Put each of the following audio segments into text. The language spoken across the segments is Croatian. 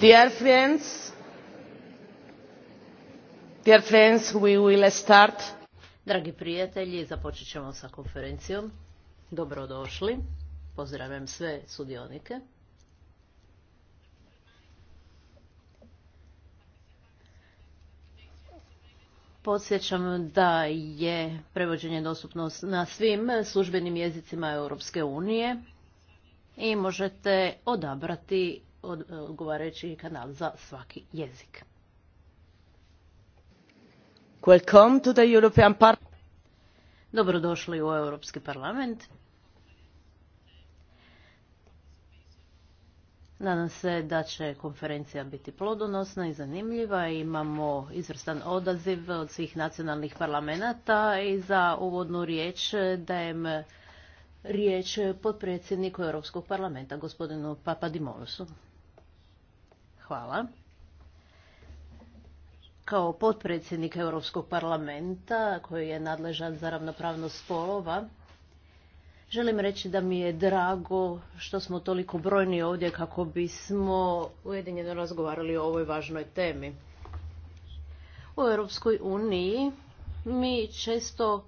Dear friends, dear friends, we will start. Dragi prijatelji, započet ćemo sa konferencijom. Dobrodošli. Pozdravljam sve sudionike. Podsjećam da je prevođenje dostupno na svim službenim jezicima Europske unije i možete odabrati E, odgovarajući kanal za svaki jezik. Welcome to the European Parliament. Dobrodošli u Europski parlament. Nadam se da će konferencija biti plodonosna i zanimljiva. Imamo izvrstan odaziv od svih nacionalnih parlamenta i za uvodnu riječ dajem riječ potpredsjedniku Europskog parlamenta, gospodinu Papadimolosu. Hvala. Kao potpredsjednik Europskog parlamenta koji je nadležan za ravnopravnost spolova, želim reći da mi je drago što smo toliko brojni ovdje kako bismo ujedinjeno razgovarali o ovoj važnoj temi. U Europskoj uniji mi često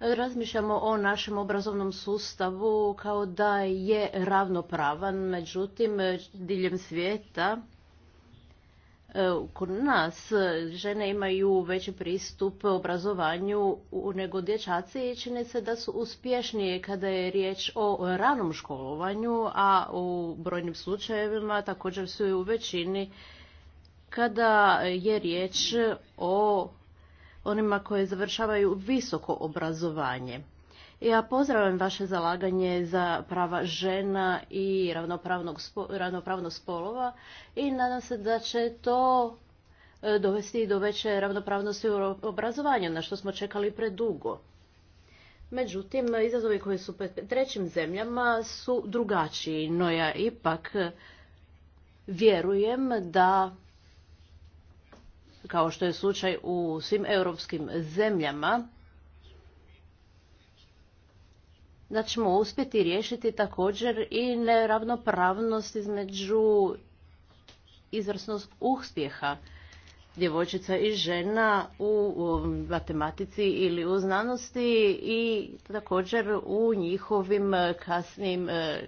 razmišljamo o našem obrazovnom sustavu kao da je ravnopravan, međutim, diljem svijeta e, kod nas žene imaju veći pristup obrazovanju nego dječaci i čini se da su uspješnije kada je riječ o ranom školovanju, a u brojnim slučajevima također su i u većini kada je riječ o onima koje završavaju visoko obrazovanje. Ja pozdravljam vaše zalaganje za prava žena i ravnopravnost spolova i nadam se da će to e, dovesti do veće ravnopravnosti u obrazovanju, na što smo čekali predugo. Međutim, izazovi koji su pred trećim zemljama su drugačiji, no ja ipak vjerujem da kao što je slučaj u svim europskim zemljama, da ćemo uspjeti riješiti također i neravnopravnost između izvrsnost uspjeha djevojčica i žena u matematici ili u znanosti i također u njihovim kasnim e,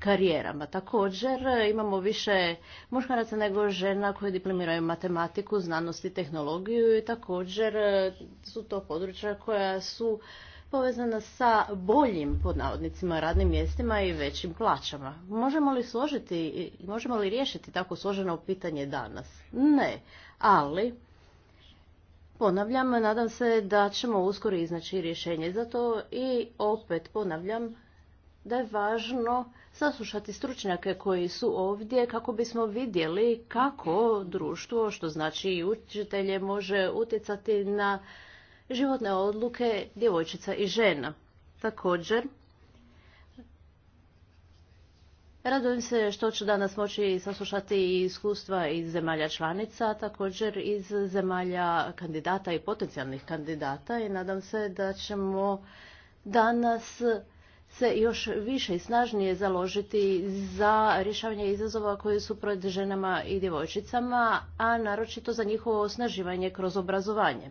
karijerama. Također e, imamo više muškaraca nego žena koje diplomiraju matematiku, znanost i tehnologiju i također e, su to područja koja su povezana sa boljim pod radnim mjestima i većim plaćama. Možemo li složiti, možemo li riješiti tako složeno pitanje danas? Ne, ali ponavljam, nadam se da ćemo uskoro iznaći rješenje za to i opet ponavljam da je važno saslušati stručnjake koji su ovdje kako bismo vidjeli kako društvo, što znači i učitelje, može utjecati na životne odluke djevojčica i žena. Također, Radujem se što ću danas moći saslušati i iskustva iz zemalja članica, također iz zemalja kandidata i potencijalnih kandidata i nadam se da ćemo danas se još više i snažnije založiti za rješavanje izazova koje su pred ženama i djevojčicama, a naročito za njihovo osnaživanje kroz obrazovanje.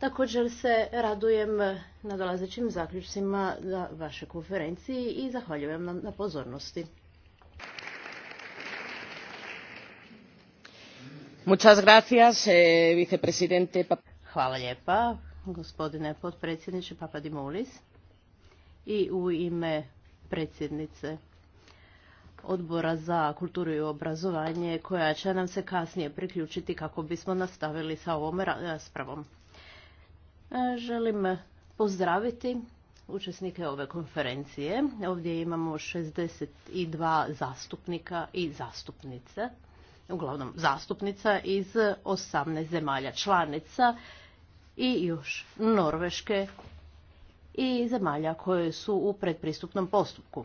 Također se radujem na zaključcima za vaše konferenciji i zahvaljujem vam na pozornosti. Muchas gracias, eh, Hvala lijepa, gospodine potpredsjedniče Papadimoulis i u ime predsjednice odbora za kulturu i obrazovanje koja će nam se kasnije priključiti kako bismo nastavili sa ovom raspravom. E, želim pozdraviti učesnike ove konferencije. Ovdje imamo 62 zastupnika i zastupnice, uglavnom zastupnica iz 18 zemalja članica i još Norveške i zemalja koje su u predpristupnom postupku.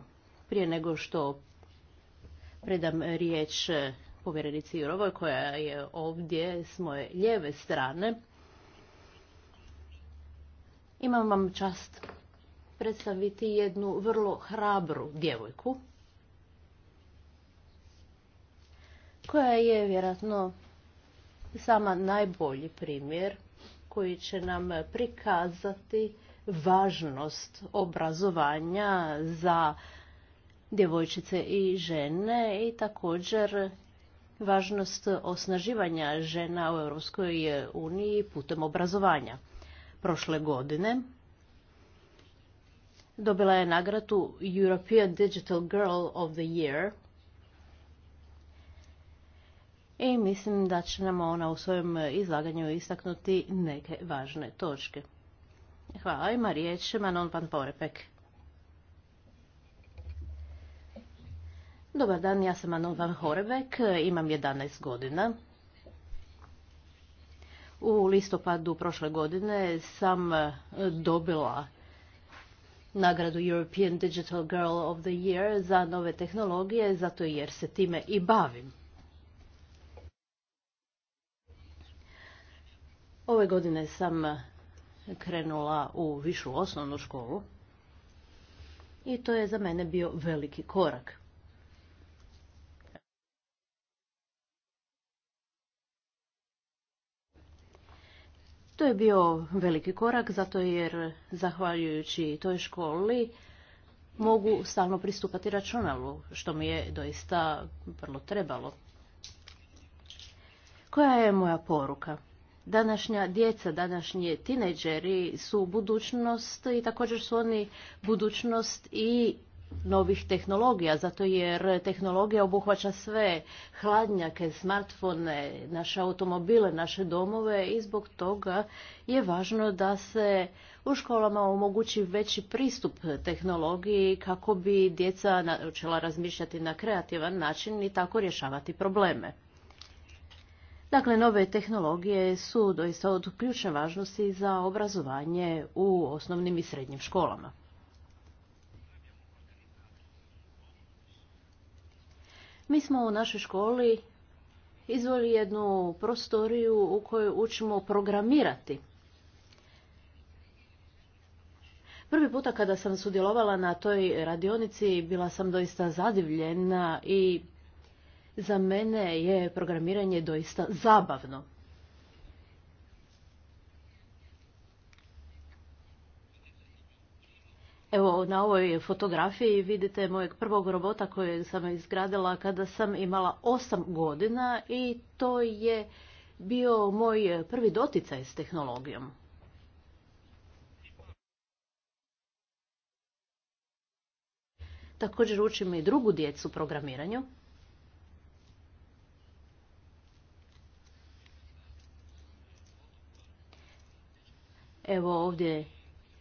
Prije nego što predam riječ povjerenici Jurovoj koja je ovdje s moje lijeve strane, imam vam čast predstaviti jednu vrlo hrabru djevojku koja je vjerojatno sama najbolji primjer koji će nam prikazati važnost obrazovanja za djevojčice i žene i također važnost osnaživanja žena u Europskoj uniji putem obrazovanja. Prošle godine dobila je nagradu European Digital Girl of the Year i mislim da će nam ona u svojem izlaganju istaknuti neke važne točke. Hvala. Ima riječ Manon Van Porepek. Dobar dan, ja sam Manon Van Horebek, imam 11 godina. U listopadu prošle godine sam e, dobila nagradu European Digital Girl of the Year za nove tehnologije, zato jer se time i bavim. Ove godine sam krenula u višu osnovnu školu i to je za mene bio veliki korak. To je bio veliki korak zato jer zahvaljujući toj školi mogu stalno pristupati računalu, što mi je doista vrlo trebalo. Koja je moja poruka? današnja djeca, današnji tineđeri su budućnost i također su oni budućnost i novih tehnologija, zato jer tehnologija obuhvaća sve hladnjake, smartfone, naše automobile, naše domove i zbog toga je važno da se u školama omogući veći pristup tehnologiji kako bi djeca počela razmišljati na kreativan način i tako rješavati probleme. Dakle, nove tehnologije su doista od ključne važnosti za obrazovanje u osnovnim i srednjim školama. Mi smo u našoj školi izvoli jednu prostoriju u kojoj učimo programirati. Prvi puta kada sam sudjelovala na toj radionici bila sam doista zadivljena i za mene je programiranje doista zabavno. Evo, na ovoj fotografiji vidite mojeg prvog robota kojeg sam izgradila kada sam imala osam godina i to je bio moj prvi doticaj s tehnologijom. Također učim i drugu djecu programiranju. Evo ovdje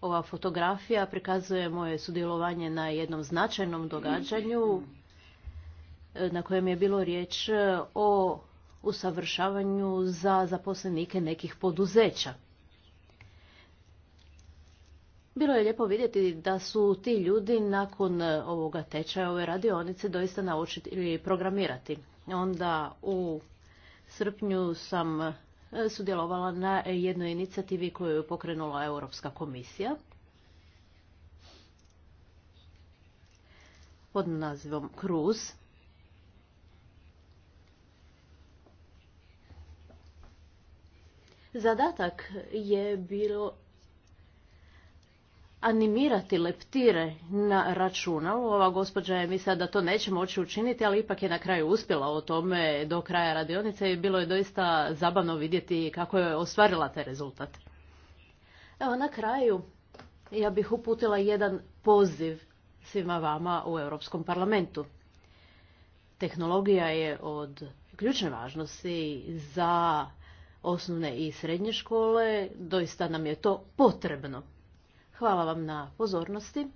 ova fotografija prikazuje moje sudjelovanje na jednom značajnom događanju e, na kojem je bilo riječ e, o usavršavanju za zaposlenike nekih poduzeća. Bilo je lijepo vidjeti da su ti ljudi nakon e, ovoga tečaja ove radionice doista naučili programirati. Onda u srpnju sam sudjelovala na jednoj inicijativi koju je pokrenula Europska komisija pod nazivom Cruz. Zadatak je bilo animirati leptire na računalu. Ova gospođa je mislila da to neće moći učiniti, ali ipak je na kraju uspjela o tome do kraja radionice i bilo je doista zabavno vidjeti kako je ostvarila taj rezultat. Evo, na kraju ja bih uputila jedan poziv svima vama u Europskom parlamentu. Tehnologija je od ključne važnosti za osnovne i srednje škole, doista nam je to potrebno. Hvala vam na pozornosti.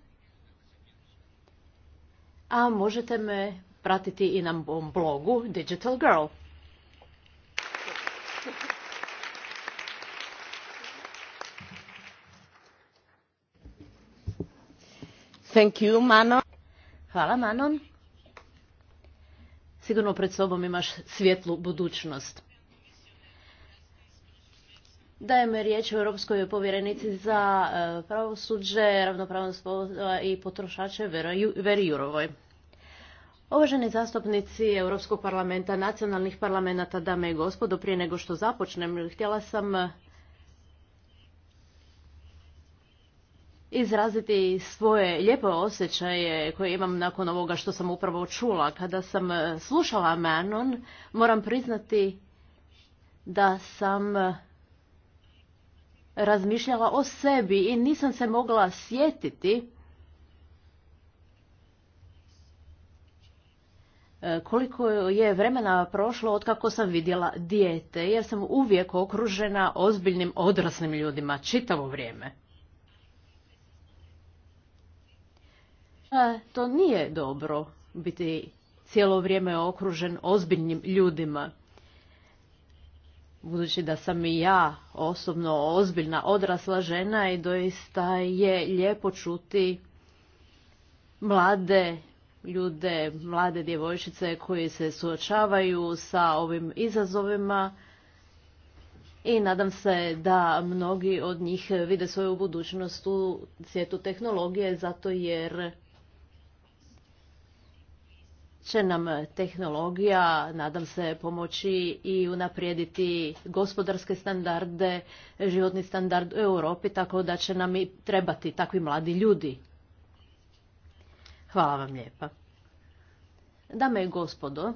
A možete me pratiti i na mom blogu Digital Girl. Thank you, Manon. Hvala Manon. Sigurno pred sobom imaš svjetlu budućnost. Dajem riječ Europskoj povjerenici za e, pravosuđe, ravnopravnost i potrošače Veri Jurovoj. Uvaženi zastupnici Europskog parlamenta, nacionalnih parlamenta, dame i gospodo, prije nego što započnem, htjela sam izraziti svoje lijepe osjećaje koje imam nakon ovoga što sam upravo čula. Kada sam slušala Manon, moram priznati da sam razmišljala o sebi i nisam se mogla sjetiti e, koliko je vremena prošlo od kako sam vidjela dijete, jer sam uvijek okružena ozbiljnim odraslim ljudima čitavo vrijeme. to nije dobro biti cijelo vrijeme okružen ozbiljnim ljudima budući da sam i ja osobno ozbiljna odrasla žena i doista je lijepo čuti mlade ljude, mlade djevojčice koji se suočavaju sa ovim izazovima i nadam se da mnogi od njih vide svoju budućnost u svijetu tehnologije zato jer će nam tehnologija, nadam se, pomoći i unaprijediti gospodarske standarde, životni standard u Europi, tako da će nam i trebati takvi mladi ljudi. Hvala vam lijepa. Dame i gospodo,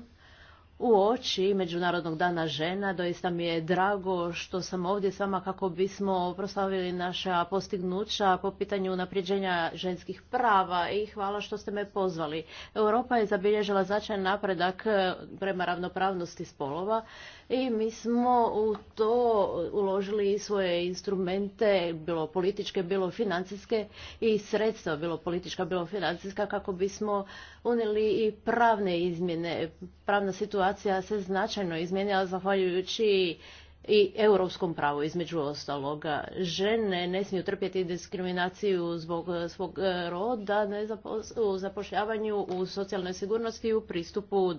u oči Međunarodnog dana žena. Doista mi je drago što sam ovdje s vama kako bismo proslavili naša postignuća po pitanju unapređenja ženskih prava i hvala što ste me pozvali. Europa je zabilježila značajan napredak eh, prema ravnopravnosti spolova i mi smo u to uložili svoje instrumente, bilo političke, bilo financijske i sredstva, bilo politička, bilo financijska, kako bismo unijeli i pravne izmjene. Pravna situacija se značajno izmijenila zahvaljujući i europskom pravu između ostaloga. Žene ne smiju trpjeti diskriminaciju zbog svog e, roda ne u zapošljavanju, u socijalnoj sigurnosti i u pristupu e,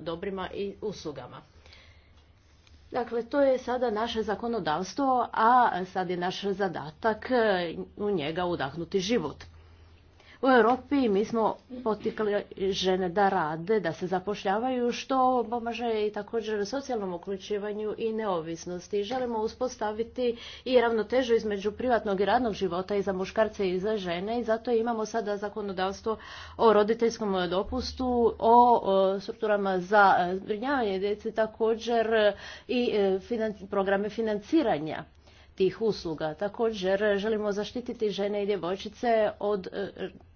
dobrima i uslugama. Dakle, to je sada naše zakonodavstvo, a sad je naš zadatak e, u njega udahnuti život. U Europi mi smo potikali žene da rade, da se zapošljavaju, što pomaže i također socijalnom uključivanju i neovisnosti. Želimo uspostaviti i ravnotežu između privatnog i radnog života i za muškarce i za žene i zato imamo sada zakonodavstvo o roditeljskom dopustu, o strukturama za zbrinjavanje djece, također i e, programe financiranja tih usluga. Također želimo zaštititi žene i djevojčice od e,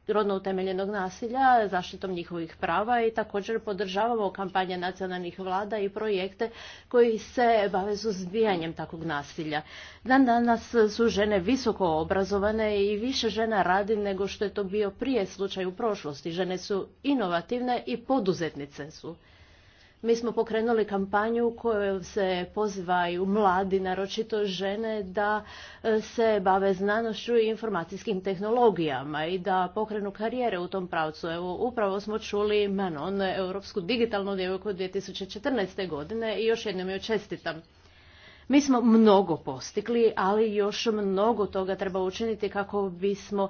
rodno utemeljenog nasilja, zaštitom njihovih prava i također podržavamo kampanje nacionalnih vlada i projekte koji se bave suzbijanjem takvog nasilja. Dan danas su žene visoko obrazovane i više žena radi nego što je to bio prije slučaj u prošlosti. Žene su inovativne i poduzetnice su. Mi smo pokrenuli kampanju u kojoj se pozivaju mladi, naročito žene, da e, se bave znanošću i informacijskim tehnologijama i da pokrenu karijere u tom pravcu. Evo, upravo smo čuli Manon, Europsku digitalnu djevojku 2014. godine i još jednom joj čestitam. Mi smo mnogo postigli, ali još mnogo toga treba učiniti kako bismo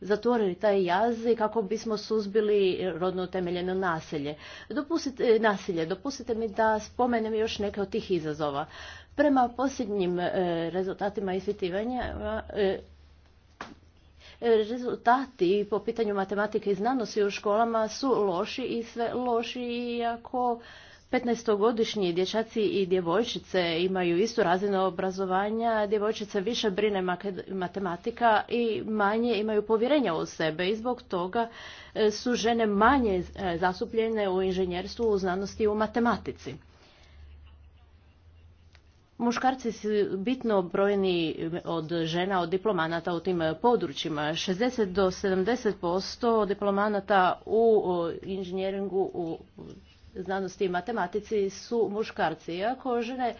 zatvorili taj jaz i kako bismo suzbili rodno utemeljeno nasilje. Dopustite, eh, nasilje. Dopustite mi da spomenem još neke od tih izazova. Prema posljednjim eh, rezultatima ispitivanja e, rezultati po pitanju matematike i znanosti u školama su loši i sve loši iako 15-godišnji dječaci i djevojčice imaju istu razinu obrazovanja, djevojčice više brine matematika i manje imaju povjerenja u sebe i zbog toga e, su žene manje e, zasupljene u inženjerstvu, u znanosti i u matematici. Muškarci su bitno brojni od žena, od diplomanata u tim područjima. 60 do 70% diplomanata u inženjeringu, u znanosti i matematici su muškarci. Iako žene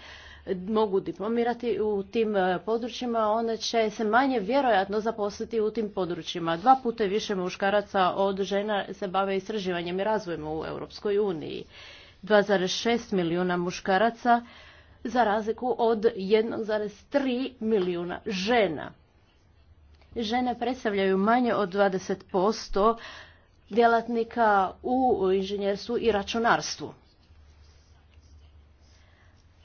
mogu diplomirati u tim e, područjima, one će se manje vjerojatno zaposliti u tim područjima. Dva puta više muškaraca od žena se bave istraživanjem i razvojem u Europskoj uniji. 2,6 milijuna muškaraca za razliku od 1,3 milijuna žena. Žene predstavljaju manje od 20% djelatnika u inženjerstvu i računarstvu.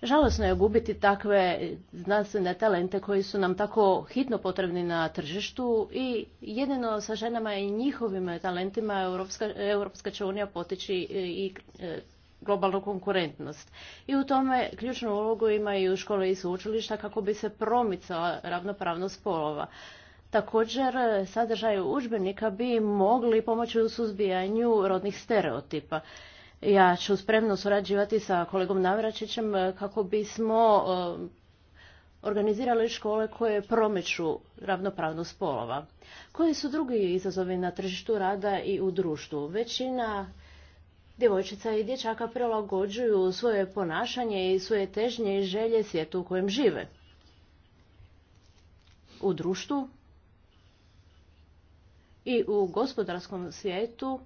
Žalosno je gubiti takve znanstvene talente koji su nam tako hitno potrebni na tržištu i jedino sa ženama i njihovim talentima Europska, će unija potići i e, globalnu konkurentnost. I u tome ključnu ulogu imaju škole i sveučilišta kako bi se promicala ravnopravnost polova. Također, sadržaju udžbenika bi mogli pomoći u suzbijanju rodnih stereotipa. Ja ću spremno surađivati sa kolegom Navračićem kako bismo eh, organizirali škole koje promiču ravnopravnost spolova. Koji su drugi izazovi na tržištu rada i u društvu? Većina djevojčica i dječaka prilagođuju svoje ponašanje i svoje težnje i želje svijetu u kojem žive. U društvu i u gospodarskom svijetu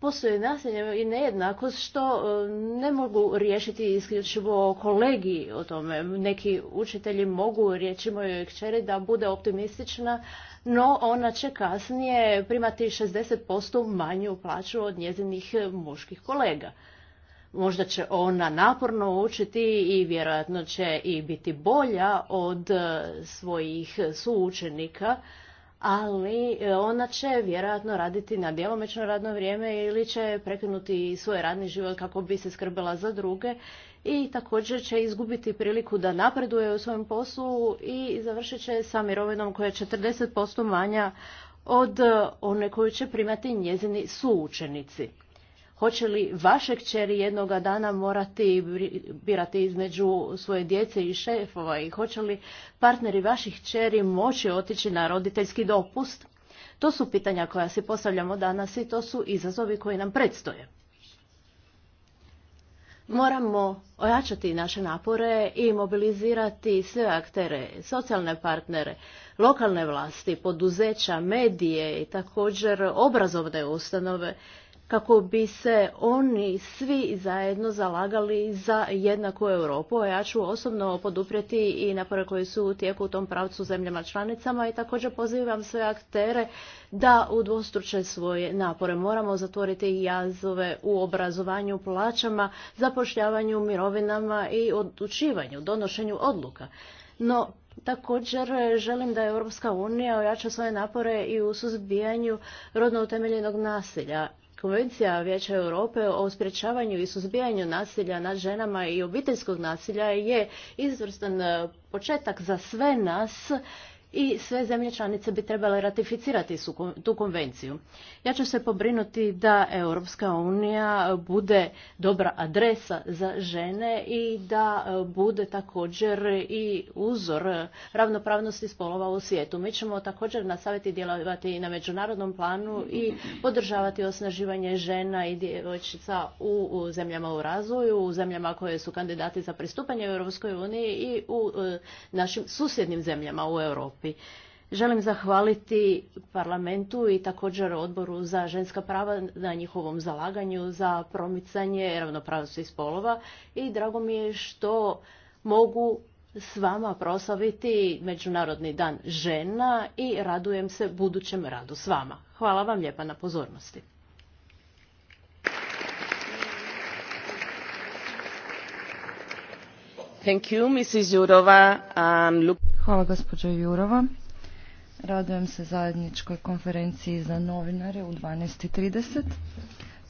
postoji nasilje i nejednakost što e, ne mogu riješiti isključivo kolegi o tome. Neki učitelji mogu reći mojoj kćeri da bude optimistična, no ona će kasnije primati 60% manju plaću od njezinih muških kolega. Možda će ona naporno učiti i vjerojatno će i biti bolja od e, svojih suučenika, ali e, ona će vjerojatno raditi na djelomično radno vrijeme ili će prekinuti svoj radni život kako bi se skrbila za druge i također će izgubiti priliku da napreduje u svojem poslu i završit će sa mirovinom koja je 40% manja od e, one koju će primati njezini suučenici. Hoće li vaše kćeri jednoga dana morati birati između svoje djece i šefova i hoće li partneri vaših kćeri moći otići na roditeljski dopust? To su pitanja koja si postavljamo danas i to su izazovi koji nam predstoje. Moramo ojačati naše napore i mobilizirati sve aktere, socijalne partnere, lokalne vlasti, poduzeća, medije i također obrazovne ustanove kako bi se oni svi zajedno zalagali za jednaku Europu. ja ću osobno poduprijeti i napore koji su u tijeku u tom pravcu zemljama članicama i također pozivam sve aktere da udvostruče svoje napore. Moramo zatvoriti jazove u obrazovanju, plaćama, zapošljavanju, mirovinama i odlučivanju, donošenju odluka. No, Također želim da Europska unija ojača svoje napore i u suzbijanju rodno utemeljenog nasilja Konvencija Vijeća Europe o sprječavanju i suzbijanju nasilja nad ženama i obiteljskog nasilja je izvrstan e, početak za sve nas i sve zemlje članice bi trebale ratificirati tu konvenciju. Ja ću se pobrinuti da Europska unija bude dobra adresa za žene i da e, bude također i uzor ravnopravnosti spolova u svijetu. Mi ćemo također nastaviti djelovati i na međunarodnom planu i podržavati osnaživanje žena i djevojčica u zemljama u razvoju, u zemljama koje su kandidati za pristupanje u Europskoj uniji i u e, našim susjednim zemljama u Europi. Želim zahvaliti parlamentu i također odboru za ženska prava na njihovom zalaganju za promicanje ravnopravnosti spolova i drago mi je što mogu s vama proslaviti Međunarodni dan žena i radujem se budućem radu s vama. Hvala vam lijepa na pozornosti. Thank you, Mrs. Jurova. Um, Hvala gospođo Jurova. Radujem se zajedničkoj konferenciji za novinare u 12.30.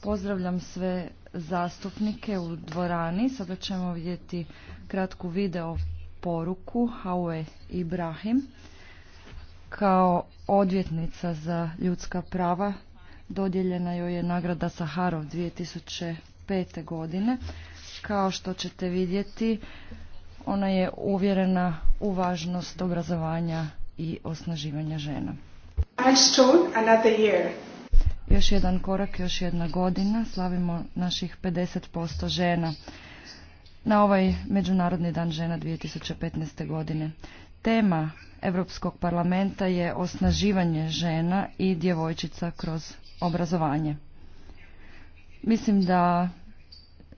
Pozdravljam sve zastupnike u dvorani. Sada ćemo vidjeti kratku video poruku Haue Ibrahim kao odvjetnica za ljudska prava dodijeljena joj je nagrada Saharov 2005. godine. Kao što ćete vidjeti ona je uvjerena u važnost obrazovanja i osnaživanja žena. Još jedan korak, još jedna godina, slavimo naših 50% žena na ovaj Međunarodni dan žena 2015. godine. Tema Europskog parlamenta je osnaživanje žena i djevojčica kroz obrazovanje. Mislim da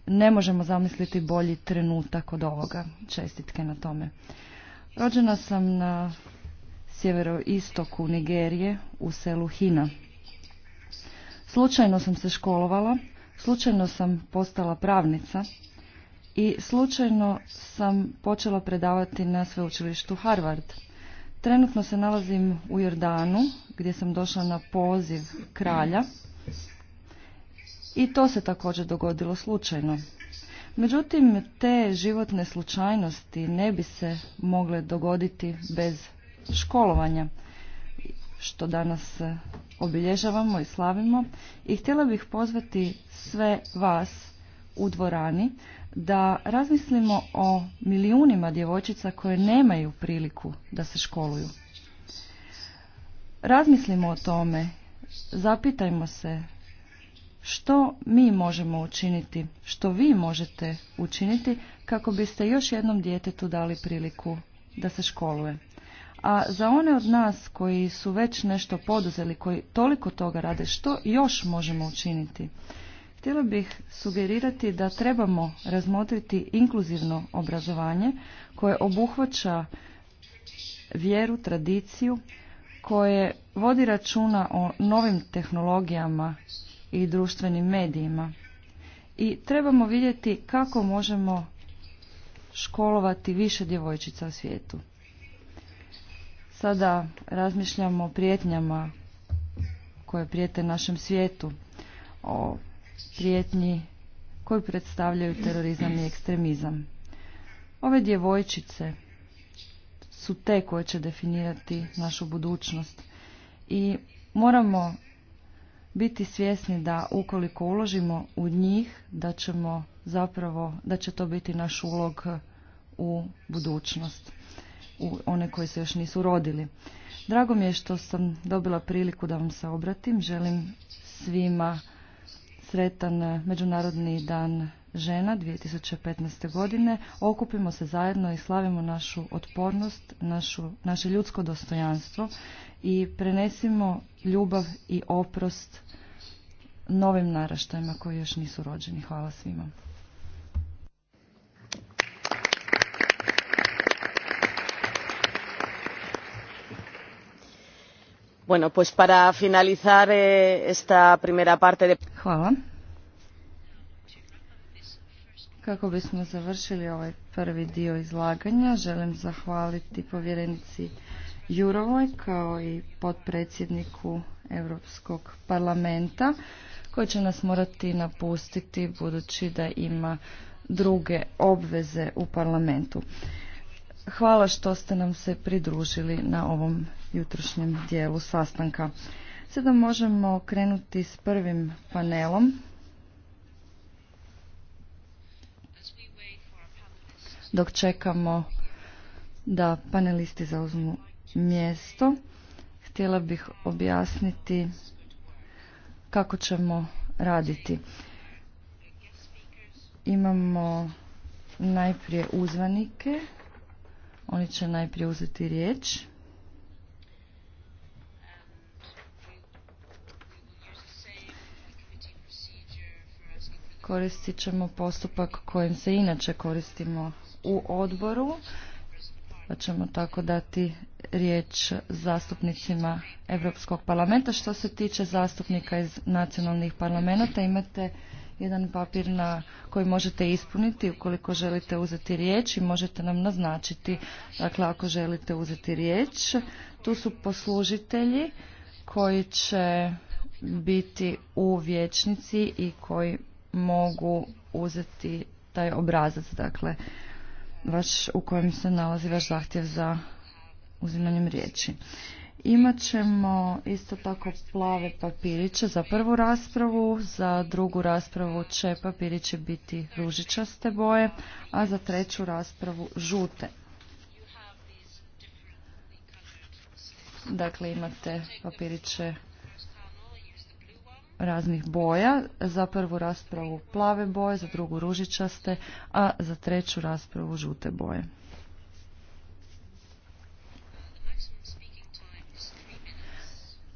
ne možemo zamisliti bolji trenutak od ovoga. Čestitke na tome. Rođena sam na sjeveroistoku Nigerije u selu Hina. Slučajno sam se školovala, slučajno sam postala pravnica i slučajno sam počela predavati na sveučilištu Harvard. Trenutno se nalazim u Jordanu gdje sam došla na poziv kralja i to se također dogodilo slučajno. Međutim, te životne slučajnosti ne bi se mogle dogoditi bez školovanja, što danas e, obilježavamo i slavimo. I htjela bih pozvati sve vas u dvorani da razmislimo o milijunima djevojčica koje nemaju priliku da se školuju. Razmislimo o tome, zapitajmo se što mi možemo učiniti, što vi možete učiniti kako biste još jednom djetetu dali priliku da se školuje. A za one od nas koji su već nešto poduzeli, koji toliko toga rade, što još možemo učiniti? Htjela bih sugerirati da trebamo razmotriti inkluzivno obrazovanje koje obuhvaća vjeru, tradiciju, koje vodi računa o novim tehnologijama i društvenim medijima. I trebamo vidjeti kako možemo školovati više djevojčica u svijetu. Sada razmišljamo o prijetnjama koje prijete našem svijetu, o prijetnji koji predstavljaju terorizam i ekstremizam. Ove djevojčice su te koje će definirati našu budućnost i moramo biti svjesni da ukoliko uložimo u njih, da ćemo zapravo, da će to biti naš ulog eh, u budućnost, u one koji se još nisu rodili. Drago mi je što sam dobila priliku da vam se obratim. Želim svima sretan eh, Međunarodni dan žena 2015. godine okupimo se zajedno i slavimo našu otpornost, našu, naše ljudsko dostojanstvo i prenesimo ljubav i oprost novim naraštajima koji još nisu rođeni. Hvala svima. Bueno, pues para finalizar eh, esta primera parte de... Hvala. Kako bismo završili ovaj prvi dio izlaganja, želim zahvaliti povjerenici Jurovoj kao i potpredsjedniku Europskog parlamenta koji će nas morati napustiti budući da ima druge obveze u parlamentu. Hvala što ste nam se pridružili na ovom jutrošnjem dijelu sastanka. Sada možemo krenuti s prvim panelom. dok čekamo da panelisti zauzmu mjesto. Htjela bih objasniti kako ćemo raditi. Imamo najprije uzvanike. Oni će najprije uzeti riječ. Koristit ćemo postupak kojim se inače koristimo u odboru, pa ćemo tako dati riječ zastupnicima Europskog parlamenta. Što se tiče zastupnika iz nacionalnih parlamenta, imate jedan papir na koji možete ispuniti ukoliko želite uzeti riječ i možete nam naznačiti dakle ako želite uzeti riječ. Tu su poslužitelji koji će biti u vječnici i koji mogu uzeti taj obrazac. Dakle, vaš, u kojem se nalazi vaš zahtjev za uzimanjem riječi. Imat ćemo isto tako plave papiriće za prvu raspravu, za drugu raspravu će papiriće biti ružičaste boje, a za treću raspravu žute. Dakle, imate papiriće raznih boja. Za prvu raspravu plave boje, za drugu ružičaste, a za treću raspravu žute boje.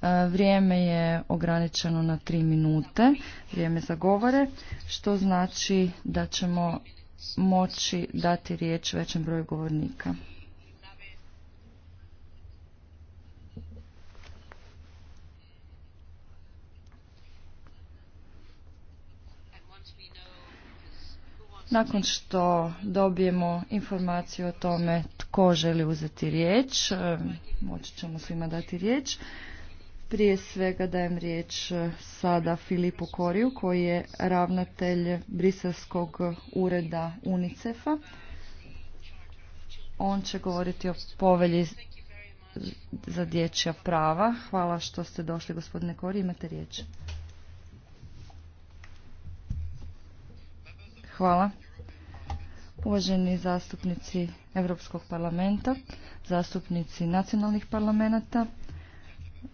E, vrijeme je ograničeno na tri minute, vrijeme za govore, što znači da ćemo moći dati riječ većem broju govornika. Nakon što dobijemo informaciju o tome tko želi uzeti riječ, e, moći ćemo svima dati riječ. Prije svega dajem riječ e, sada Filipu Koriju koji je ravnatelj Briselskog ureda UNICEF-a. On će govoriti o povelji za dječja prava. Hvala što ste došli gospodine Kori, imate riječ. Hvala. Uvaženi zastupnici Europskog parlamenta, zastupnici nacionalnih parlamenta,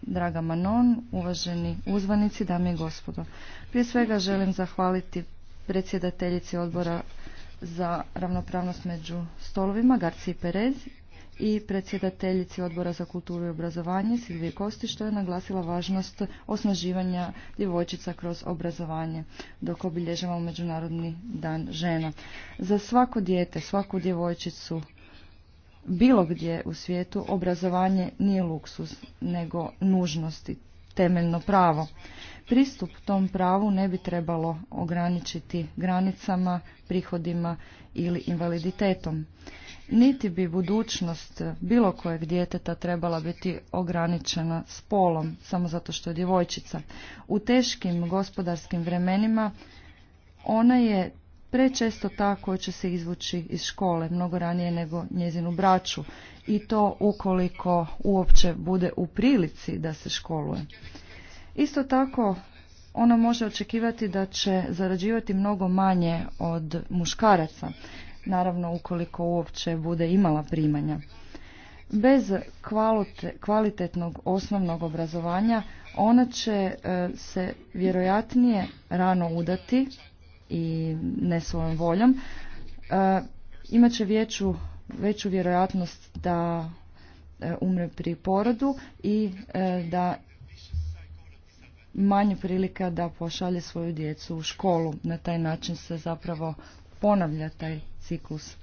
draga Manon, uvaženi uzvanici, dame i gospodo. Prije svega želim zahvaliti predsjedateljici odbora za ravnopravnost među stolovima, Garci Perez, i predsjedateljici Odbora za kulturu i obrazovanje Silvije Kosti što je naglasila važnost osnaživanja djevojčica kroz obrazovanje dok obilježavamo Međunarodni dan žena. Za svako dijete, svaku djevojčicu bilo gdje u svijetu obrazovanje nije luksuz nego nužnosti, temeljno pravo. Pristup tom pravu ne bi trebalo ograničiti granicama, prihodima ili invaliditetom niti bi budućnost bilo kojeg djeteta trebala biti ograničena spolom samo zato što je djevojčica. U teškim gospodarskim vremenima ona je prečesto ta koja će se izvući iz škole mnogo ranije nego njezinu braću i to ukoliko uopće bude u prilici da se školuje. Isto tako ona može očekivati da će zarađivati mnogo manje od muškaraca naravno ukoliko uopće bude imala primanja. Bez kvalitetnog osnovnog obrazovanja ona će e, se vjerojatnije rano udati i ne svojom voljom. E, imat će veću, veću vjerojatnost da e, umre pri porodu i da manje prilika da pošalje svoju djecu u školu. Na taj način se zapravo ponavlja taj ciklus.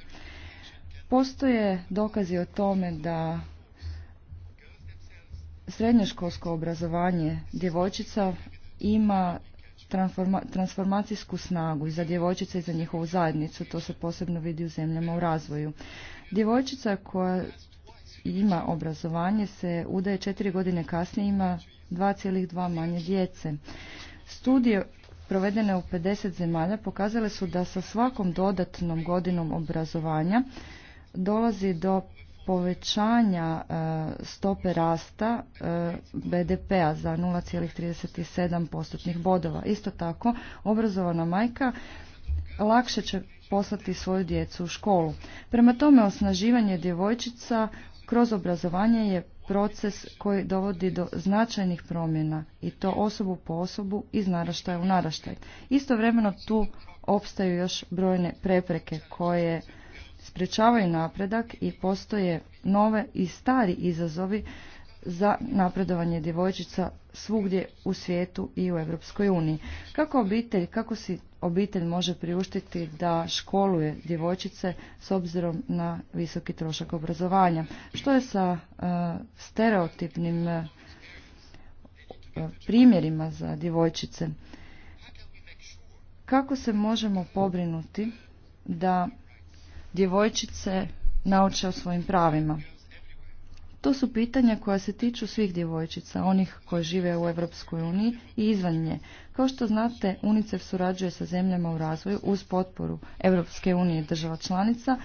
Postoje dokazi o tome da srednjoškolsko obrazovanje djevojčica ima transformacijsku snagu i za djevojčice i za njihovu zajednicu. To se posebno vidi u zemljama u razvoju. Djevojčica koja ima obrazovanje se udaje četiri godine kasnije ima 2,2 manje djece. Studije provedene u 50 zemalja pokazale su da sa svakom dodatnom godinom obrazovanja dolazi do povećanja e, stope rasta e, BDP-a za 0,37 postotnih bodova. Isto tako, obrazovana majka lakše će poslati svoju djecu u školu. Prema tome, osnaživanje djevojčica kroz obrazovanje je proces koji dovodi do značajnih promjena i to osobu po osobu iz naraštaja u naraštaj. Istovremeno tu opstaju još brojne prepreke koje sprečavaju napredak i postoje nove i stari izazovi za napredovanje djevojčica svugdje u svijetu i u Europskoj uniji. Kako obitelj, kako si obitelj može priuštiti da školuje djevojčice s obzirom na visoki trošak obrazovanja? Što je sa e, stereotipnim e, primjerima za djevojčice? Kako se možemo pobrinuti da djevojčice nauče o svojim pravima? To su pitanja koja se tiču svih djevojčica, onih koje žive u Europskoj uniji i izvan nje. Kao što znate, UNICEF surađuje sa zemljama u razvoju uz potporu Europske unije i država članica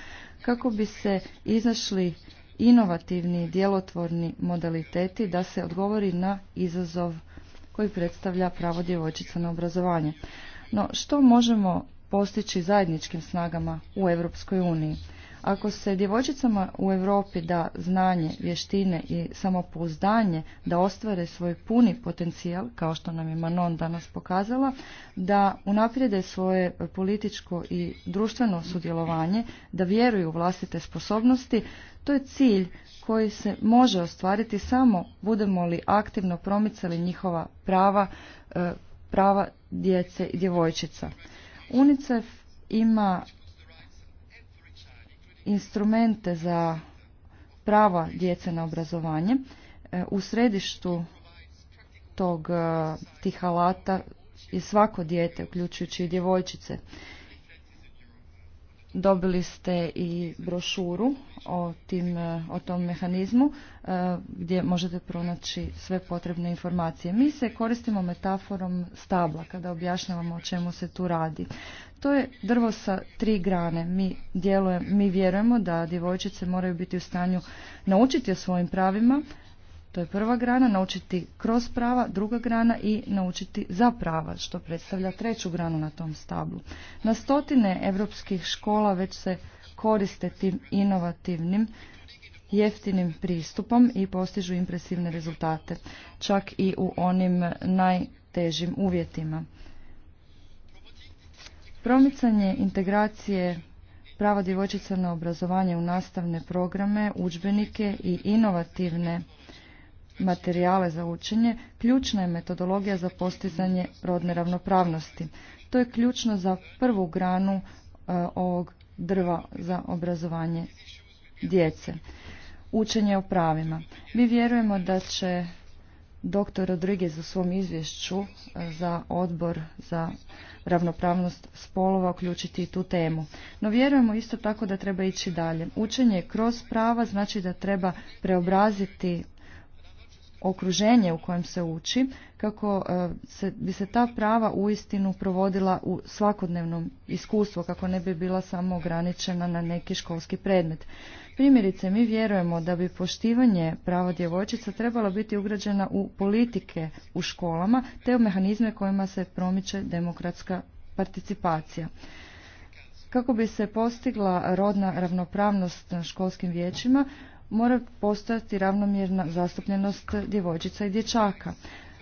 kako bi se izašli inovativni, djelotvorni modaliteti da se odgovori na izazov koji predstavlja pravo djevojčica na obrazovanje. No, što možemo postići zajedničkim snagama u Europskoj uniji? Ako se djevojčicama u Europi da znanje, vještine i samopouzdanje da ostvare svoj puni potencijal, kao što nam je Manon danas pokazala, da unaprijede svoje političko i društveno sudjelovanje, da vjeruju u vlastite sposobnosti, to je cilj koji se može ostvariti samo budemo li aktivno promicali njihova prava, eh, prava djece i djevojčica. UNICEF ima instrumente za prava djece na obrazovanje. E, u središtu tog, e, tih alata je svako dijete, uključujući i djevojčice. Dobili ste i brošuru o, tim, e, o tom mehanizmu gdje možete pronaći sve potrebne informacije. Mi se koristimo metaforom stabla kada objašnjavamo o čemu se tu radi. To je drvo sa tri grane. Mi, mi vjerujemo da djevojčice moraju biti u stanju naučiti o svojim pravima, to je prva grana, naučiti kroz prava, druga grana i naučiti za prava, što predstavlja treću granu na tom stablu. Na stotine evropskih škola već se koriste tim inovativnim, jeftinim pristupom i postižu impresivne rezultate, čak i u onim najtežim uvjetima. Promicanje integracije prava djevojčica na obrazovanje u nastavne programe, udžbenike i inovativne materijale za učenje ključna je metodologija za postizanje rodne ravnopravnosti. To je ključno za prvu granu e, ovog drva za obrazovanje djece. Učenje o pravima. Mi vjerujemo da će Doktor Rodriguez u svom izvješću e, za odbor za ravnopravnost spolova uključiti i tu temu. No vjerujemo isto tako da treba ići dalje. Učenje kroz prava znači da treba preobraziti okruženje u kojem se uči kako e, se, bi se ta prava uistinu provodila u svakodnevnom iskustvu kako ne bi bila samo ograničena na neki školski predmet. Primjerice, mi vjerujemo da bi poštivanje prava djevojčica trebalo biti ugrađena u politike u školama te u mehanizme kojima se promiče demokratska participacija. Kako bi se postigla rodna ravnopravnost na školskim vijećima, mora postojati ravnomjerna zastupljenost djevojčica i dječaka.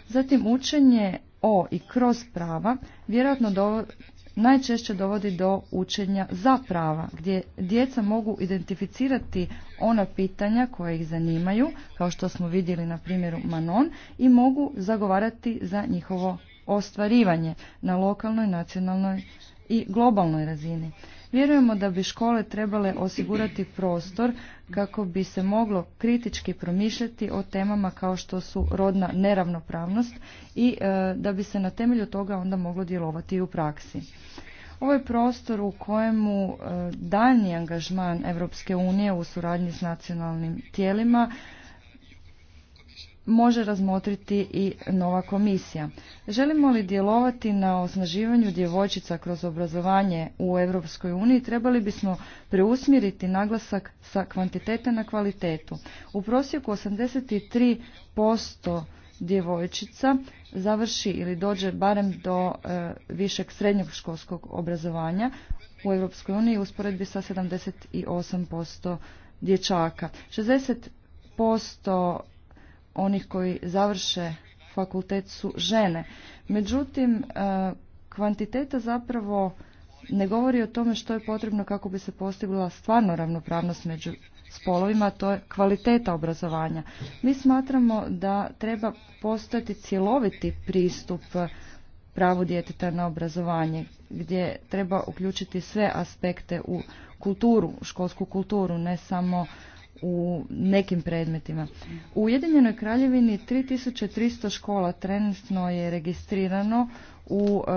Zatim učenje o i kroz prava vjerojatno najčešće dovodi do učenja za prava, gdje djeca mogu identificirati ona pitanja koja ih zanimaju, kao što smo vidjeli na primjeru Manon, i mogu zagovarati za njihovo ostvarivanje na lokalnoj, nacionalnoj i globalnoj razini. Vjerujemo da bi škole trebale osigurati prostor kako bi se moglo kritički promišljati o temama kao što su rodna neravnopravnost i e, da bi se na temelju toga onda moglo djelovati i u praksi. Ovo je prostor u kojemu e, daljnji angažman Europske unije u suradnji s nacionalnim tijelima može razmotriti i nova komisija. Želimo li djelovati na osnaživanju djevojčica kroz obrazovanje u Europskoj uniji, trebali bismo preusmjeriti naglasak sa kvantitete na kvalitetu. U prosjeku 83% djevojčica završi ili dođe barem do e, višeg srednjeg školskog obrazovanja u Europskoj uniji usporedbi sa 78% dječaka. 60% onih koji završe fakultet su žene. Međutim, e, kvantiteta zapravo ne govori o tome što je potrebno kako bi se postigla stvarno ravnopravnost među spolovima, to je kvaliteta obrazovanja. Mi smatramo da treba postojati cjeloviti pristup pravu djeteta na obrazovanje, gdje treba uključiti sve aspekte u kulturu, školsku kulturu, ne samo u nekim predmetima. U Ujedinjenoj kraljevini 3300 škola trenutno je registrirano u, e,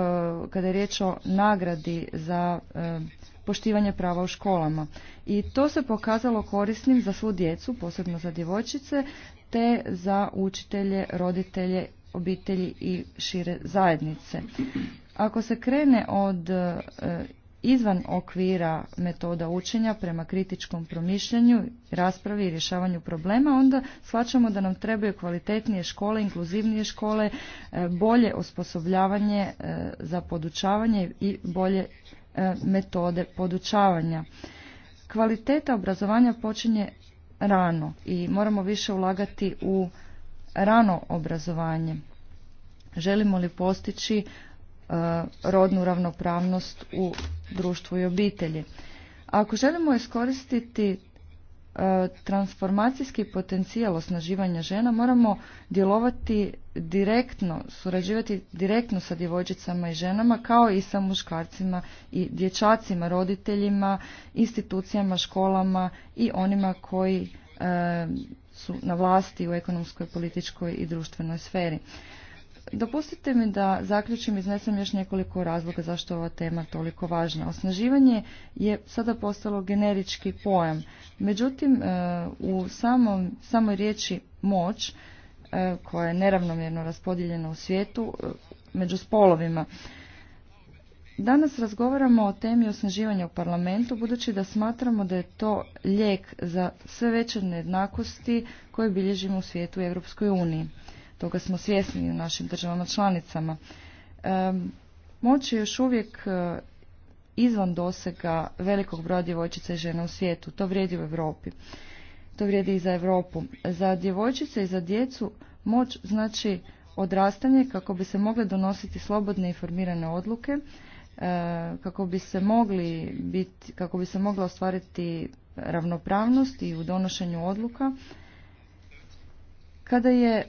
kada je riječ o nagradi za e, poštivanje prava u školama. I to se pokazalo korisnim za svu djecu, posebno za djevojčice, te za učitelje, roditelje, obitelji i šire zajednice. Ako se krene od e, izvan okvira metoda učenja prema kritičkom promišljanju, raspravi i rješavanju problema, onda shvaćamo da nam trebaju kvalitetnije škole, inkluzivnije škole, e, bolje osposobljavanje e, za podučavanje i bolje e, metode podučavanja. Kvaliteta obrazovanja počinje rano i moramo više ulagati u rano obrazovanje. Želimo li postići E, rodnu ravnopravnost u društvu i obitelji. Ako želimo iskoristiti e, transformacijski potencijal osnaživanja žena moramo djelovati direktno, surađivati direktno sa djevojčicama i ženama kao i sa muškarcima i dječacima, roditeljima, institucijama, školama i onima koji e, su na vlasti u ekonomskoj, političkoj i društvenoj sferi. Dopustite mi da zaključim iznesem još nekoliko razloga zašto je ova tema toliko važna. Osnaživanje je sada postalo generički pojam. Međutim, e, u samom, samoj riječi moć, e, koja je neravnomjerno raspodijeljena u svijetu, e, među spolovima, Danas razgovaramo o temi osnaživanja u parlamentu budući da smatramo da je to lijek za sve veće nejednakosti koje bilježimo u svijetu u Europskoj uniji toga smo svjesni u našim državama članicama. Moć je još uvijek e, izvan dosega velikog broja djevojčica i žena u svijetu. To vrijedi u Europi. To vrijedi i za Europu. Za djevojčice i za djecu moć znači odrastanje kako bi se mogle donositi slobodne i informirane odluke, e, kako bi se mogli biti, kako bi se mogla ostvariti ravnopravnost i u donošenju odluka, kada je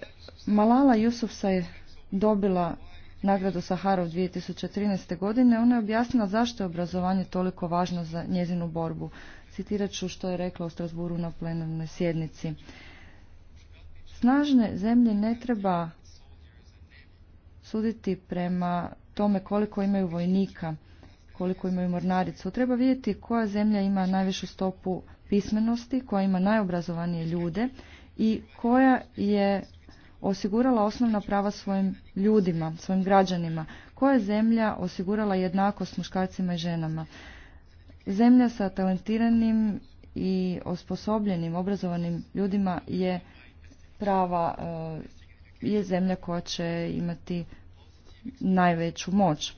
Malala je dobila nagradu Saharov 2013. godine, ona je objasnila zašto je obrazovanje toliko važno za njezinu borbu. Citirat ću što je rekla u Strasburu na plenarnoj sjednici. Snažne zemlje ne treba suditi prema tome koliko imaju vojnika, koliko imaju mornaricu. Treba vidjeti koja zemlja ima najvišu stopu pismenosti, koja ima najobrazovanije ljude i koja je osigurala osnovna prava svojim ljudima, svojim građanima, koja je zemlja osigurala jednakost muškarcima i ženama. Zemlja sa talentiranim i osposobljenim, obrazovanim ljudima je prava, e, je zemlja koja će imati najveću moć.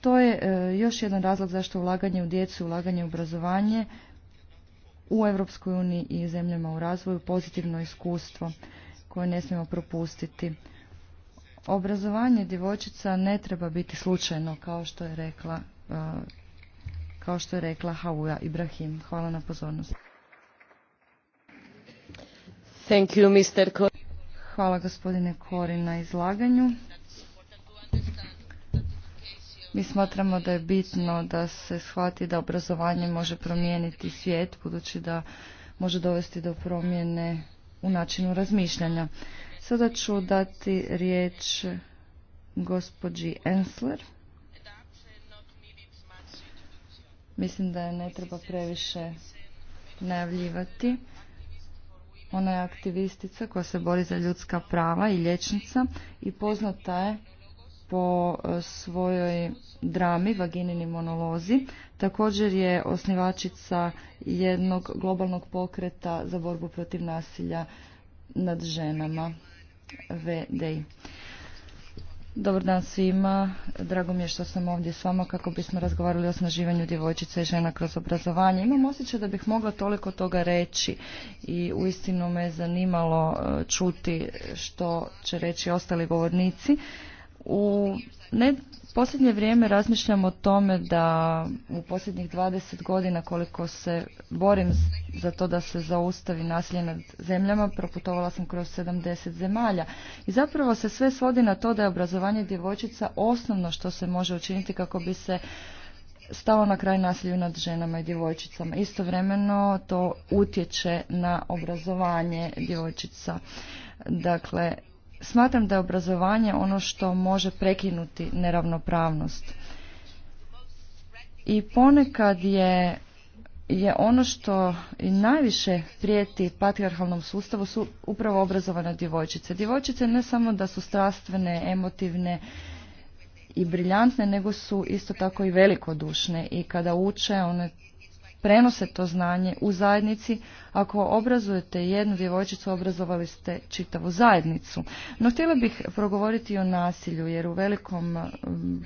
To je e, još jedan razlog zašto ulaganje u djecu, ulaganje u obrazovanje u Europskoj uniji i zemljama u razvoju pozitivno iskustvo koje ne smijemo propustiti. Obrazovanje djevojčica ne treba biti slučajno kao što je rekla e, kao što je rekla Hauja Ibrahim. Hvala na pozornosti. Thank you, Mr. Hvala gospodine korin na izlaganju. Mi smatramo da je bitno da se shvati da obrazovanje može promijeniti svijet, budući da može dovesti do promjene u načinu razmišljanja. Sada ću dati riječ gospođi Ensler. Mislim da je ne treba previše najavljivati. Ona je aktivistica koja se bori za ljudska prava i liječnica i poznata je po e, svojoj drami Vaginini monolozi. Također je osnivačica jednog globalnog pokreta za borbu protiv nasilja nad ženama VDI. Dobar dan svima. Drago mi je što sam ovdje s vama kako bismo razgovarali o snaživanju djevojčica i žena kroz obrazovanje. Imam osjećaj da bih mogla toliko toga reći i uistinu me zanimalo e, čuti što će reći ostali govornici. U posljednje vrijeme razmišljam o tome da u posljednjih 20 godina koliko se borim za to da se zaustavi nasilje nad zemljama, proputovala sam kroz 70 zemalja. I zapravo se sve svodi na to da je obrazovanje djevojčica osnovno što se može učiniti kako bi se stalo na kraj nasilju nad ženama i djevojčicama. Istovremeno to utječe na obrazovanje djevojčica. Dakle, Smatram da je obrazovanje ono što može prekinuti neravnopravnost. I ponekad je, je ono što i najviše prijeti patriarhalnom sustavu su upravo obrazovane djevojčice. Djevojčice ne samo da su strastvene, emotivne i briljantne, nego su isto tako i velikodušne i kada uče one prenose to znanje u zajednici. Ako obrazujete jednu djevojčicu, obrazovali ste čitavu zajednicu. No htjela bih progovoriti o nasilju, jer u velikom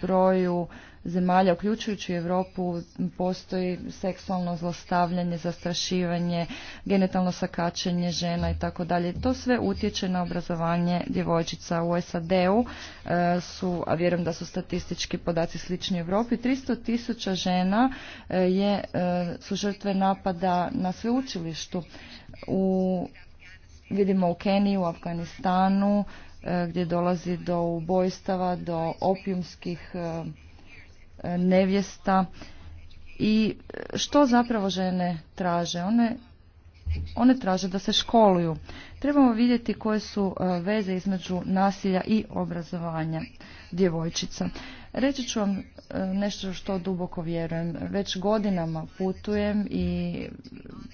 broju zemalja, uključujući Europu, postoji seksualno zlostavljanje, zastrašivanje, genitalno sakačenje žena i tako dalje. To sve utječe na obrazovanje djevojčica u SAD-u. E, su, a vjerujem da su statistički podaci slični u Europi, 300 tisuća žena e, je, e, su žrtve napada na sveučilištu. U, vidimo u Keniji, u Afganistanu, gdje dolazi do ubojstava, do opijumskih E, nevjesta i što zapravo žene traže? One one traže da se školuju. Trebamo vidjeti koje su e, veze između nasilja i obrazovanja djevojčica. Reći ću vam e, nešto što duboko vjerujem. Već godinama putujem i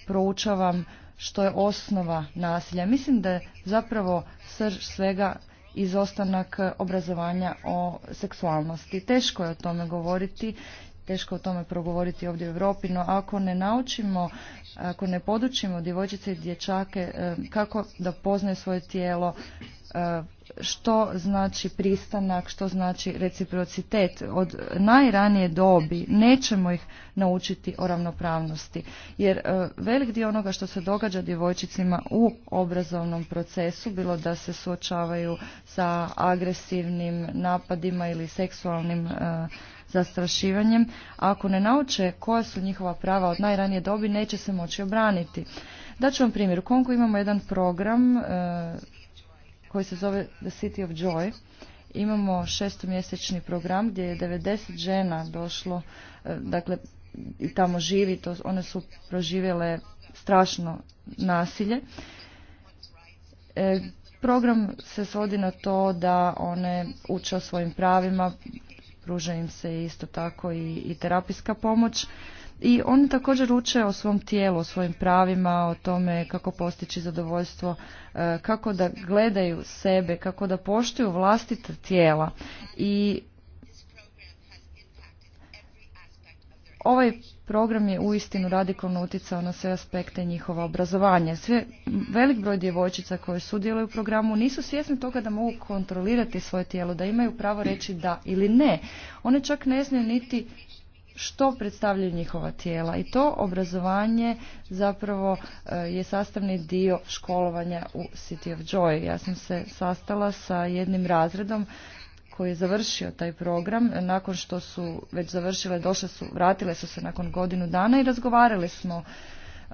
proučavam što je osnova nasilja. Mislim da je zapravo srž svega izostanak obrazovanja o seksualnosti. Teško je o tome govoriti, teško je o tome progovoriti ovdje u Europi, no ako ne naučimo, ako ne podučimo djevojčice i dječake eh, kako da poznaju svoje tijelo, E, što znači pristanak, što znači reciprocitet. Od najranije dobi nećemo ih naučiti o ravnopravnosti. Jer e, velik dio onoga što se događa djevojčicima u obrazovnom procesu, bilo da se suočavaju sa agresivnim napadima ili seksualnim e, zastrašivanjem, ako ne nauče koja su njihova prava od najranije dobi, neće se moći obraniti. Daću vam primjer. U Kongu imamo jedan program koji se zove The City of Joy. Imamo šestomjesečni program gdje je 90 žena došlo, e, dakle i tamo živi, to, one su proživjele strašno nasilje. E, program se svodi na to da one uče o svojim pravima, pruža im se isto tako i, i terapijska pomoć i oni također uče o svom tijelu, o svojim pravima, o tome kako postići zadovoljstvo, e, kako da gledaju sebe, kako da poštuju vlastita tijela i ovaj program je uistinu radikalno utjecao na sve aspekte njihova obrazovanja. Sve, velik broj djevojčica koje sudjeluju u programu nisu svjesni toga da mogu kontrolirati svoje tijelo, da imaju pravo reći da ili ne. One čak ne znaju niti što predstavljaju njihova tijela i to obrazovanje zapravo e, je sastavni dio školovanja u City of Joy. Ja sam se sastala sa jednim razredom koji je završio taj program, nakon što su već završile, došle su, vratile su se nakon godinu dana i razgovarali smo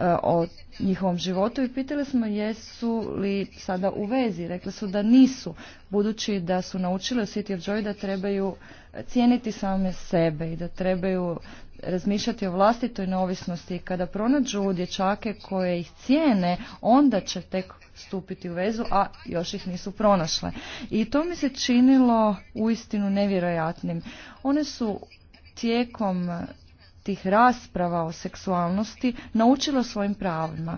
E, o njihovom životu i pitali smo jesu li sada u vezi. Rekli su da nisu, budući da su naučili u City of Joy da trebaju cijeniti same sebe i da trebaju razmišljati o vlastitoj neovisnosti i kada pronađu dječake koje ih cijene, onda će tek stupiti u vezu, a još ih nisu pronašle. I to mi se činilo uistinu nevjerojatnim. One su tijekom tih rasprava o seksualnosti naučilo svojim pravima.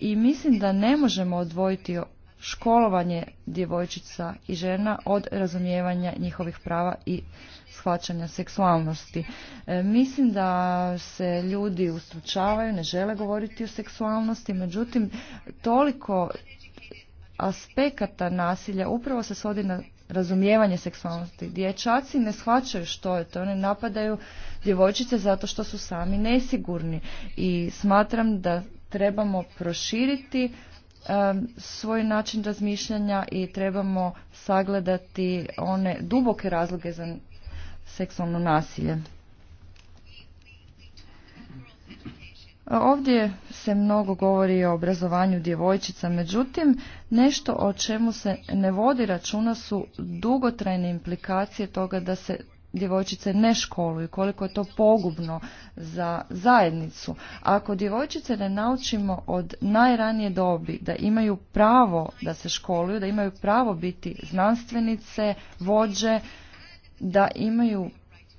I mislim da ne možemo odvojiti školovanje djevojčica i žena od razumijevanja njihovih prava i shvaćanja seksualnosti. E, mislim da se ljudi ustručavaju, ne žele govoriti o seksualnosti, međutim toliko aspekata nasilja upravo se svodi na razumijevanje seksualnosti. Dječaci ne shvaćaju što je to, oni napadaju djevojčice zato što su sami nesigurni i smatram da trebamo proširiti svoj način razmišljanja i trebamo sagledati one duboke razloge za seksualno nasilje. Ovdje se mnogo govori o obrazovanju djevojčica, međutim nešto o čemu se ne vodi računa su dugotrajne implikacije toga da se djevojčice ne školuju, koliko je to pogubno za zajednicu. Ako djevojčice ne naučimo od najranije dobi da imaju pravo da se školuju, da imaju pravo biti znanstvenice, vođe, da imaju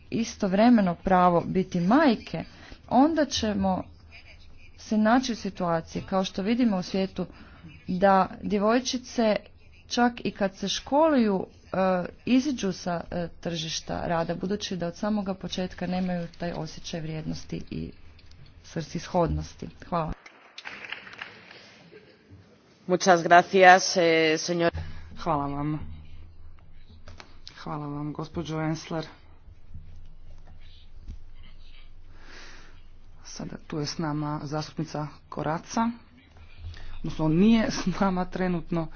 istovremeno pravo biti majke, onda ćemo se naći u situaciji, kao što vidimo u svijetu, da djevojčice čak i kad se školuju e, iziđu sa e, tržišta rada, budući da od samoga početka nemaju taj osjećaj vrijednosti i svrsishodnosti. Hvala. Muchas gracias, eh, señor. Hvala vam. Hvala vam, gospođo Ensler. Sada tu je s nama zastupnica Koraca, odnosno on nije s nama trenutno.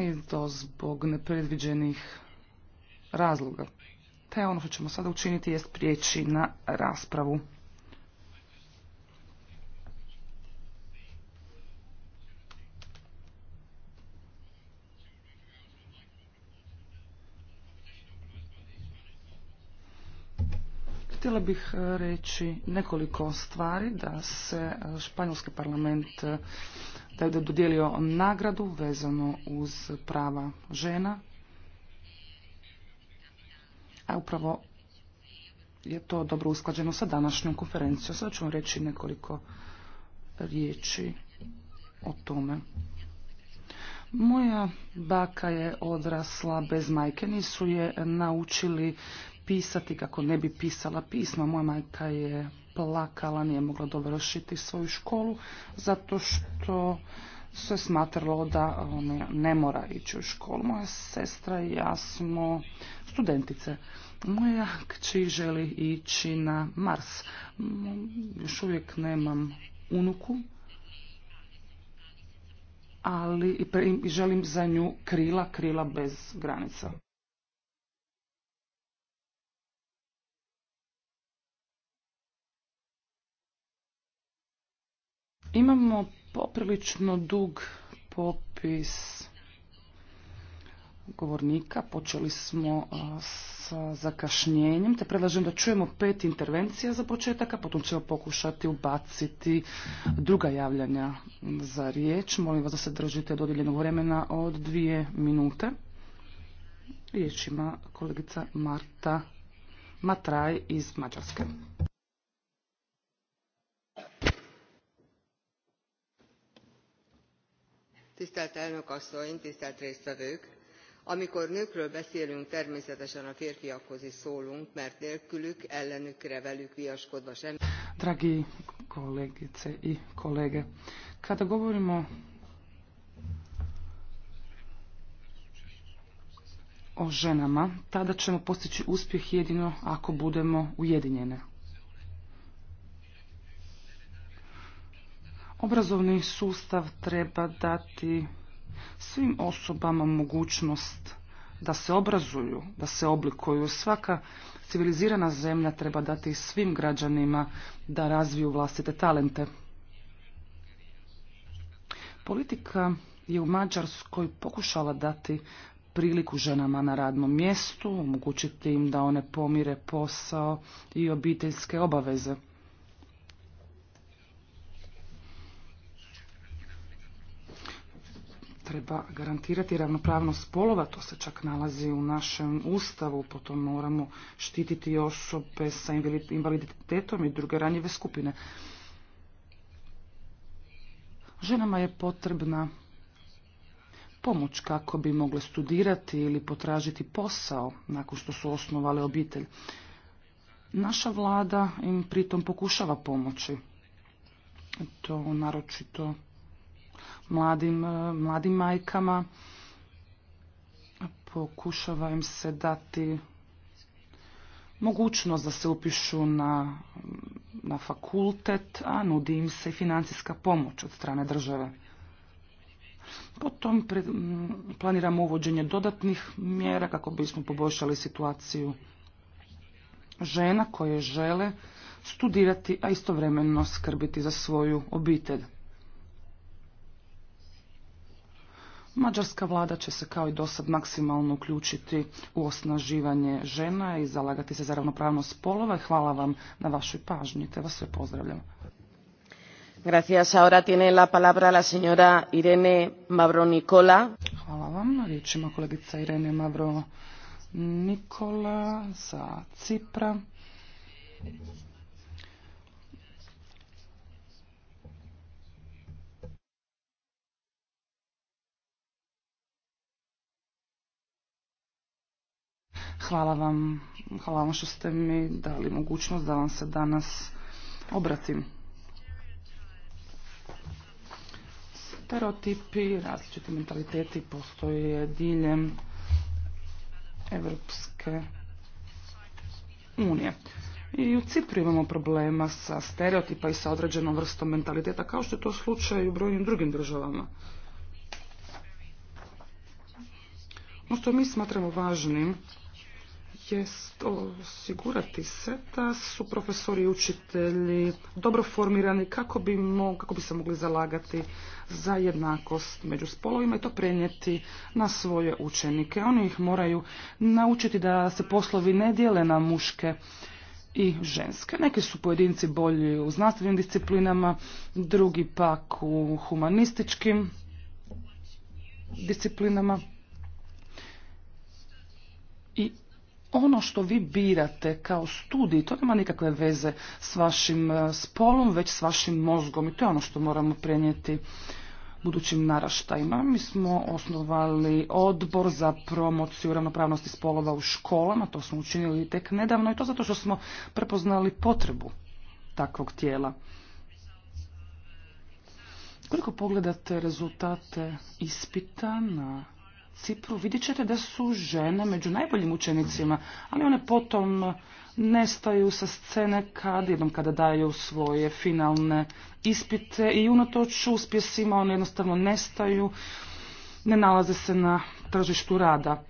I to zbog nepredviđenih razloga. Te ono što ćemo sada učiniti jest prijeći na raspravu. Htjela bih e, reći nekoliko stvari da se e, Španjolski parlament e, da je dodijelio nagradu vezano uz prava žena. A upravo je to dobro usklađeno sa današnjom konferencijom. Sada ću vam reći nekoliko riječi o tome. Moja baka je odrasla bez majke, nisu je naučili pisati kako ne bi pisala pisma. Moja majka je plakala, nije mogla dovršiti svoju školu zato što se smatralo da ona ne mora ići u školu. Moja sestra i ja smo studentice. Moja kći želi ići na Mars. Još uvijek nemam unuku, ali i želim za nju krila, krila bez granica. Imamo poprilično dug popis govornika. Počeli smo sa zakašnjenjem, te predlažem da čujemo pet intervencija za početak, a potom ćemo pokušati ubaciti druga javljanja za riječ. Molim vas da se držite dodijeljenog vremena od dvije minute. Riječ ima kolegica Marta Matraj iz Mađarske. tisztelt elnök asszony tisztelt résztvevők! amikor nőkről beszélünk természetesen a férfiakhoz is szólunk mert nélkülük ellenükre velük viaskodva sem. dragi kolegice i kolege kada govorimo o ženama tada ćemo postići uspjeh jedino ako budemo ujedinjene. Obrazovni sustav treba dati svim osobama mogućnost da se obrazuju, da se oblikuju. Svaka civilizirana zemlja treba dati svim građanima da razviju vlastite talente. Politika je u Mađarskoj pokušala dati priliku ženama na radnom mjestu, omogućiti im da one pomire posao i obiteljske obaveze. treba garantirati ravnopravnost spolova, to se čak nalazi u našem ustavu, potom moramo štititi osobe sa invaliditetom i druge ranjive skupine. Ženama je potrebna pomoć kako bi mogle studirati ili potražiti posao nakon što su osnovale obitelj. Naša vlada im pritom pokušava pomoći. To naročito mladim, e, mladim majkama. Pokušava im se dati mogućnost da se upišu na, na fakultet, a nudi im se i financijska pomoć od strane države. Potom planiramo uvođenje dodatnih mjera kako bismo poboljšali situaciju žena koje žele studirati, a istovremeno skrbiti za svoju obitelj. Mađarska vlada će se kao i do dosad maksimalno uključiti u osnaživanje žena i zalagati se za ravnopravnost spolova. Hvala vam na vašoj pažnji, te vas sve pozdravljam. Gracias. Ahora tiene la palabra la señora Irene Hvala vam. Riječ ima kolegica Irene Mavro Nikola sa Cipra. Hvala vam, hvala vam što ste mi dali mogućnost da vam se danas obratim. Stereotipi, različiti mentaliteti postoje diljem Evropske unije. I u Cipru imamo problema sa stereotipa i sa određenom vrstom mentaliteta, kao što je to slučaj u brojnim drugim državama. Ono što mi smatramo važnim je osigurati se da su profesori i učitelji dobro formirani kako bi, kako bi se mogli zalagati za jednakost među spolovima i to prenijeti na svoje učenike. Oni ih moraju naučiti da se poslovi ne dijele na muške i ženske. Neki su pojedinci bolji u znanstvenim disciplinama, drugi pak u humanističkim disciplinama. ono što vi birate kao studij, to nema nikakve veze s vašim e, spolom, već s vašim mozgom i to je ono što moramo prenijeti budućim naraštajima. Mi smo osnovali odbor za promociju ravnopravnosti spolova u školama, to smo učinili tek nedavno i to zato što smo prepoznali potrebu takvog tijela. Koliko pogledate rezultate ispita na Cipru vidjet ćete da su žene među najboljim učenicima, ali one potom nestaju sa scene kad jednom kada daju svoje finalne ispite i unatoč uspjesima one jednostavno nestaju, ne nalaze se na tržištu rada.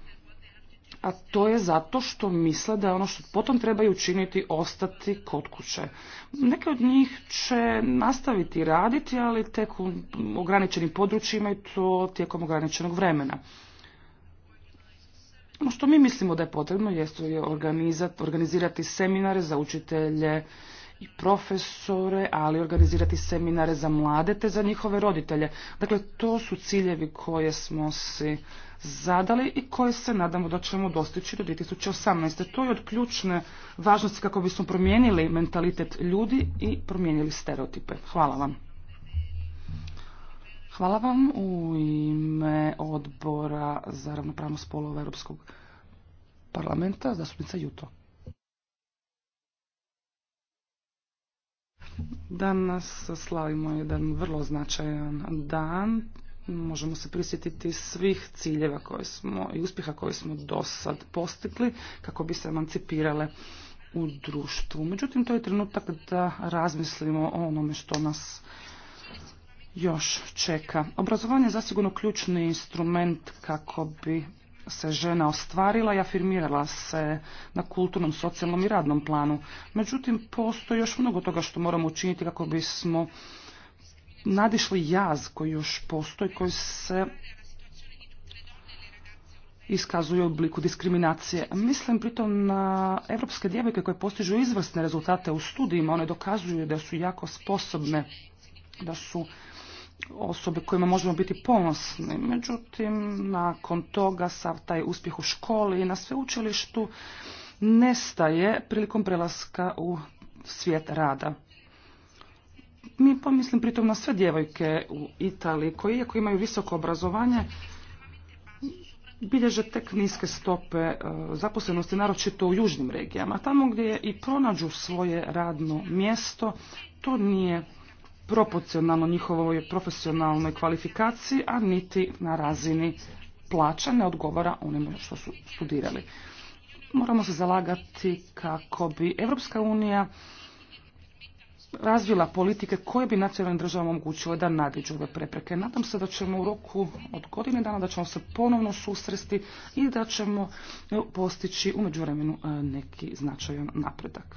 A to je zato što misle da ono što potom trebaju učiniti ostati kod kuće. Neke od njih će nastaviti raditi, ali tek u ograničenim područjima i to tijekom ograničenog vremena. Ono što mi mislimo da je potrebno je organizirati seminare za učitelje i profesore, ali organizirati seminare za mlade te za njihove roditelje. Dakle, to su ciljevi koje smo si zadali i koje se nadamo da ćemo dostići do 2018. To je od ključne važnosti kako bismo promijenili mentalitet ljudi i promijenili stereotipe. Hvala vam. Hvala vam u ime odbora za ravnopravnost spolova Europskog parlamenta, zastupnica Juto. Danas slavimo jedan vrlo značajan dan. Možemo se prisjetiti svih ciljeva koje smo i uspjeha koje smo do sad postigli kako bi se emancipirale u društvu. Međutim, to je trenutak da razmislimo o onome što nas još čeka. Obrazovanje je zasigurno ključni instrument kako bi se žena ostvarila i afirmirala se na kulturnom, socijalnom i radnom planu. Međutim, postoji još mnogo toga što moramo učiniti kako bismo nadišli jaz koji još postoji, koji se iskazuje u obliku diskriminacije. Mislim pritom na evropske djevojke koje postižu izvrsne rezultate u studijima, one dokazuju da su jako sposobne, da su osobe kojima možemo biti ponosni. Međutim, nakon toga sav taj uspjeh u školi i na sveučilištu nestaje prilikom prelaska u svijet rada. Mi pomislim pritom na sve djevojke u Italiji koje, iako imaju visoko obrazovanje, bilježe tek niske stope e, zaposlenosti, naročito u južnim regijama. Tamo gdje i pronađu svoje radno mjesto, to nije proporcionalno njihovoj profesionalnoj kvalifikaciji, a niti na razini plaća ne odgovara onima što su studirali. Moramo se zalagati kako bi Europska unija razvila politike koje bi nacionalnim državama omogućile da nadiđu ove prepreke. Nadam se da ćemo u roku od godine dana, da ćemo se ponovno susresti i da ćemo postići u međuvremenu e, neki značajan napredak.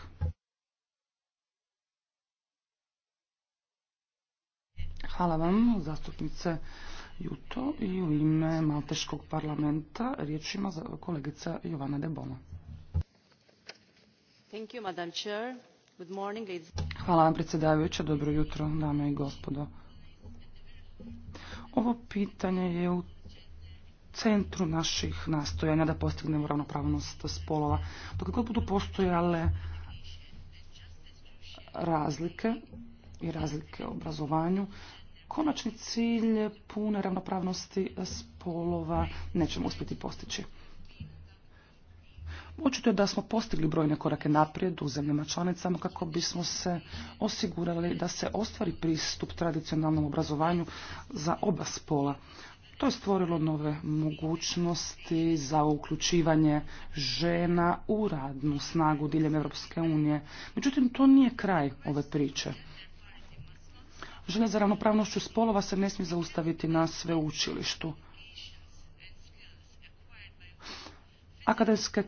Hvala vam, zastupnice Juto. I u ime Malteškog parlamenta riječ ima kolegica Jovana Debona. Thank you, Madam Hvala vam, predsjedavajuća. Dobro jutro, dame i gospodo. Ovo pitanje je u centru naših nastojanja da postignemo ravnopravnost spolova. Dok god budu postojale razlike i razlike u obrazovanju, konačni cilj pune ravnopravnosti spolova nećemo uspjeti postići. Očito je da smo postigli brojne korake naprijed u zemljama članicama kako bismo se osigurali da se ostvari pristup tradicionalnom obrazovanju za oba spola. To je stvorilo nove mogućnosti za uključivanje žena u radnu snagu diljem Europske unije. Međutim, to nije kraj ove priče. Žene za ravnopravnošću spolova se ne smije zaustaviti na sveučilištu. Akademske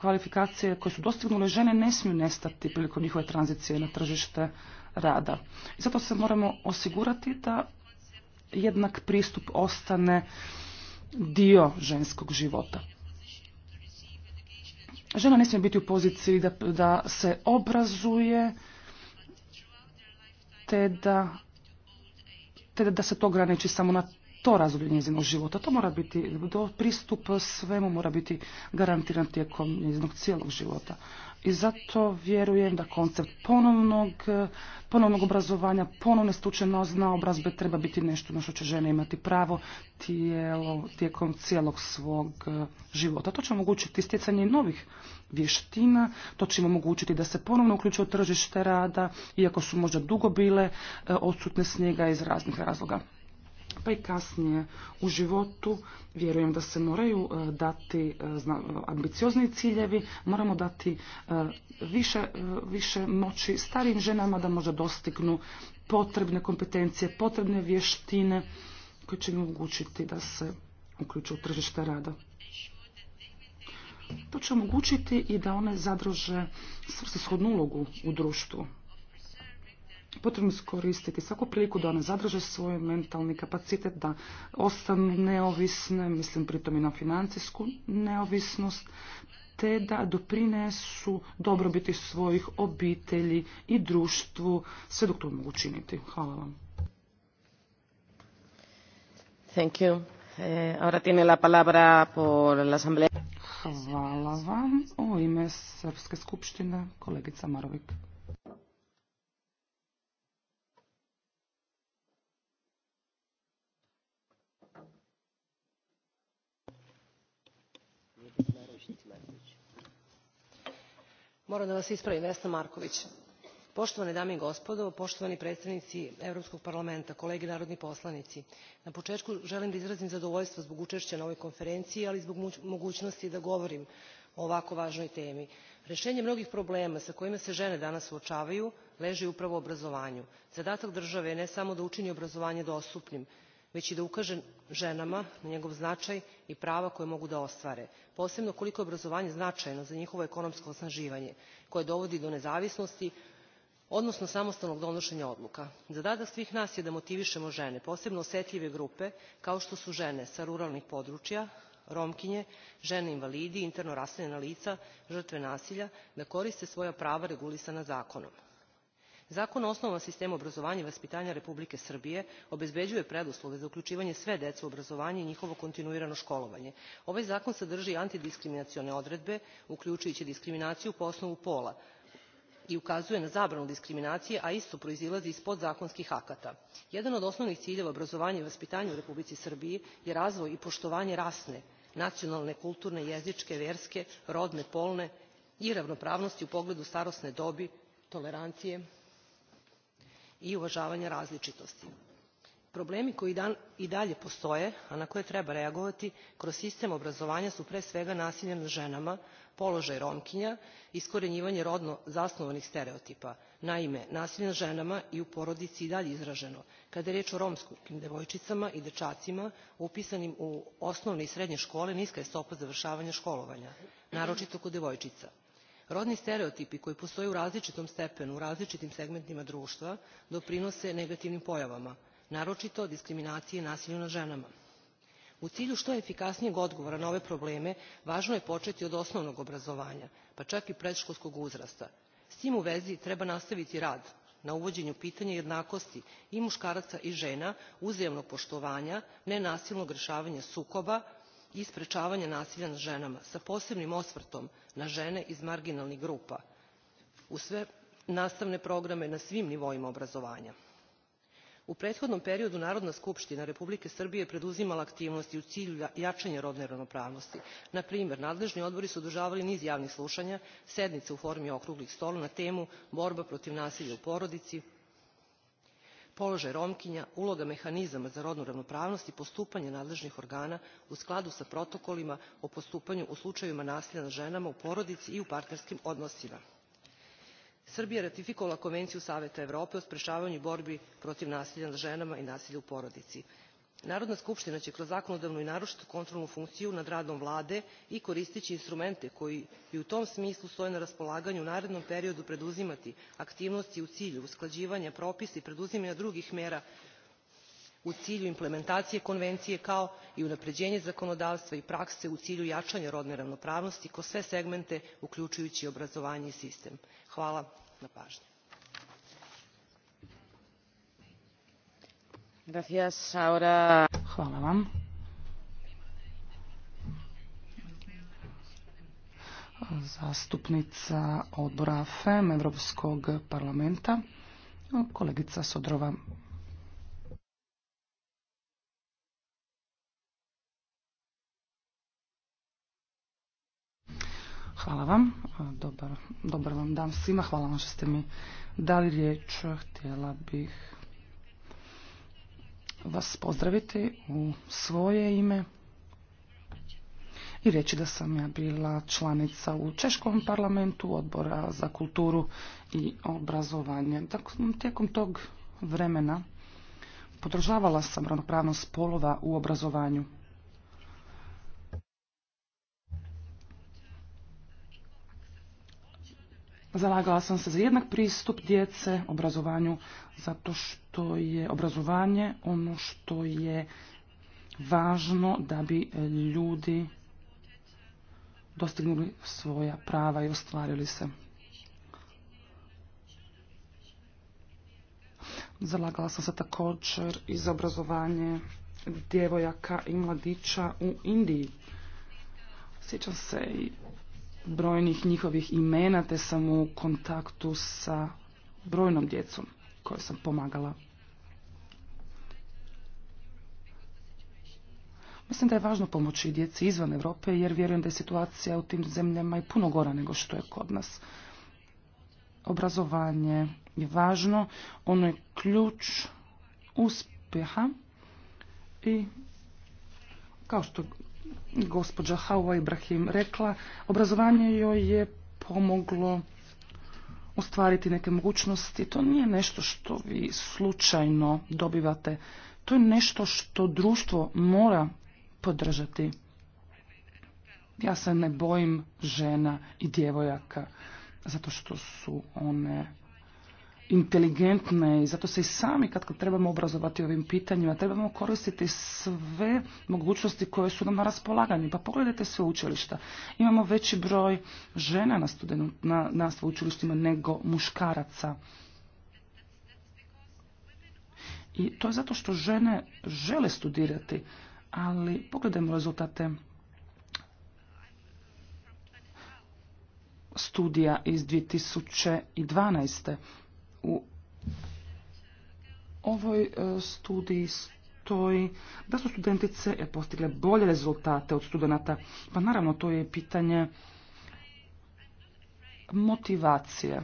kvalifikacije koje su dostignule žene ne smiju nestati prilikom njihove tranzicije na tržište rada. I zato se moramo osigurati da jednak pristup ostane dio ženskog života. Žena ne smije biti u poziciji da, da se obrazuje te da te da se to ograniči samo na to razdoblje njezinog života. To mora biti, do pristup svemu mora biti garantiran tijekom njezinog cijelog života. I zato vjerujem da koncept ponovnog, ponovnog obrazovanja, ponovne na obrazbe treba biti nešto na što će žene imati pravo tijekom cijelog svog eh, života. To će omogućiti stjecanje novih vještina. To će im omogućiti da se ponovno uključe u tržište rada, iako su možda dugo bile e, odsutne snijega iz raznih razloga. Pa i kasnije u životu vjerujem da se moraju e, dati e, ambiciozni ciljevi, moramo dati više, više moći starim ženama da možda dostignu potrebne kompetencije, potrebne vještine koje će im omogućiti da se uključe u tržište rada. To će omogućiti i da one zadrže svrsishodnu ulogu u društvu. Potrebno je koristiti svaku priliku da one zadrže svoj mentalni kapacitet, da ostanu neovisne, mislim pritom i na financijsku neovisnost, te da doprinesu dobrobiti svojih obitelji i društvu, sve dok to mogu činiti. Hvala vam. Thank you. Eh, ahora tiene la palabra por la asamblea. Hvala vam. U ime Srpske skupštine, kolegica Marovik. Moram da vas ispravim, Vesna Marković poštovane dame i gospodo poštovani predstavnici europskog parlamenta kolegi narodni poslanici na početku želim da izrazim zadovoljstvo zbog učešća na ovoj konferenciji ali i zbog mogućnosti da govorim o ovako važnoj temi. rješenje mnogih problema s kojima se žene danas suočavaju leži upravo u obrazovanju. zadatak države je ne samo da učini obrazovanje dostupnim već i da ukaže ženama na njegov značaj i prava koje mogu da ostvare posebno koliko je obrazovanje značajno za njihovo ekonomsko osnaživanje koje dovodi do nezavisnosti odnosno samostalnog donošenja odluka. zadatak svih nas je da motivišemo žene posebno osjetljive grupe kao što su žene sa ruralnih područja romkinje žene invalidi interno raseljena lica žrtve nasilja da koriste svoja prava regulisana zakonom. zakon o osnovnom sistema obrazovanja i vaspitanja republike srbije obezbeđuje preduslove za uključivanje sve dece u obrazovanje i njihovo kontinuirano školovanje. ovaj zakon sadrži antidiskriminacione odredbe uključujući diskriminaciju po osnovu pola i ukazuje na zabranu diskriminacije a isto proizilazi iz podzakonskih akata. jedan od osnovnih ciljeva obrazovanja i vaspitanja u republici srbiji je razvoj i poštovanje rasne nacionalne kulturne jezičke verske rodne polne i ravnopravnosti u pogledu starosne dobi tolerancije i uvažavanja različitosti problemi koji i dalje postoje a na koje treba reagovati kroz sistem obrazovanja su pre svega nasilje nad ženama položaj romkinja iskorjenjivanje rodno zasnovanih stereotipa. naime nasilje nad ženama i u porodici je i dalje izraženo kada je riječ o romskim devojčicama i dečacima upisanim u osnovne i srednje škole niska je stopa završavanja školovanja naročito kod devojčica. rodni stereotipi koji postoje u različitom stepenu u različitim segmentima društva doprinose negativnim pojavama naročito diskriminacije i nasilju nad ženama. u cilju što efikasnijeg odgovora na ove probleme važno je početi od osnovnog obrazovanja pa čak i predškolskog uzrasta. s tim u vezi treba nastaviti rad na uvođenju pitanja jednakosti i muškaraca i žena uzajamnog poštovanja nenasilnog rješavanja sukoba i sprječavanja nasilja nad ženama s posebnim osvrtom na žene iz marginalnih grupa u sve nastavne programe na svim nivoima obrazovanja u prethodnom periodu narodna skupština republike srbije preduzimala aktivnosti u cilju jačanja rodne ravnopravnosti na primjer nadležni odbori su održavali niz javnih slušanja sednice u formi okruglih stolova na temu borba protiv nasilja u porodici položaj romkinja uloga mehanizama za rodnu ravnopravnost i postupanje nadležnih organa u skladu sa protokolima o postupanju u slučajevima nasilja nad ženama u porodici i u partnerskim odnosima srbija je ratifikovala konvenciju saveta evrope o sprečavanju i borbi protiv nasilja nad ženama i nasilja u porodici. narodna skupština će kroz zakonodavnu i naročitu kontrolnu funkciju nad radom vlade i koristeći instrumente koji i u tom smislu stoje na raspolaganju u narednom periodu preduzimati aktivnosti u cilju usklađivanja propisa i preduzimanja drugih mera u cilju implementacije konvencije kao i unapređenje zakonodavstva i prakse u cilju jačanja rodne ravnopravnosti kroz sve segmente uključujući obrazovanje i sistem. Hvala na pažnji. vam. Zastupnica odbora FEM Evropskog parlamenta, kolegica Sodrova Hvala vam. Dobar, dobar vam dan svima. Hvala vam što ste mi dali riječ. Htjela bih vas pozdraviti u svoje ime i reći da sam ja bila članica u Češkom parlamentu odbora za kulturu i obrazovanje. Dakle, tijekom tog vremena podržavala sam ravnopravnost spolova u obrazovanju. Zalagala sam se za jednak pristup djece obrazovanju zato što je obrazovanje ono što je važno da bi ljudi dostignuli svoja prava i ostvarili se. Zalagala sam se također i za obrazovanje djevojaka i mladića u Indiji. Sjećam se i brojnih njihovih imena te sam u kontaktu sa brojnom djecom koje sam pomagala. Mislim da je važno pomoći djeci izvan Europe jer vjerujem da je situacija u tim zemljama i puno gora nego što je kod nas. Obrazovanje je važno, ono je ključ uspjeha i kao što gospođa Hawa Ibrahim rekla, obrazovanje joj je pomoglo ostvariti neke mogućnosti. To nije nešto što vi slučajno dobivate. To je nešto što društvo mora podržati. Ja se ne bojim žena i djevojaka zato što su one inteligentne i zato se i sami kad, trebamo obrazovati ovim pitanjima, trebamo koristiti sve mogućnosti koje su nam na raspolaganju. Pa pogledajte sve učilišta. Imamo veći broj žena na, studenu, na, na sveučilištima nego muškaraca. I to je zato što žene žele studirati, ali pogledajmo rezultate studija iz 2012. U ovoj e, studiji stoji da su studentice e, postigle bolje rezultate od studenata. Pa naravno, to je pitanje motivacije.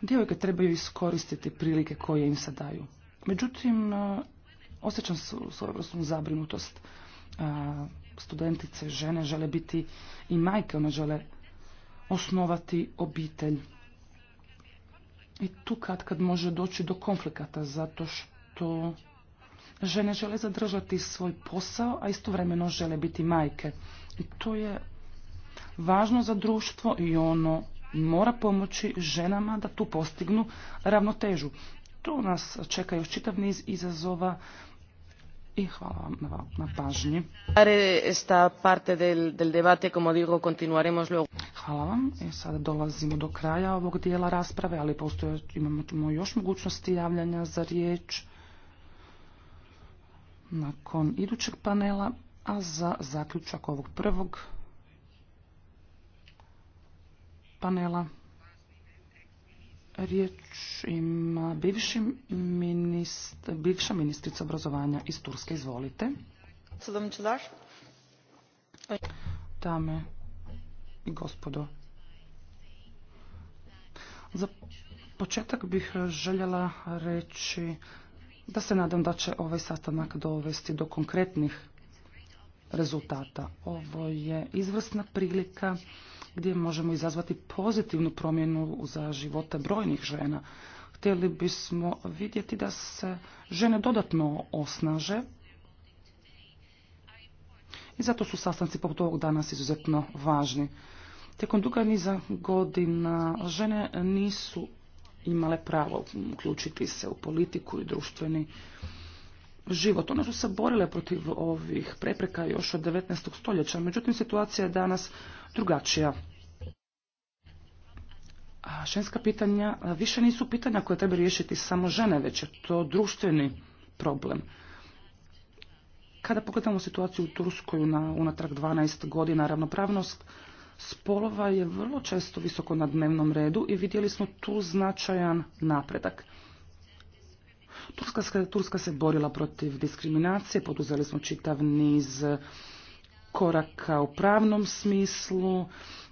Djevojke trebaju iskoristiti prilike koje im se daju. Međutim, e, osjećam svojevrsnu zabrinutost. Studentice, žene žele biti i majke, one žele osnovati obitelj. I tu kad kad može doći do konflikata zato što žene žele zadržati svoj posao, a istovremeno žele biti majke. I to je važno za društvo i ono mora pomoći ženama da tu postignu ravnotežu. Tu nas čeka još čitav niz izazova i hvala vam na pažnji. parte del, del debate, como digo, continuaremos luego. Hvala vam. I e, sada dolazimo do kraja ovog dijela rasprave, ali postoje, imamo još mogućnosti javljanja za riječ nakon idućeg panela, a za zaključak ovog prvog panela Riječ ima bivša ministrica obrazovanja iz Turske. Izvolite. Dame i gospodo, za početak bih željela reći da se nadam da će ovaj sastanak dovesti do konkretnih rezultata. Ovo je izvrsna prilika gdje možemo izazvati pozitivnu promjenu za živote brojnih žena. Htjeli bismo vidjeti da se žene dodatno osnaže i zato su sastanci poput ovog danas izuzetno važni. Tijekom duga niza godina žene nisu imale pravo uključiti se u politiku i društveni život. One su se borile protiv ovih prepreka još od 19. stoljeća, međutim situacija je danas drugačija. ženska pitanja više nisu pitanja koje treba riješiti samo žene, već je to društveni problem. Kada pogledamo situaciju u Turskoj na unatrag 12 godina, ravnopravnost spolova je vrlo često visoko na dnevnom redu i vidjeli smo tu značajan napredak. Turska se borila protiv diskriminacije, poduzeli smo čitav niz koraka u pravnom smislu,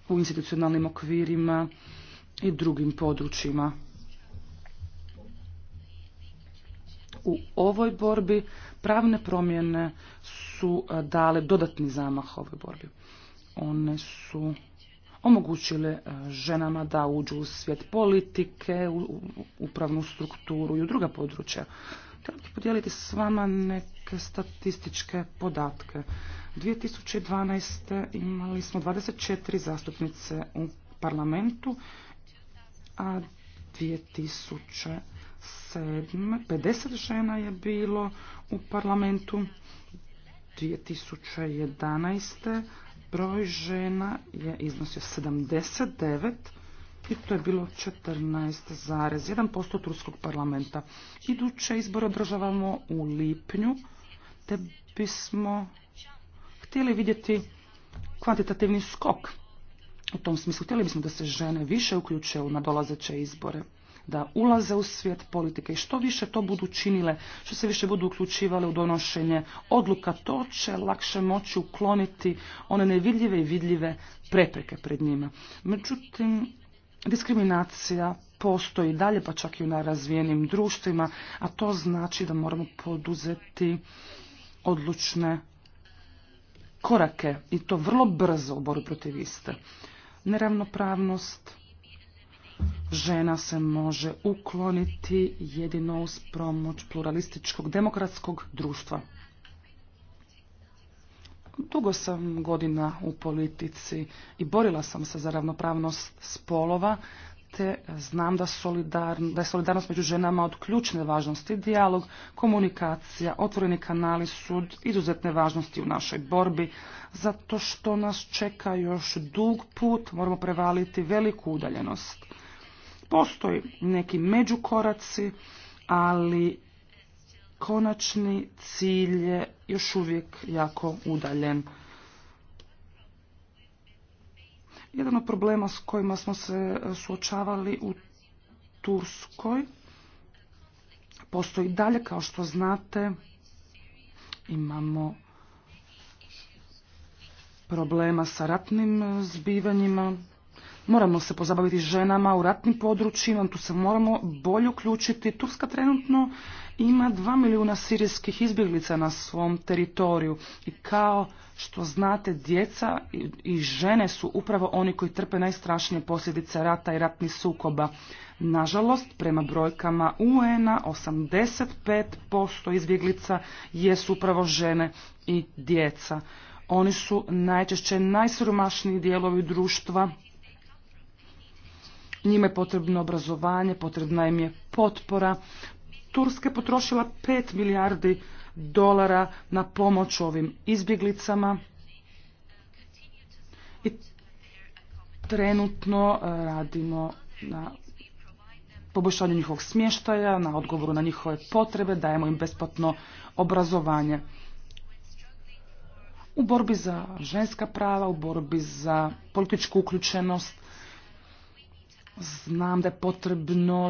u institucionalnim okvirima i drugim područjima. U ovoj borbi pravne promjene su dale dodatni zamah ovoj borbi. One su omogućile ženama da uđu u svijet politike, u upravnu strukturu i u druga područja. Htjela bih podijeliti s vama neke statističke podatke. 2012. imali smo 24 zastupnice u parlamentu, a 2007. 50 žena je bilo u parlamentu. 2011. broj žena je iznosio 79, i to je bilo 14,1% Turskog parlamenta. Iduće izbore održavamo u lipnju, te bismo htjeli vidjeti kvantitativni skok. U tom smislu htjeli bismo da se žene više uključe u nadolazeće izbore, da ulaze u svijet politike i što više to budu činile, što se više budu uključivale u donošenje odluka, to će lakše moći ukloniti one nevidljive i vidljive prepreke pred njima. Međutim, Diskriminacija postoji dalje, pa čak i u najrazvijenim društvima, a to znači da moramo poduzeti odlučne korake i to vrlo brzo u boru protiv iste. Neravnopravnost žena se može ukloniti jedino uz promoć pluralističkog demokratskog društva. Dugo sam godina u politici i borila sam se za ravnopravnost spolova, te znam da, da je solidarnost među ženama od ključne važnosti. Dijalog, komunikacija, otvoreni kanali su izuzetne važnosti u našoj borbi, zato što nas čeka još dug put, moramo prevaliti veliku udaljenost. Postoji neki međukoraci, ali konačni cilj je još uvijek jako udaljen. Jedan od problema s kojima smo se e, suočavali u Turskoj postoji dalje, kao što znate, imamo problema sa ratnim e, zbivanjima, moramo se pozabaviti ženama u ratnim područjima, tu se moramo bolje uključiti. Turska trenutno ima dva milijuna sirijskih izbjeglica na svom teritoriju i kao što znate djeca i žene su upravo oni koji trpe najstrašnije posljedice rata i ratnih sukoba. Nažalost, prema brojkama UN-a 85% izbjeglica jesu upravo žene i djeca. Oni su najčešće najsiromašniji dijelovi društva, njima je potrebno obrazovanje, potrebna im je potpora, Turske potrošila 5 milijardi dolara na pomoć ovim izbjeglicama i trenutno e, radimo na poboljšanju njihovog smještaja, na odgovoru na njihove potrebe, dajemo im besplatno obrazovanje. U borbi za ženska prava, u borbi za političku uključenost, znam da je potrebno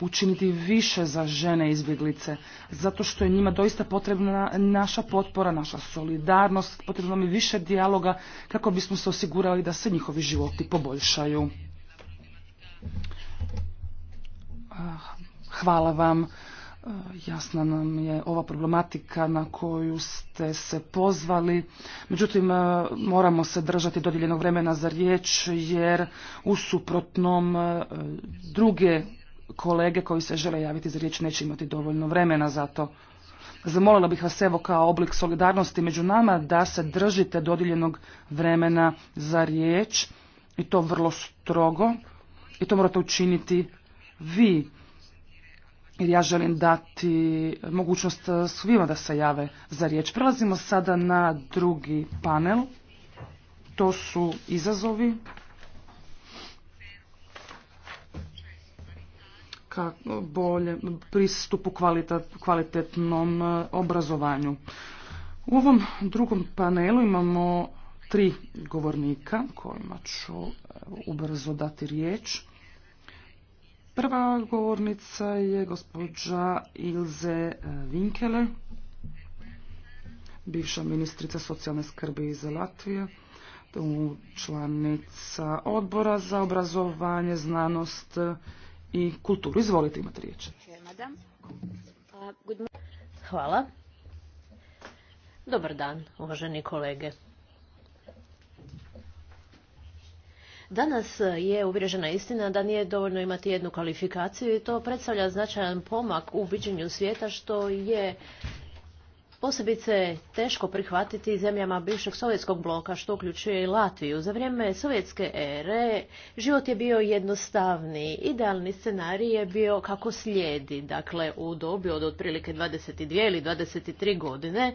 učiniti više za žene izbjeglice, zato što je njima doista potrebna naša potpora, naša solidarnost, potrebno mi više dijaloga kako bismo se osigurali da se njihovi životi poboljšaju. Ah, hvala vam. Eh, jasna nam je ova problematika na koju ste se pozvali. Međutim, eh, moramo se držati dodijeljenog vremena za riječ jer u suprotnom eh, druge kolege koji se žele javiti za riječ neće imati dovoljno vremena za to. Zamolila bih vas evo kao oblik solidarnosti među nama da se držite dodijeljenog vremena za riječ i to vrlo strogo i to morate učiniti vi jer ja želim dati mogućnost svima da se jave za riječ. Prelazimo sada na drugi panel. To su izazovi ka bolje pristupu kvalitetnom e, obrazovanju. U ovom drugom panelu imamo tri govornika kojima ću ubrzo dati riječ. Prva govornica je gospođa Ilze e, Winkele, bivša ministrica socijalne skrbi iz Latvije, članica odbora za obrazovanje, znanost i kulturu. Izvolite imati riječ. Hvala. Dobar dan, uvaženi kolege. Danas je uvriježena istina da nije dovoljno imati jednu kvalifikaciju i to predstavlja značajan pomak u viđenju svijeta što je posebice teško prihvatiti zemljama bivšeg sovjetskog bloka, što uključuje i Latviju. Za vrijeme sovjetske ere život je bio jednostavni. Idealni scenarij je bio kako slijedi, dakle u dobi od otprilike 22 ili 23 godine,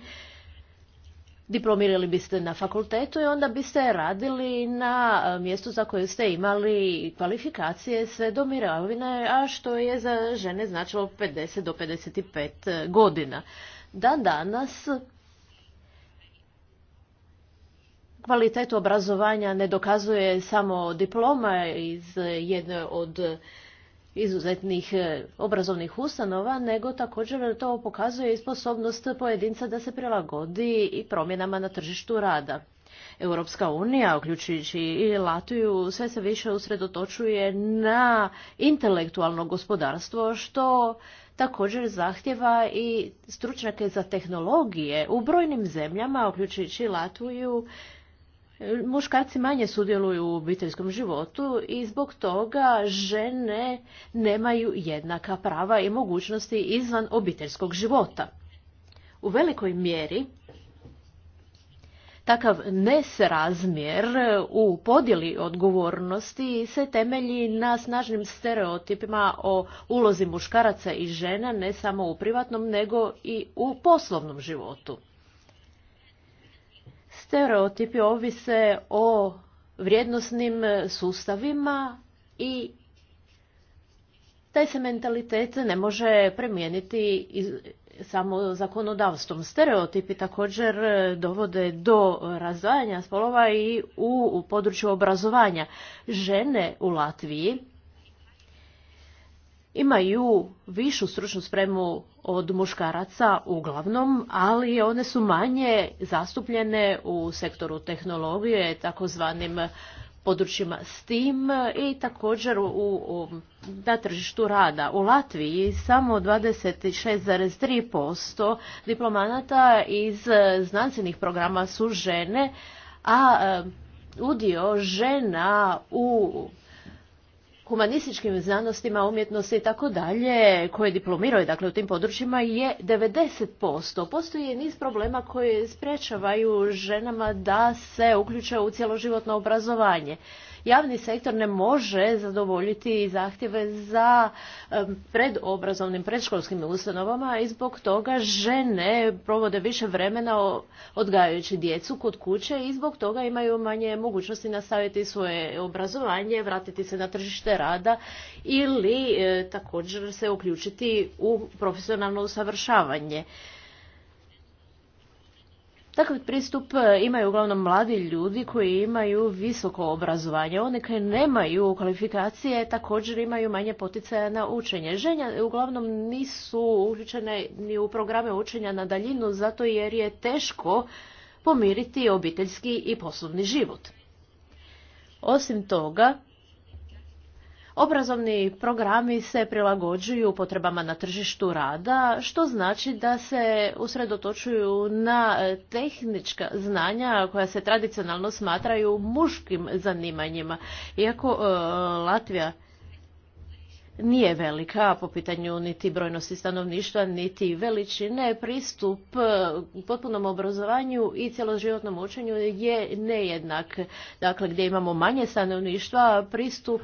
diplomirali biste na fakultetu i onda biste radili na e, mjestu za koje ste imali kvalifikacije sve do mirovine, a što je za žene značilo 50 do 55 godina da danas kvalitetu obrazovanja ne dokazuje samo diploma iz jedne od izuzetnih e, obrazovnih ustanova, nego također to pokazuje i sposobnost pojedinca da se prilagodi i promjenama na tržištu rada. Europska unija, uključujući i Latviju, sve se više usredotočuje na intelektualno gospodarstvo, što također zahtjeva i stručnjake za tehnologije. U brojnim zemljama, uključujući Latviju, muškarci manje sudjeluju u obiteljskom životu i zbog toga žene nemaju jednaka prava i mogućnosti izvan obiteljskog života. U velikoj mjeri Takav nesrazmjer u podjeli odgovornosti se temelji na snažnim stereotipima o ulozi muškaraca i žena ne samo u privatnom nego i u poslovnom životu. Stereotipi ovise o vrijednosnim sustavima i taj se mentalitet ne može premijeniti samo zakonodavstvom. Stereotipi također e, dovode do razdvajanja spolova i u području obrazovanja. Žene u Latviji imaju višu stručnu spremu od muškaraca uglavnom, ali one su manje zastupljene u sektoru tehnologije, takozvanim područjima s tim i također u, u, na tržištu rada. U Latviji samo 26,3% diplomanata iz e, znanstvenih programa su žene, a e, udio žena u humanističkim znanostima, umjetnosti i tako dalje, koje diplomiraju dakle, u tim područjima je 90%. Postoji niz problema koje sprečavaju ženama da se uključe u cjeloživotno obrazovanje javni sektor ne može zadovoljiti zahtjeve za predobrazovnim predškolskim ustanovama i zbog toga žene provode više vremena odgajajući djecu kod kuće i zbog toga imaju manje mogućnosti nastaviti svoje obrazovanje, vratiti se na tržište rada ili e, također se uključiti u profesionalno usavršavanje. Takav pristup e, imaju uglavnom mladi ljudi koji imaju visoko obrazovanje. One koji nemaju kvalifikacije također imaju manje poticaja na učenje. Ženja uglavnom nisu uključene ni u programe učenja na daljinu zato jer je teško pomiriti obiteljski i poslovni život. Osim toga, Obrazovni programi se prilagođuju potrebama na tržištu rada, što znači da se usredotočuju na e, tehnička znanja koja se tradicionalno smatraju muškim zanimanjima. Iako e, Latvija nije velika po pitanju niti brojnosti stanovništva, niti veličine, pristup e, potpunom obrazovanju i cjeloživotnom učenju je nejednak. Dakle, gdje imamo manje stanovništva, pristup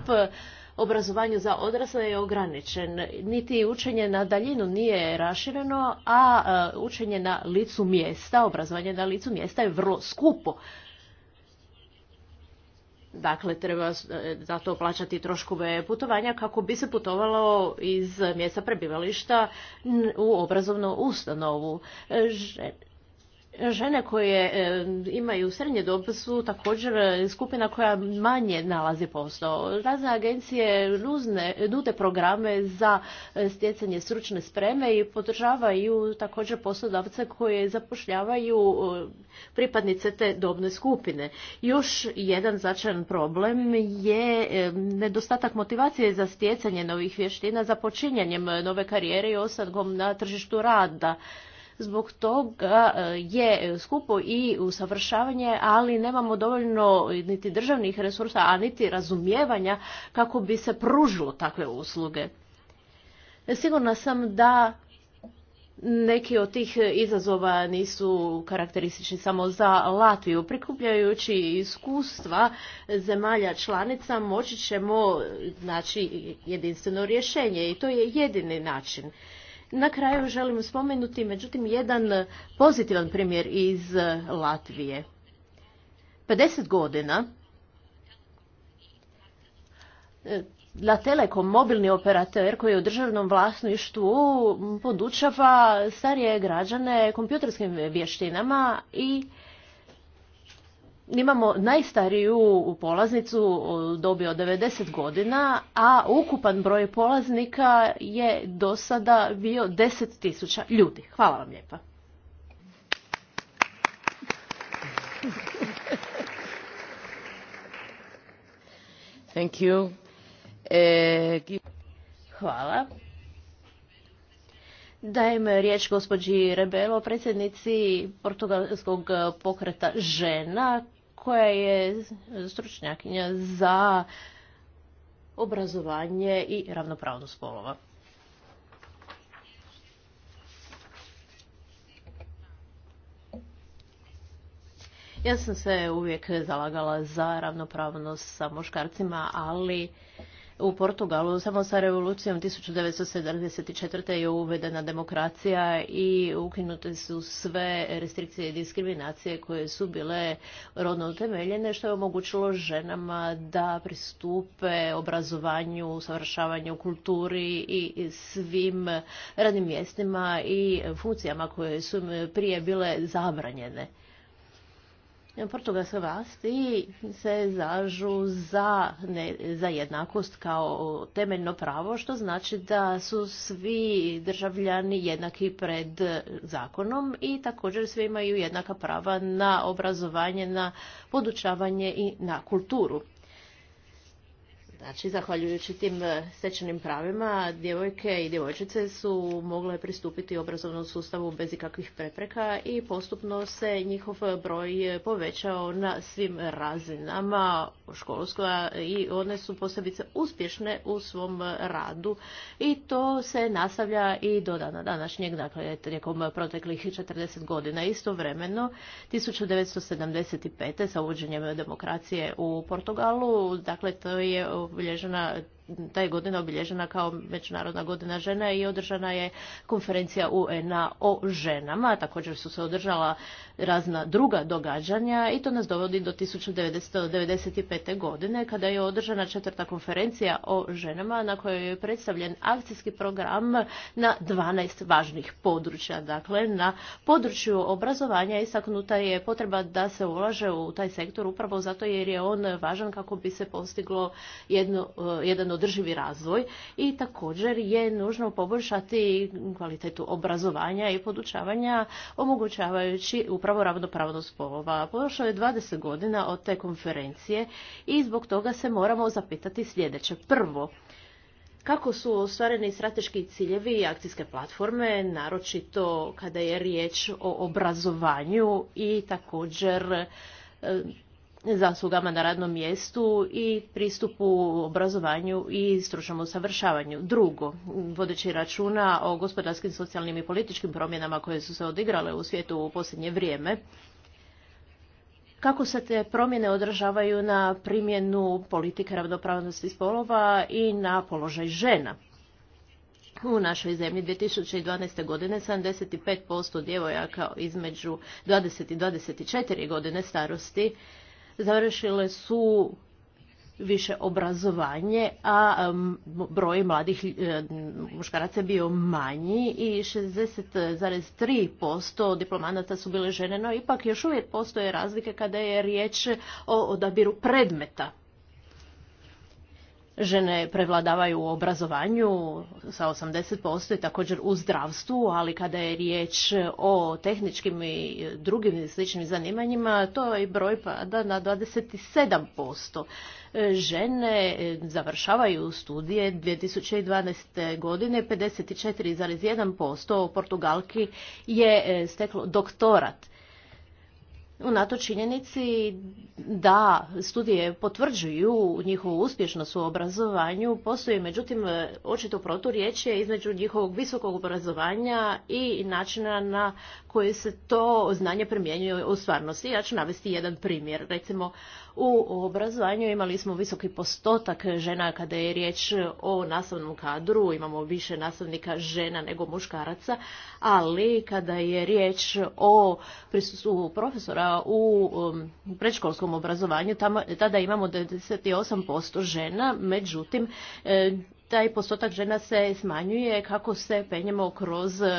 obrazovanju za odrasle je ograničen. Niti učenje na daljinu nije rašireno, a e, učenje na licu mjesta, obrazovanje na licu mjesta je vrlo skupo. Dakle, treba e, za to plaćati troškove putovanja kako bi se putovalo iz mjesta prebivališta u obrazovnu ustanovu. E, Žene koje e, imaju srednje dob su također e, skupina koja manje nalazi posao. Razne agencije nude programe za e, stjecanje stručne spreme i podržavaju također poslodavce koje zapošljavaju pripadnice te dobne skupine. Još jedan značajan problem je nedostatak motivacije za stjecanje novih vještina za počinjanjem nove karijere i osadkom na tržištu rada. Zbog toga e, je skupo i usavršavanje, ali nemamo dovoljno niti državnih resursa, a niti razumijevanja kako bi se pružilo takve usluge. Sigurna sam da neki od tih izazova nisu karakteristični samo za Latviju. Prikupljajući iskustva zemalja članica moći ćemo jedinstveno rješenje i to je jedini način. Na kraju želim spomenuti međutim jedan pozitivan primjer iz eh, Latvije. 50 godina eh, Telekom, mobilni operator koji je u državnom vlasništvu podučava starije građane kompjuterskim vještinama i imamo najstariju polaznicu dobi od 90 godina, a ukupan broj polaznika je do sada bio 10.000 ljudi. Hvala vam lijepa. Thank you. E... Hvala. Dajem riječ gospođi Rebelo, predsjednici portugalskog pokreta žena, koja je stručnjakinja za obrazovanje i ravnopravnost spolova. Ja sam se uvijek zalagala za ravnopravnost sa muškarcima, ali u Portugalu samo sa revolucijom 1974. je uvedena demokracija i ukinute su sve restrikcije i diskriminacije koje su bile rodno utemeljene što je omogućilo ženama da pristupe obrazovanju, savršavanju kulturi i svim radnim mjestima i funkcijama koje su prije bile zabranjene portugalske vlasti se zažu za, za jednakost kao temeljno pravo, što znači da su svi državljani jednaki pred zakonom i također svi imaju jednaka prava na obrazovanje, na podučavanje i na kulturu. Znači, zahvaljujući tim e, stečenim pravima, djevojke i djevojčice su mogle pristupiti obrazovnom sustavu bez ikakvih prepreka i postupno se njihov broj povećao na svim razinama školskoja i one su posebice uspješne u svom radu i to se nastavlja i do dana današnjeg, dakle tijekom proteklih 40 godina. Istovremeno, 1975. sa uvođenjem demokracije u Portugalu, dakle to je obilježena ta je godina obilježena kao Međunarodna godina žena i održana je konferencija un o ženama. Također su se održala razna druga događanja i to nas dovodi do 1995. godine kada je održana četvrta konferencija o ženama na kojoj je predstavljen akcijski program na 12 važnih područja. Dakle, na području obrazovanja istaknuta je potreba da se ulaže u taj sektor upravo zato jer je on važan kako bi se postiglo jedno, jedan od održivi razvoj i također je nužno poboljšati kvalitetu obrazovanja i podučavanja omogućavajući upravo ravnopravnost spolova. Prošlo je 20 godina od te konferencije i zbog toga se moramo zapitati sljedeće. Prvo, kako su ostvareni strateški ciljevi i akcijske platforme, naročito kada je riječ o obrazovanju i također e, zaslugama na radnom mjestu i pristupu obrazovanju i stručnom usavršavanju. Drugo, vodeći računa o gospodarskim, socijalnim i političkim promjenama koje su se odigrale u svijetu u posljednje vrijeme, kako se te promjene odražavaju na primjenu politike ravnopravnosti spolova i na položaj žena. U našoj zemlji 2012. godine 75% djevojaka između 20 i 24 godine starosti završile su više obrazovanje, a broj mladih e, muškaraca je bio manji i 60,3% diplomanata su bile žene, no ipak još uvijek postoje razlike kada je riječ o odabiru predmeta žene prevladavaju u obrazovanju sa 80% i također u zdravstvu, ali kada je riječ o tehničkim i drugim sličnim zanimanjima, to je broj pada na 27%. Žene završavaju studije 2012. godine 54,1%, Portugalki je steklo doktorat. NATO činjenici da studije potvrđuju njihovu uspješnost u obrazovanju, postoji međutim e, očito proturječje između njihovog visokog obrazovanja i načina na koji se to znanje primjenjuje u stvarnosti. Ja ću navesti jedan primjer. Recimo, u obrazovanju imali smo visoki postotak žena kada je riječ o nastavnom kadru, imamo više nastavnika žena nego muškaraca, ali kada je riječ o prisustvu profesora u um, predškolskom obrazovanju, tada imamo 98% žena, međutim e, taj postotak žena se smanjuje kako se penjemo kroz e,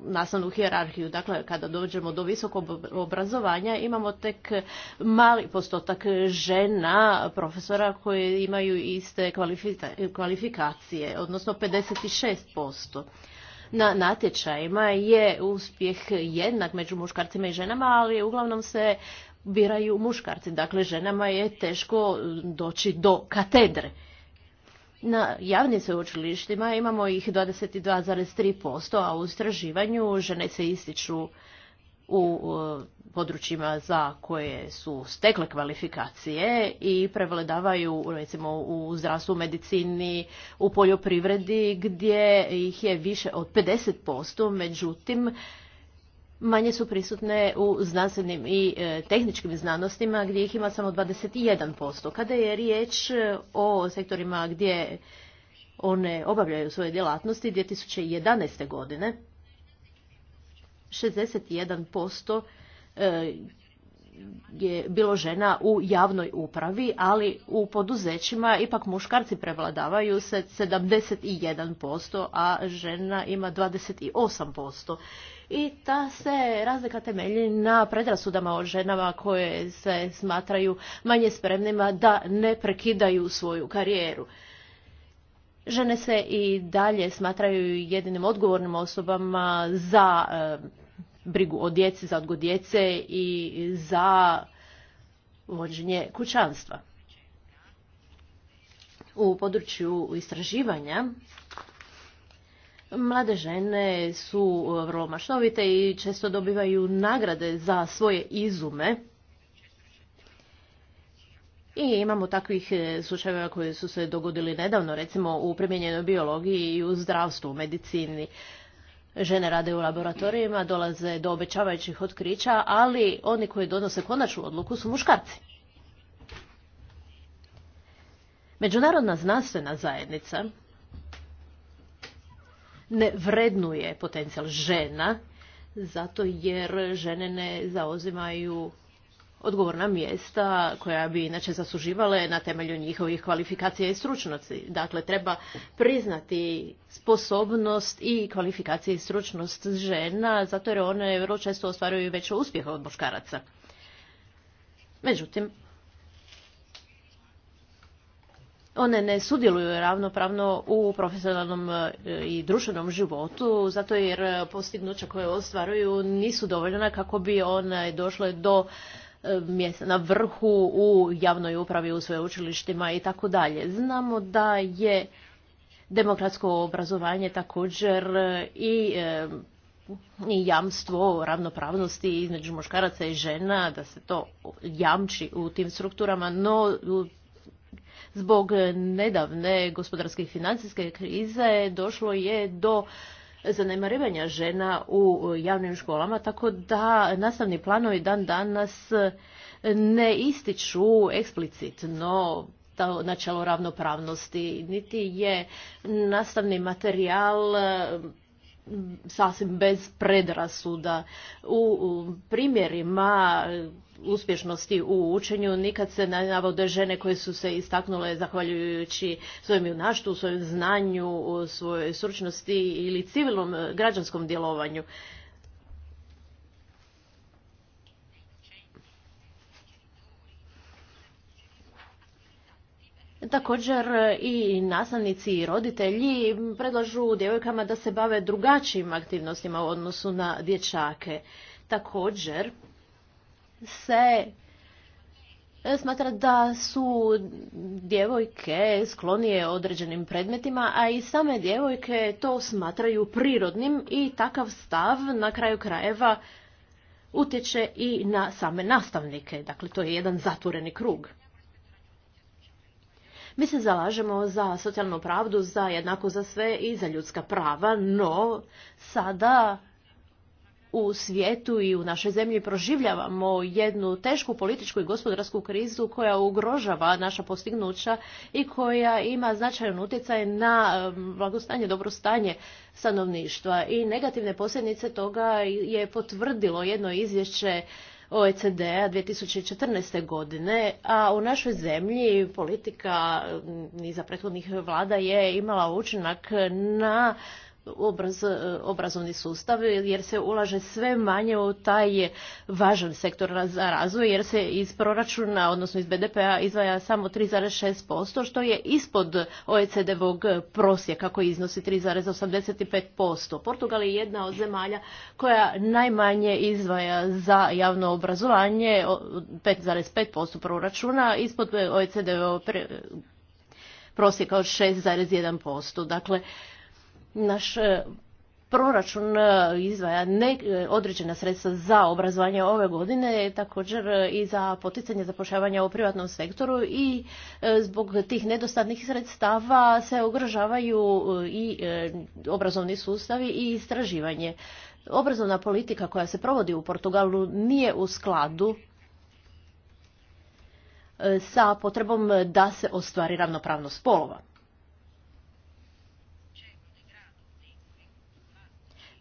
nastavnu hijerarhiju. Dakle, kada dođemo do visokog obrazovanja imamo tek mali postotak žena profesora koje imaju iste kvalifikacije, odnosno 56%. Na natječajima je uspjeh jednak među muškarcima i ženama, ali uglavnom se biraju muškarci. Dakle, ženama je teško doći do katedre. Na javnim sveučilištima imamo ih 22,3%, a u istraživanju žene se ističu u područjima za koje su stekle kvalifikacije i prevladavaju recimo u zdravstvu, medicini, u poljoprivredi gdje ih je više od 50%, međutim manje su prisutne u znanstvenim i e, tehničkim znanostima gdje ih ima samo 21%. Kada je riječ e, o sektorima gdje one obavljaju svoje djelatnosti 2011. godine 61% je bilo žena u javnoj upravi, ali u poduzećima ipak muškarci prevladavaju se 71%, a žena ima 28%. I ta se razlika temelji na predrasudama o ženama koje se smatraju manje spremnima da ne prekidaju svoju karijeru. Žene se i dalje smatraju jedinim odgovornim osobama za brigu o djeci, za odgoj djece i za vođenje kućanstva. U području istraživanja mlade žene su vrlo mašnovite i često dobivaju nagrade za svoje izume. I imamo takvih e, slučajeva koji su se dogodili nedavno, recimo u primijenjenoj biologiji i u zdravstvu, u medicini žene rade u laboratorijima, dolaze do obećavajućih otkrića, ali oni koji donose konačnu odluku su muškarci. Međunarodna znanstvena zajednica ne vrednuje potencijal žena zato jer žene ne zauzimaju odgovorna mjesta koja bi inače zasuživale na temelju njihovih kvalifikacija i stručnosti. Dakle, treba priznati sposobnost i kvalifikacije i stručnost žena, zato jer one vrlo često ostvaruju veće uspjehe od muškaraca. Međutim, one ne sudjeluju ravnopravno u profesionalnom e, i društvenom životu, zato jer postignuća koje ostvaruju nisu dovoljna kako bi one došle do mjesta na vrhu u javnoj upravi, u sveučilištima i tako dalje. Znamo da je demokratsko obrazovanje također i e, i jamstvo ravnopravnosti između muškaraca i žena, da se to jamči u tim strukturama, no zbog nedavne gospodarske i financijske krize došlo je do zanemarivanja žena u javnim školama, tako da nastavni planovi dan danas ne ističu eksplicitno to načelo ravnopravnosti, niti je nastavni materijal sasvim bez predrasuda. U primjerima uspješnosti u učenju. Nikad se ne navode žene koje su se istaknule zahvaljujući svojem junaštu, svojem znanju, svojoj stručnosti ili civilnom eh, građanskom djelovanju. Također eh, i nastavnici i roditelji predlažu djevojkama da se bave drugačijim aktivnostima u odnosu na dječake. Također se e, smatra da su djevojke sklonije određenim predmetima, a i same djevojke to smatraju prirodnim i takav stav na kraju krajeva utječe i na same nastavnike. Dakle, to je jedan zatvoreni krug. Mi se zalažemo za socijalnu pravdu, za jednako za sve i za ljudska prava, no sada u svijetu i u našoj zemlji proživljavamo jednu tešku političku i gospodarsku krizu koja ugrožava naša postignuća i koja ima značajan utjecaj na blagostanje, dobrostanje stanovništva. I negativne posljedice toga je potvrdilo jedno izvješće OECD-a 2014. godine, a u našoj zemlji politika iza prethodnih vlada je imala učinak na obraz, e, obrazovni sustav jer se ulaže sve manje u taj važan sektor za razvoj jer se iz proračuna, odnosno iz BDP-a izvaja samo 3,6%, što je ispod OECD-vog prosjeka koji iznosi 3,85%. Portugal je jedna od zemalja koja najmanje izvaja za javno obrazovanje, 5,5% proračuna, ispod OECD-vog prosjeka od 6,1%. Dakle, naš e, proračun e, izdvaja ne, e, određena sredstva za obrazovanje ove godine, također i za poticanje zapošljavanja u privatnom sektoru i zbog tih nedostatnih sredstava se ugrožavaju i obrazovni sustavi i istraživanje. Obrazovna politika koja se provodi u Portugalu nije u skladu sa potrebom da se ostvari ravnopravnost spolova.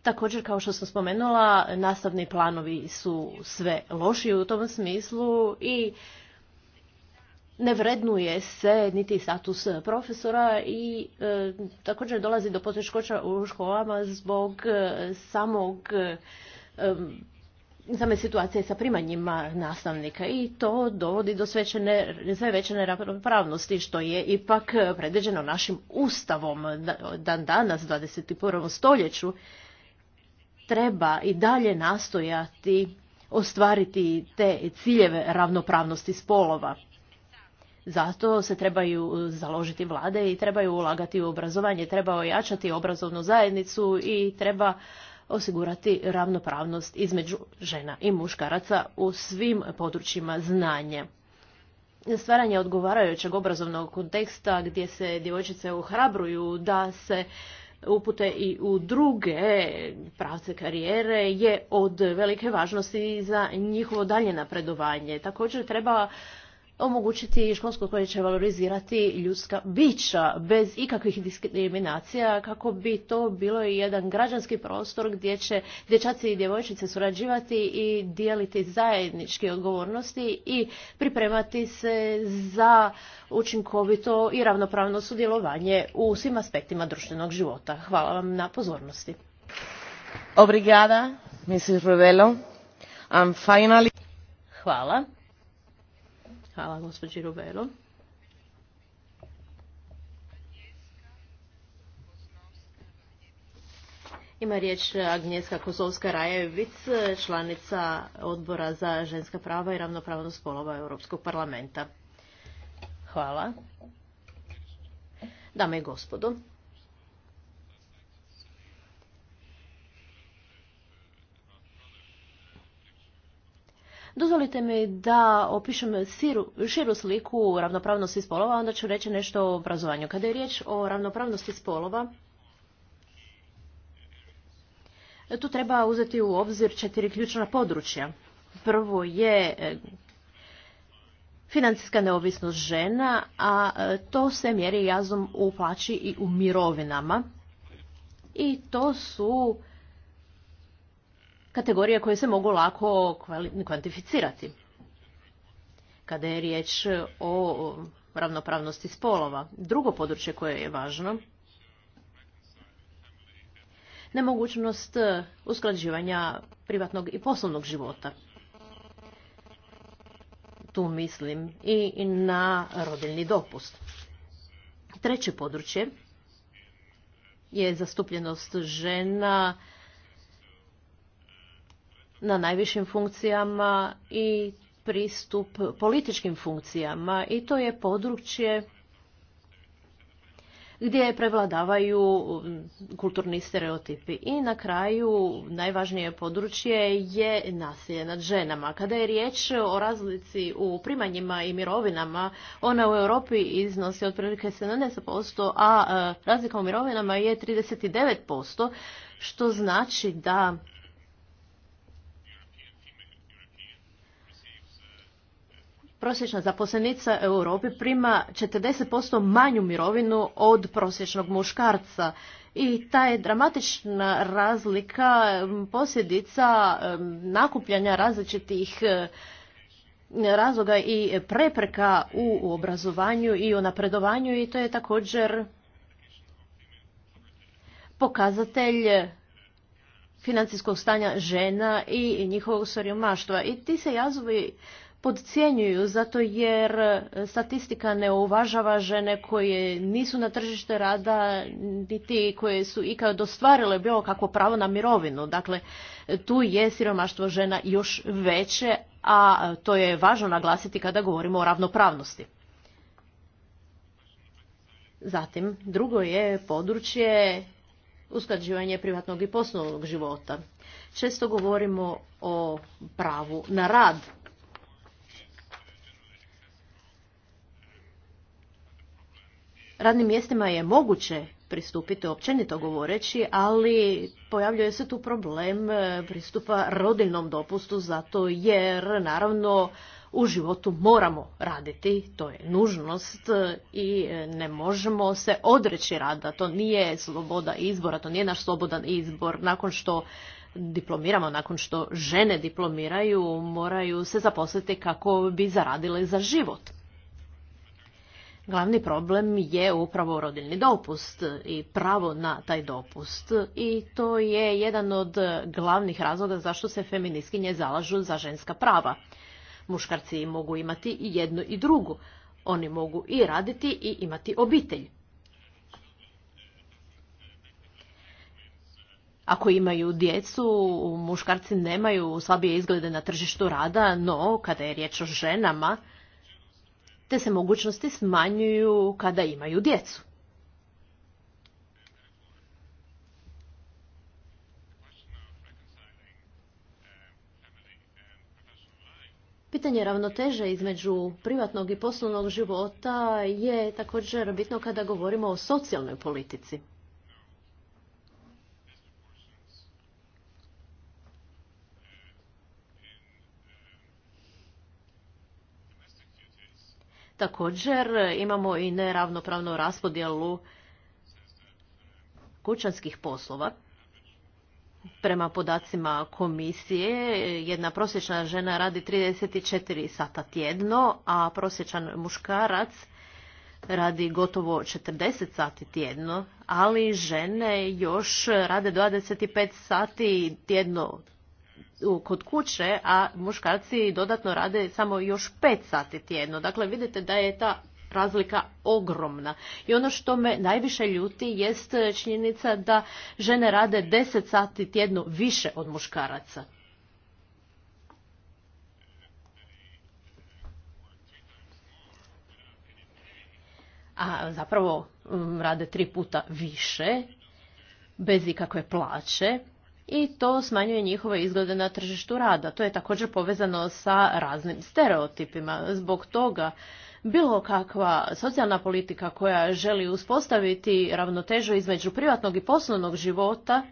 Također, kao što sam spomenula, nastavni planovi su sve loši u tom smislu i ne vrednuje se niti status profesora i e, također dolazi do poteškoća u školama zbog e, samog e, same situacije sa primanjima nastavnika i to dovodi do sve, sve veće neravnopravnosti što je ipak predviđeno našim ustavom dan danas 21. stoljeću treba i dalje nastojati ostvariti te ciljeve ravnopravnosti spolova. Zato se trebaju založiti vlade i trebaju ulagati u obrazovanje, treba ojačati obrazovnu zajednicu i treba osigurati ravnopravnost između žena i muškaraca u svim područjima znanja. Stvaranje odgovarajućeg obrazovnog konteksta gdje se djevojčice ohrabruju da se upute i u druge pravce karijere je od velike važnosti za njihovo dalje napredovanje. Također treba omogućiti školsko koje će valorizirati ljudska bića bez ikakvih diskriminacija kako bi to bilo i jedan građanski prostor gdje će dječaci i djevojčice surađivati i dijeliti zajedničke odgovornosti i pripremati se za učinkovito i ravnopravno sudjelovanje u svim aspektima društvenog života. Hvala vam na pozornosti. Obrigada, Mrs. Rovello. Hvala. Hvala gospođi Rubelo. Ima riječ Agnjeska kozovska rajevic članica odbora za ženska prava i ravnopravnost spolova Europskog parlamenta. Hvala. Dame i gospodo, Dozvolite mi da opišem širu sliku ravnopravnosti spolova, onda ću reći nešto o obrazovanju. Kada je riječ o ravnopravnosti spolova, tu treba uzeti u obzir četiri ključna područja. Prvo je e, financijska neovisnost žena, a e, to se mjeri jazom u plaći i u mirovinama. I to su kategorije koje se mogu lako kvantificirati. Kada je riječ o ravnopravnosti spolova. Drugo područje koje je važno nemogućnost usklađivanja privatnog i poslovnog života. Tu mislim i na rodilni dopust. Treće područje je zastupljenost žena na najvišim funkcijama i pristup političkim funkcijama i to je područje gdje prevladavaju kulturni stereotipi. I na kraju najvažnije područje je nasilje nad ženama. Kada je riječ o razlici u primanjima i mirovinama, ona u Europi iznosi otprilike 70%, a e, razlika u mirovinama je 39%, što znači da prosječna zaposlenica u Europi prima 40% manju mirovinu od prosječnog muškarca. I ta je dramatična razlika posljedica nakupljanja različitih e, razloga i prepreka u obrazovanju i u napredovanju i to je također pokazatelj financijskog stanja žena i njihovog sorjomaštva. I ti se jazovi podcjenjuju zato jer e, statistika ne uvažava žene koje nisu na tržište rada niti koje su ikad ostvarile bilo kakvo pravo na mirovinu. Dakle, tu je siromaštvo žena još veće, a to je važno naglasiti kada govorimo o ravnopravnosti. Zatim, drugo je područje usklađivanje privatnog i poslovnog života. Često govorimo o pravu na rad radnim mjestima je moguće pristupiti općenito govoreći, ali pojavljuje se tu problem e, pristupa rodilnom dopustu zato jer naravno u životu moramo raditi, to je nužnost e, i e, ne možemo se odreći rada, to nije sloboda izbora, to nije naš slobodan izbor. Nakon što diplomiramo, nakon što žene diplomiraju, moraju se zaposliti kako bi zaradile za život. Glavni problem je upravo rodilni dopust i pravo na taj dopust i to je jedan od glavnih razloga zašto se feministkinje zalažu za ženska prava. Muškarci mogu imati i jednu i drugu. Oni mogu i raditi i imati obitelj. Ako imaju djecu, muškarci nemaju slabije izglede na tržištu rada, no kada je riječ o ženama, te se mogućnosti smanjuju kada imaju djecu. Pitanje ravnoteže između privatnog i poslovnog života je također bitno kada govorimo o socijalnoj politici. Također imamo i neravnopravnu raspodjelu kućanskih poslova. Prema podacima komisije, jedna prosječna žena radi 34 sata tjedno, a prosječan muškarac radi gotovo 40 sati tjedno, ali žene još rade 25 sati tjedno kod kuće, a muškarci dodatno rade samo još pet sati tjedno. Dakle, vidite da je ta razlika ogromna. I ono što me najviše ljuti jest činjenica da žene rade deset sati tjedno više od muškaraca. A zapravo mm, rade tri puta više, bez ikakve plaće i to smanjuje njihove izglede na tržištu rada. To je također povezano sa raznim stereotipima. Zbog toga bilo kakva socijalna politika koja želi uspostaviti ravnotežu između privatnog i poslovnog života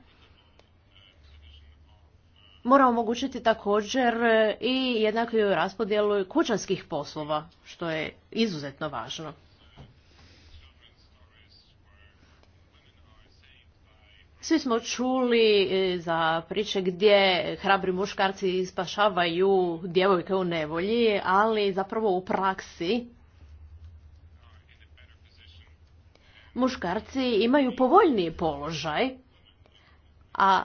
mora omogućiti također i jednaku raspodjelu kućanskih poslova, što je izuzetno važno. Svi smo čuli e, za priče gdje hrabri muškarci spašavaju djevojke u nevolji, ali zapravo u praksi muškarci imaju povoljniji položaj, a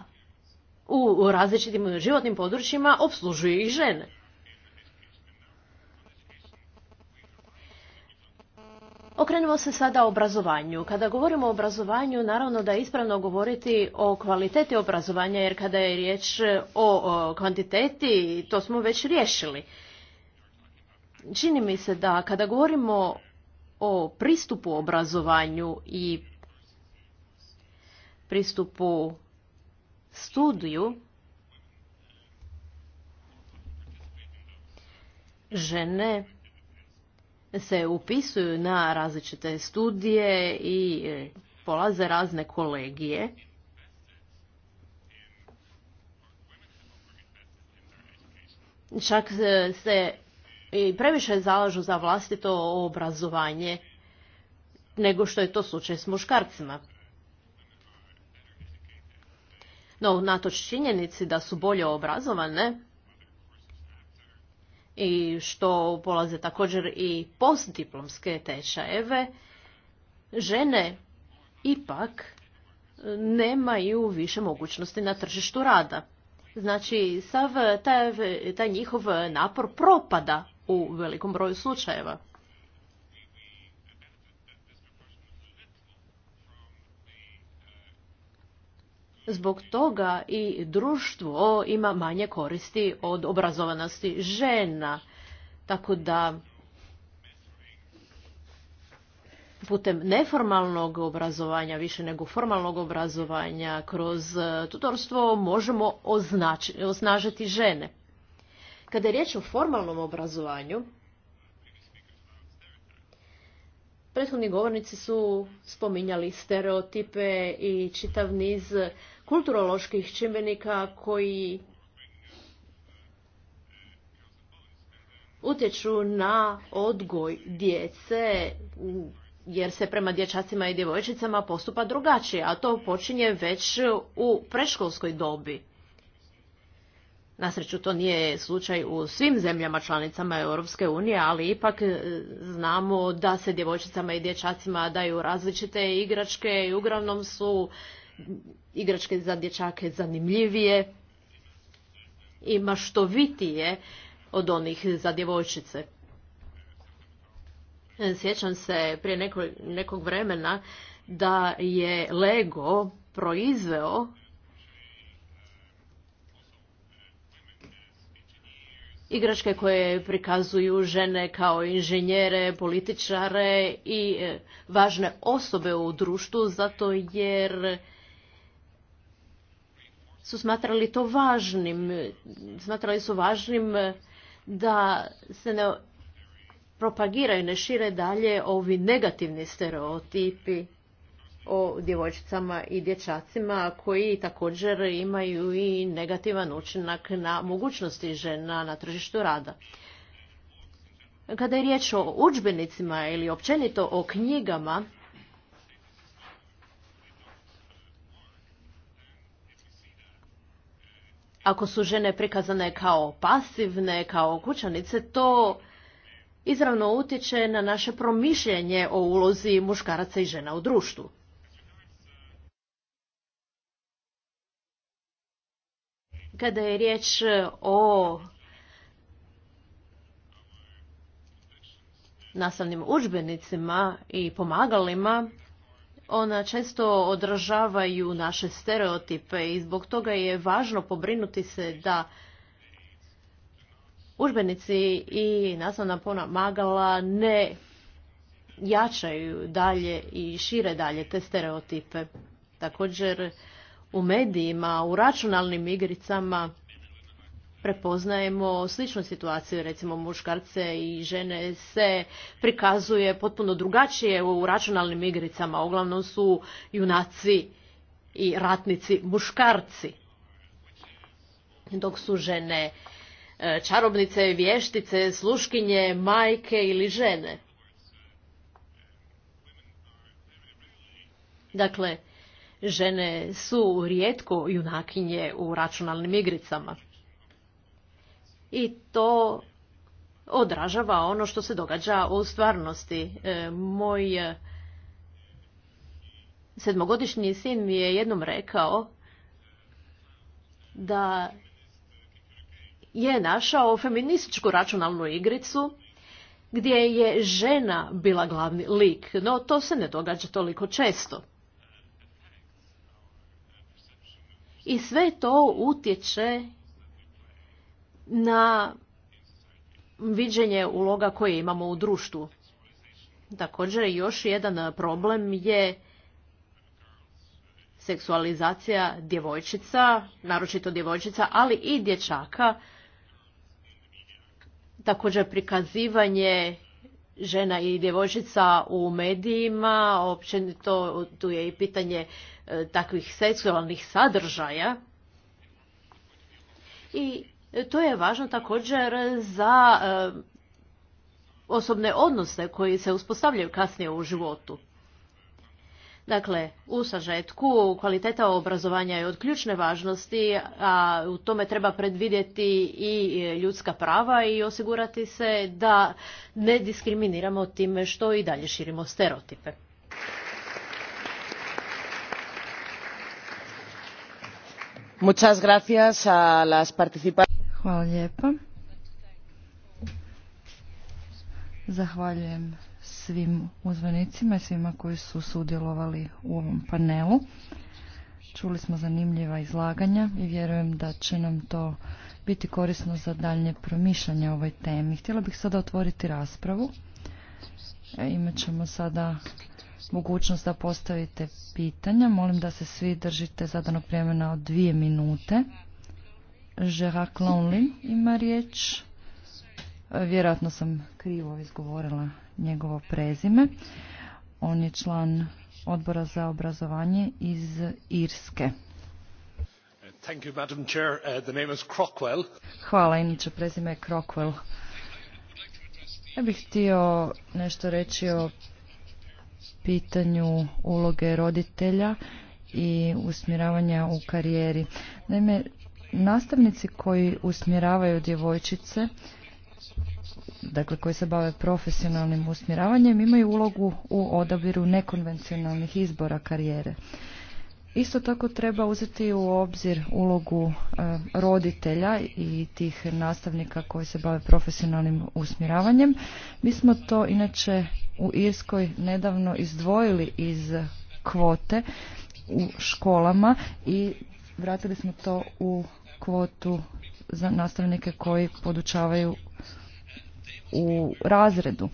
u različitim životnim područjima obslužuju ih žene. Okrenimo se sada o obrazovanju. Kada govorimo o obrazovanju, naravno da je ispravno govoriti o kvaliteti obrazovanja, jer kada je riječ o kvantiteti, to smo već riješili. Čini mi se da kada govorimo o pristupu obrazovanju i pristupu studiju, žene se upisuju na različite studije i e, polaze razne kolegije. Čak e, se i previše zalažu za vlastito obrazovanje nego što je to slučaj s muškarcima. No, natoč činjenici da su bolje obrazovane, i što polaze također i postdiplomske tečajeve, žene ipak nemaju više mogućnosti na tržištu rada. Znači, sav taj, taj njihov napor propada u velikom broju slučajeva. Zbog toga i društvo ima manje koristi od obrazovanosti žena. Tako da putem neformalnog obrazovanja, više nego formalnog obrazovanja, kroz e, tutorstvo možemo osnažiti žene. Kada je riječ o formalnom obrazovanju, prethodni govornici su spominjali stereotipe i čitav niz kulturoloških čimbenika koji utječu na odgoj djece jer se prema dječacima i djevojčicama postupa drugačije, a to počinje već u preškolskoj dobi. Nasreću to nije slučaj u svim zemljama članicama Europske unije, ali ipak e, znamo da se djevojčicama i dječacima daju različite igračke i uglavnom su igračke za dječake zanimljivije i maštovitije od onih za djevojčice. Sjećam se prije nekog vremena da je Lego proizveo igračke koje prikazuju žene kao inženjere, političare i e, važne osobe u društvu zato jer su smatrali to važnim. Smatrali su važnim eh, da se ne propagiraju, ne šire dalje ovi negativni stereotipi o djevojčicama i dječacima koji također imaju i negativan učinak na mogućnosti žena na tržištu rada. Kada je riječ o udžbenicima ili općenito o knjigama, Ako su žene prikazane kao pasivne, kao kućanice, to izravno utječe na naše promišljenje o ulozi muškaraca i žena u društvu. Kada je riječ o nastavnim udžbenicima i pomagalima, ona često održavaju naše stereotipe i zbog toga je važno pobrinuti se da Užbenici i nastavna pona magala ne jačaju dalje i šire dalje te stereotipe. Također u medijima, u računalnim igricama prepoznajemo sličnu situaciju, recimo muškarce i žene se prikazuje potpuno drugačije u računalnim igricama, uglavnom su junaci i ratnici muškarci, dok su žene e, čarobnice, vještice, sluškinje, majke ili žene. Dakle, žene su rijetko junakinje u računalnim igricama i to odražava ono što se događa u stvarnosti. E, moj e, sedmogodišnji sin mi je jednom rekao da je našao feminističku računalnu igricu gdje je žena bila glavni lik, no to se ne događa toliko često. I sve to utječe na viđenje uloga koje imamo u društvu. Također još jedan problem je seksualizacija djevojčica, naročito djevojčica, ali i dječaka. Također prikazivanje žena i djevojčica u medijima, općenito tu je i pitanje e, takvih seksualnih sadržaja. I to je važno također za e, osobne odnose koji se uspostavljaju kasnije u životu. Dakle, u sažetku kvaliteta obrazovanja je od ključne važnosti, a u tome treba predvidjeti i e, ljudska prava i osigurati se da ne diskriminiramo time što i dalje širimo stereotipe. las Hvala lijepa. Zahvaljujem svim uzvanicima i svima koji su sudjelovali u ovom panelu. Čuli smo zanimljiva izlaganja i vjerujem da će nam to biti korisno za daljnje promišljanje o ovoj temi. Htjela bih sada otvoriti raspravu. E, imat ćemo sada mogućnost da postavite pitanja. Molim da se svi držite zadanog vremena od dvije minute. Gerard Clonlin ima riječ. E, vjerojatno sam krivo izgovorila njegovo prezime. On je član odbora za obrazovanje iz Irske. E, e, Hvala, inače prezime je Crockwell. Ja bih htio nešto reći o pitanju uloge roditelja i usmjeravanja u karijeri. Naime, Nastavnici koji usmjeravaju djevojčice, dakle koji se bave profesionalnim usmjeravanjem, imaju ulogu u odabiru nekonvencionalnih izbora karijere. Isto tako treba uzeti u obzir ulogu e, roditelja i tih nastavnika koji se bave profesionalnim usmjeravanjem. Mi smo to inače u Irskoj nedavno izdvojili iz kvote u školama i vratili smo to u kvotu za nastavnike koji podučavaju u razredu.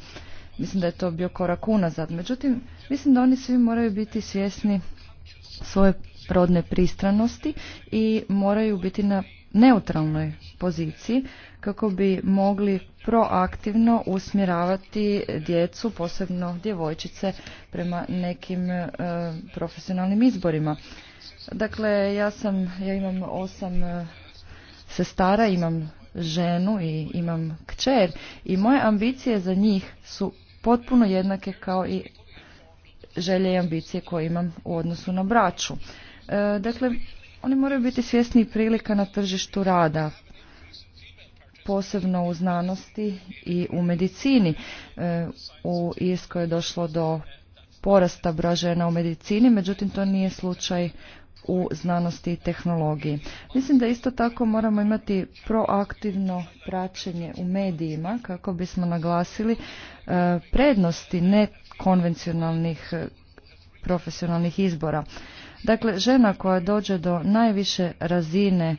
Mislim da je to bio korak unazad. Međutim, mislim da oni svi moraju biti svjesni svoje rodne pristranosti i moraju biti na neutralnoj poziciji kako bi mogli proaktivno usmjeravati djecu, posebno djevojčice, prema nekim e, profesionalnim izborima. Dakle, ja sam, ja imam osam e, sestara, imam ženu i imam kćer i moje ambicije za njih su potpuno jednake kao i želje i ambicije koje imam u odnosu na braću. E, dakle, oni moraju biti svjesni prilika na tržištu rada, posebno u znanosti i u medicini. E, u Irskoj je došlo do porasta broja žena u medicini, međutim to nije slučaj u znanosti i tehnologiji. Mislim da isto tako moramo imati proaktivno praćenje u medijima kako bismo naglasili e, prednosti nekonvencionalnih e, profesionalnih izbora. Dakle, žena koja dođe do najviše razine e,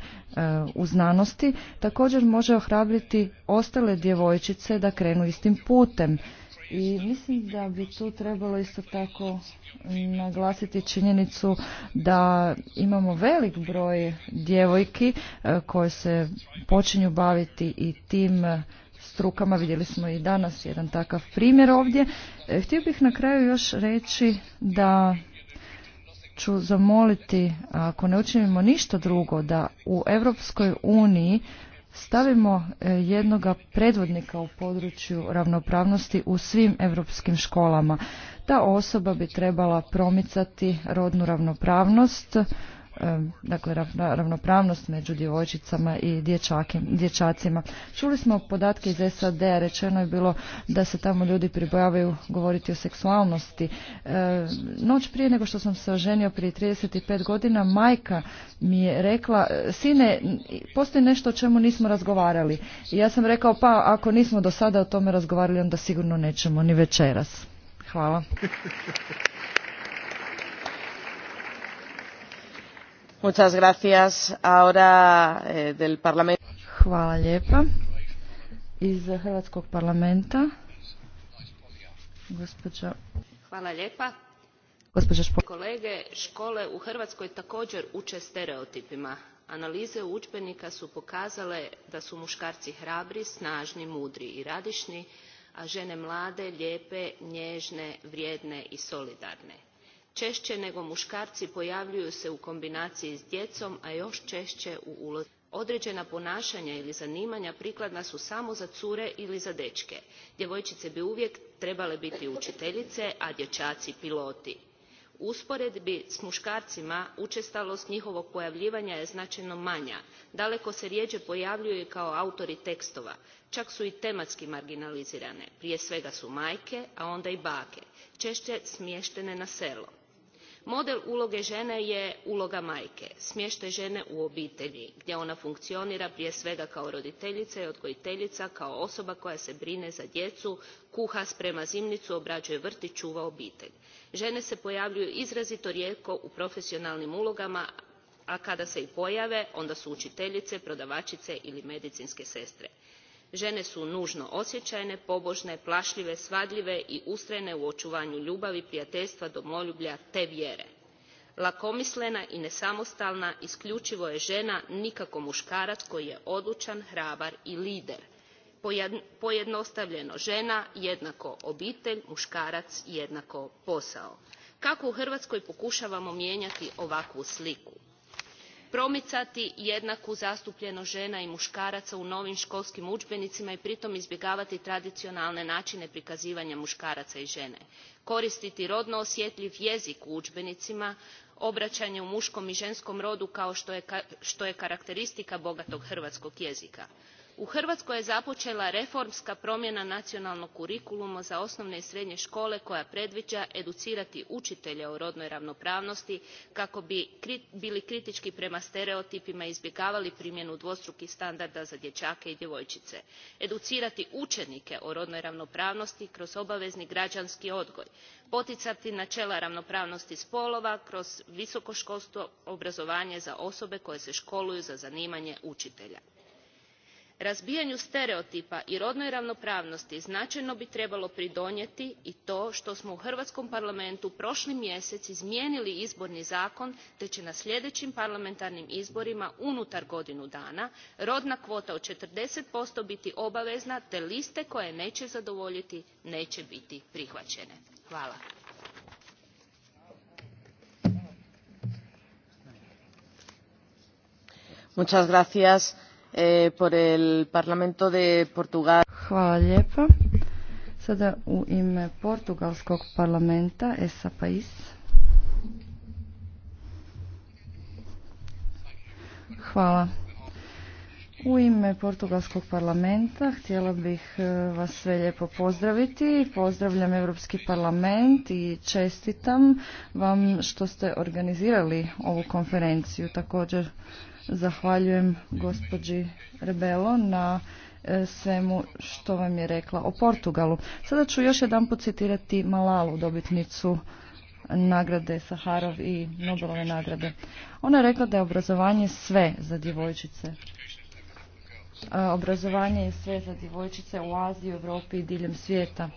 u znanosti također može ohrabriti ostale djevojčice da krenu istim putem. I mislim da bi tu trebalo isto tako naglasiti činjenicu da imamo velik broj djevojki e, koje se počinju baviti i tim e, strukama. Vidjeli smo i danas jedan takav primjer ovdje. E, htio bih na kraju još reći da ću zamoliti, ako ne učinimo ništa drugo, da u Europskoj uniji stavimo e, jednoga predvodnika u području ravnopravnosti u svim europskim školama. Ta osoba bi trebala promicati rodnu ravnopravnost dakle ravnopravnost među djevojčicama i dječacima. Čuli smo podatke iz SAD-a, rečeno je bilo da se tamo ljudi pribojavaju govoriti o seksualnosti. Noć prije nego što sam se oženio prije 35 godina, majka mi je rekla, sine, postoji nešto o čemu nismo razgovarali. I ja sam rekao, pa ako nismo do sada o tome razgovarali, onda sigurno nećemo ni večeras. Hvala. Eh, Hvala lijepa. Iz Hrvatskog parlamenta. Hvala lijepa. Kolege, škole u Hrvatskoj također uče stereotipima. Analize učbenika su pokazale da su muškarci hrabri, snažni, mudri i radišni, a žene mlade, lijepe, nježne, vrijedne i solidarne češće nego muškarci pojavljuju se u kombinaciji s djecom a još češće u ulozi određena ponašanja ili zanimanja prikladna su samo za cure ili za dečke djevojčice bi uvijek trebale biti učiteljice a dječaci piloti u usporedbi s muškarcima učestalost njihovog pojavljivanja je značajno manja daleko se rjeđe pojavljuju i kao autori tekstova čak su i tematski marginalizirane prije svega su majke a onda i bake češće smještene na selo model uloge žene je uloga majke smještaj žene u obitelji gdje ona funkcionira prije svega kao roditeljica i odgojiteljica kao osoba koja se brine za djecu kuha sprema zimnicu obrađuje vrt i čuva obitelj žene se pojavljuju izrazito rijetko u profesionalnim ulogama a kada se i pojave onda su učiteljice prodavačice ili medicinske sestre žene su nužno osjećajne pobožne plašljive svadljive i ustrajne u očuvanju ljubavi prijateljstva domoljublja te vjere lakomislena i nesamostalna isključivo je žena nikako muškarac koji je odlučan hrabar i lider pojednostavljeno žena jednako obitelj muškarac jednako posao kako u hrvatskoj pokušavamo mijenjati ovakvu sliku promicati jednaku zastupljenost žena i muškaraca u novim školskim udžbenicima i pritom izbjegavati tradicionalne načine prikazivanja muškaraca i žene koristiti rodno osjetljiv jezik u udžbenicima obraćanje u muškom i ženskom rodu kao što je karakteristika bogatog hrvatskog jezika u hrvatskoj je započela reformska promjena nacionalnog kurikuluma za osnovne i srednje škole koja predviđa educirati učitelje o rodnoj ravnopravnosti kako bi bili kritički prema stereotipima i izbjegavali primjenu dvostrukih standarda za dječake i djevojčice educirati učenike o rodnoj ravnopravnosti kroz obavezni građanski odgoj poticati načela ravnopravnosti spolova kroz visokoškolsko obrazovanje za osobe koje se školuju za zanimanje učitelja razbijanju stereotipa i rodnoj ravnopravnosti značajno bi trebalo pridonijeti i to što smo u hrvatskom parlamentu prošli mjesec izmijenili izborni zakon te će na sljedećim parlamentarnim izborima unutar godinu dana rodna kvota od forty biti obavezna te liste koje neće zadovoljiti neće biti prihvaćene. hvala. Eh, por el Parlamento de Portugal. Hvala lijepa. Sada u ime Portugalskog parlamenta Esa Pais. Hvala. U ime Portugalskog parlamenta htjela bih eh, vas sve lijepo pozdraviti. Pozdravljam Europski parlament i čestitam vam što ste organizirali ovu konferenciju. Također Zahvaljujem gospođi Rebelo na e, svemu što vam je rekla o Portugalu. Sada ću još jedanput citirati Malalu, dobitnicu nagrade Saharov i Nobelove nagrade. Ona je rekla da je obrazovanje sve za djevojčice. E, obrazovanje je sve za djevojčice u Aziji, Europi i diljem svijeta.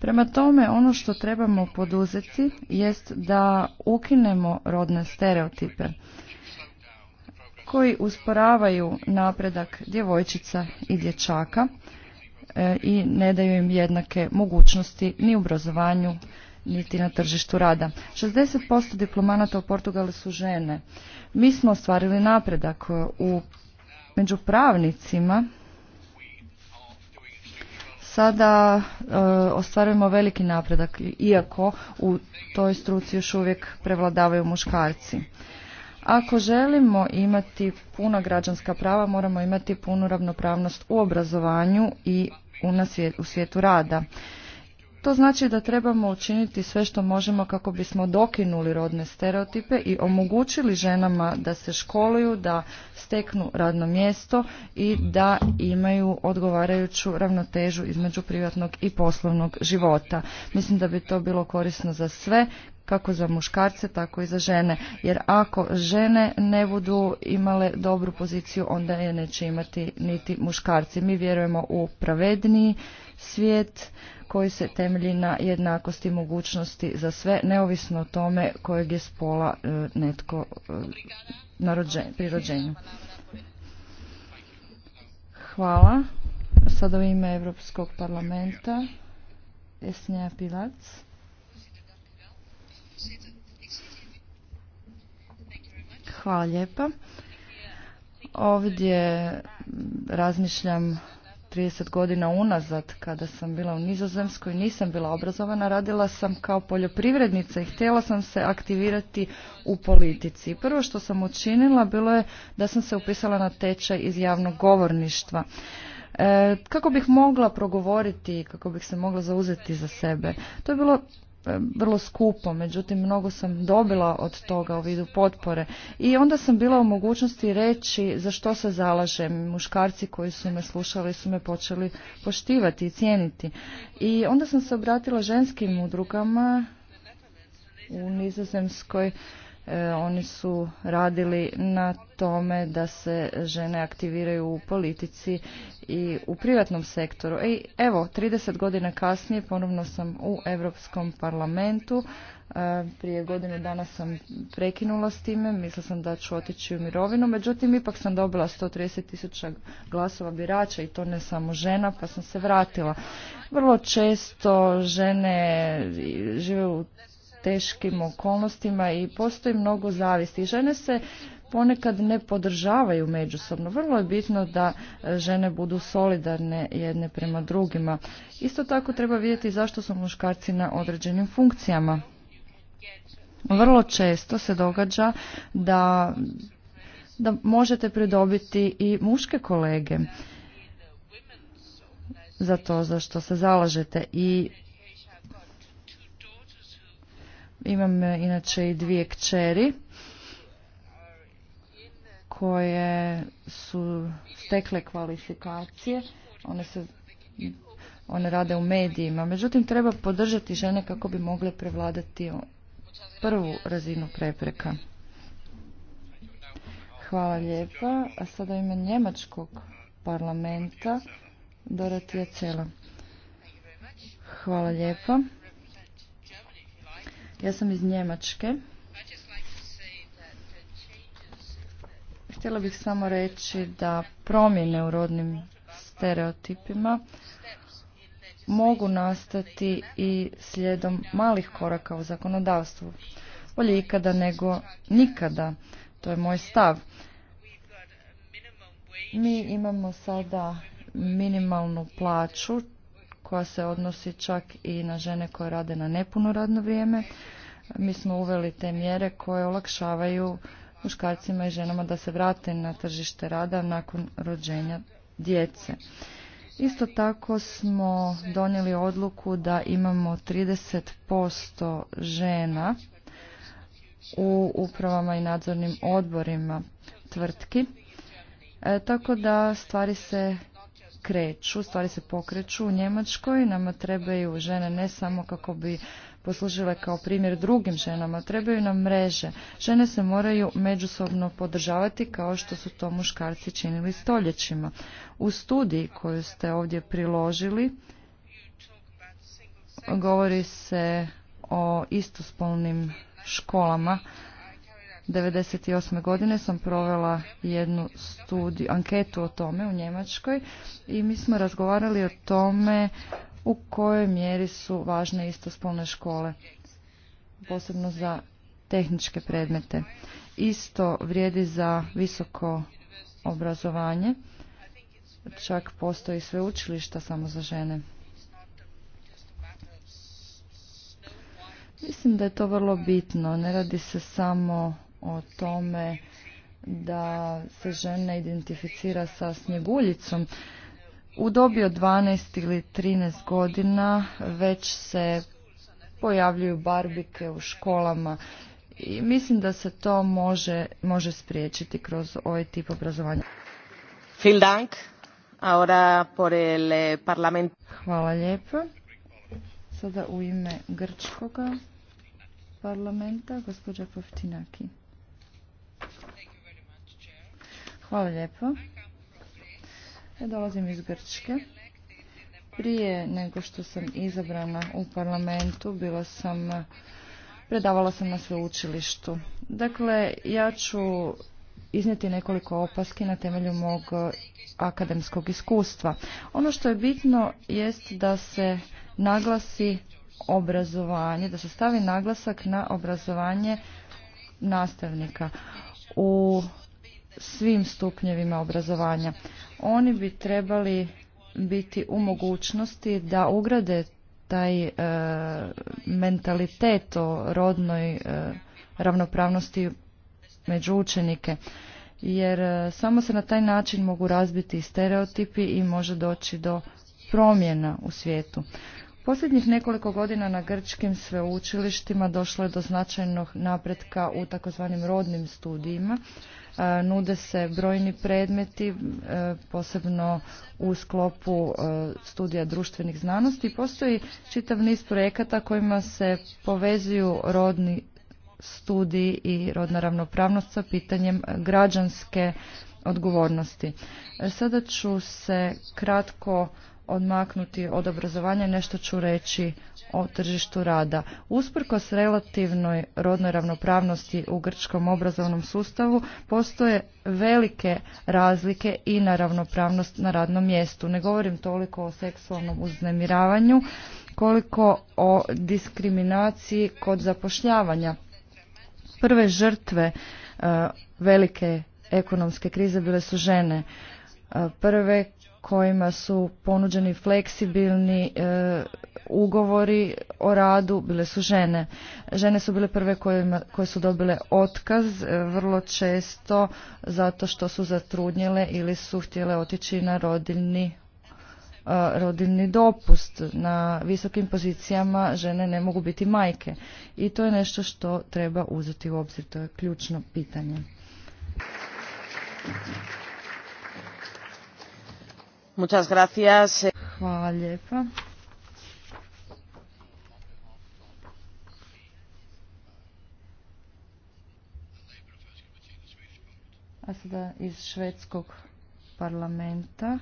Prema tome, ono što trebamo poduzeti jest da ukinemo rodne stereotipe koji usporavaju napredak djevojčica i dječaka e, i ne daju im jednake mogućnosti ni u obrazovanju niti na tržištu rada. 60% diplomanata u Portugalu su žene. Mi smo ostvarili napredak u među pravnicima sada e, ostvarujemo veliki napredak iako u toj struci još uvijek prevladavaju muškarci. Ako želimo imati puna građanska prava, moramo imati punu ravnopravnost u obrazovanju i u svijetu rada. To znači da trebamo učiniti sve što možemo kako bismo dokinuli rodne stereotipe i omogućili ženama da se školuju, da steknu radno mjesto i da imaju odgovarajuću ravnotežu između privatnog i poslovnog života. Mislim da bi to bilo korisno za sve kako za muškarce, tako i za žene. Jer ako žene ne budu imale dobru poziciju, onda je neće imati niti muškarci. Mi vjerujemo u pravedniji svijet koji se temelji na jednakosti i mogućnosti za sve, neovisno o tome kojeg je spola e, netko e, pri rođenju. Hvala. Sada u ime Europskog parlamenta Esnija Pilac. Hvala lijepa. Ovdje razmišljam 30 godina unazad kada sam bila u Nizozemskoj, nisam bila obrazovana, radila sam kao poljoprivrednica i htjela sam se aktivirati u politici. Prvo što sam učinila bilo je da sam se upisala na tečaj iz javnog govorništva. E, kako bih mogla progovoriti, kako bih se mogla zauzeti za sebe? To je bilo E, vrlo skupo, međutim mnogo sam dobila od toga u vidu potpore i onda sam bila u mogućnosti reći za što se zalažem. Muškarci koji su me slušali su me počeli poštivati i cijeniti. I onda sam se obratila ženskim udrugama u Nizozemskoj E, oni su radili na tome da se žene aktiviraju u politici i u privatnom sektoru. I e, evo, 30 godina kasnije ponovno sam u Europskom parlamentu. E, prije godinu dana sam prekinula s time, mislila sam da ću otići u mirovinu, međutim ipak sam dobila 130 tisuća glasova birača i to ne samo žena, pa sam se vratila. Vrlo često žene žive u teškim okolnostima i postoji mnogo zavisti. Žene se ponekad ne podržavaju međusobno. Vrlo je bitno da e, žene budu solidarne jedne prema drugima. Isto tako treba vidjeti zašto su muškarci na određenim funkcijama. Vrlo često se događa da, da možete pridobiti i muške kolege za to za što se zalažete i imam e, inače i dvije kćeri koje su stekle kvalifikacije. One se rade u medijima. Međutim, treba podržati žene kako bi mogle prevladati prvu razinu prepreka. Hvala lijepa. A sada ime Njemačkog parlamenta Dorotija Cela. Hvala lijepa. Ja sam iz Njemačke. Htjela bih samo reći da promjene u rodnim stereotipima mogu nastati i slijedom malih koraka u zakonodavstvu. Bolje ikada nego nikada. To je moj stav. Mi imamo sada minimalnu plaću koja se odnosi čak i na žene koje rade na nepuno radno vrijeme. Mi smo uveli te mjere koje olakšavaju muškarcima i ženama da se vrate na tržište rada nakon rođenja djece. Isto tako smo donijeli odluku da imamo 30% žena u upravama i nadzornim odborima tvrtki. E, tako da stvari se kreću, stvari se pokreću u Njemačkoj, nama trebaju žene ne samo kako bi poslužile kao primjer drugim ženama, trebaju nam mreže. Žene se moraju međusobno podržavati kao što su to muškarci činili stoljećima. U studiji koju ste ovdje priložili govori se o istospolnim školama 1998. godine sam provela jednu studiju, anketu o tome u Njemačkoj i mi smo razgovarali o tome u kojoj mjeri su važne istospolne škole, posebno za tehničke predmete. Isto vrijedi za visoko obrazovanje, čak postoji sveučilišta samo za žene. Mislim da je to vrlo bitno. Ne radi se samo o tome da se žena identificira sa snjeguljicom. U dobi od 12 ili 13 godina već se pojavljuju barbike u školama i mislim da se to može, može spriječiti kroz ovaj tip obrazovanja. Eh, Hvala lijepo. Sada u ime Grčkoga parlamenta, gospođa Poftinaki. Hvala lijepo. Ja dolazim iz Grčke. Prije nego što sam izabrana u parlamentu, bila sam, predavala sam na sveučilištu. Dakle, ja ću iznijeti nekoliko opaski na temelju mog akademskog iskustva. Ono što je bitno jest da se naglasi obrazovanje, da se stavi naglasak na obrazovanje nastavnika. U svim stupnjevima obrazovanja. Oni bi trebali biti u mogućnosti da ugrade taj e, mentalitet o rodnoj e, ravnopravnosti među učenike jer e, samo se na taj način mogu razbiti stereotipi i može doći do promjena u svijetu. Posljednjih nekoliko godina na grčkim sveučilištima došlo je do značajnog napretka u takozvanim rodnim studijima. E, nude se brojni predmeti, e, posebno u sklopu e, studija društvenih znanosti. Postoji čitav niz projekata kojima se povezuju rodni studiji i rodna ravnopravnost sa pitanjem građanske odgovornosti. Sada ću se kratko odmaknuti od obrazovanja, nešto ću reći o tržištu rada. Usprkos relativnoj rodnoj ravnopravnosti u grčkom obrazovnom sustavu postoje velike razlike i na ravnopravnost na radnom mjestu. Ne govorim toliko o seksualnom uznemiravanju koliko o diskriminaciji kod zapošljavanja. Prve žrtve e, velike ekonomske krize bile su žene. E, prve kojima su ponuđeni fleksibilni e, ugovori o radu bile su žene. Žene su bile prve koje su dobile otkaz e, vrlo često zato što su zatrudnjele ili su htjele otići na e, rodiljni dopust. Na visokim pozicijama žene ne mogu biti majke i to je nešto što treba uzeti u obzir. To je ključno pitanje. Muchas gracias. Hvala lijepa. A sada iz švedskog parlamenta,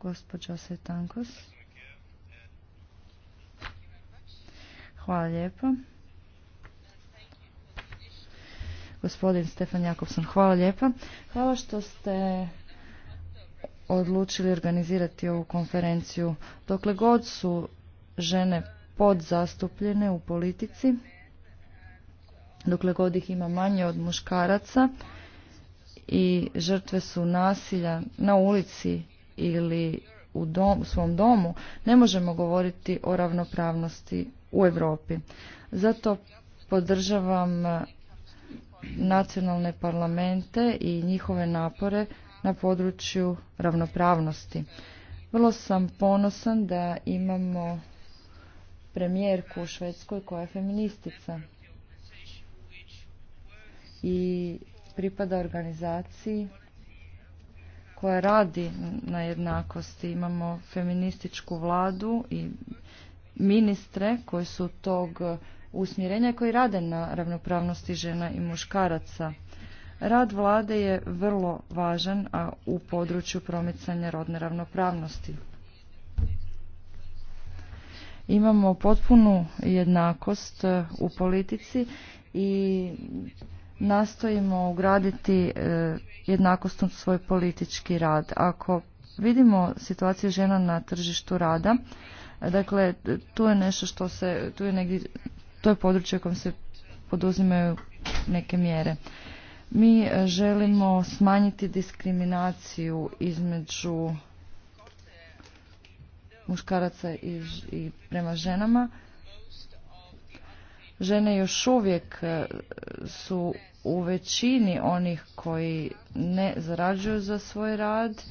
gospođa Setankos. Hvala lijepa Gospodin Stefan Jakobson, hvala lijepa. Hvala što ste odlučili organizirati ovu konferenciju. Dokle god su žene podzastupljene u politici, dokle god ih ima manje od muškaraca i žrtve su nasilja na ulici ili u, u svom domu, ne možemo govoriti o ravnopravnosti u Europi. Zato podržavam nacionalne parlamente i njihove napore na području ravnopravnosti. Vrlo sam ponosan da imamo premijerku u Švedskoj koja je feministica i pripada organizaciji koja radi na jednakosti. Imamo feminističku vladu i ministre koji su tog usmjerenja koji rade na ravnopravnosti žena i muškaraca. Rad vlade je vrlo važan u području promicanja rodne ravnopravnosti. Imamo potpunu jednakost e, u politici i nastojimo ugraditi e, jednakost u svoj politički rad. Ako vidimo situaciju žena na tržištu rada, dakle tu je nešto što se, tu je negdje, to je područje u kojem se poduzimaju neke mjere. Mi e, želimo smanjiti diskriminaciju između muškaraca i, prema ženama. Žene još uvijek e, su u većini onih koji ne zarađuju za svoj rad.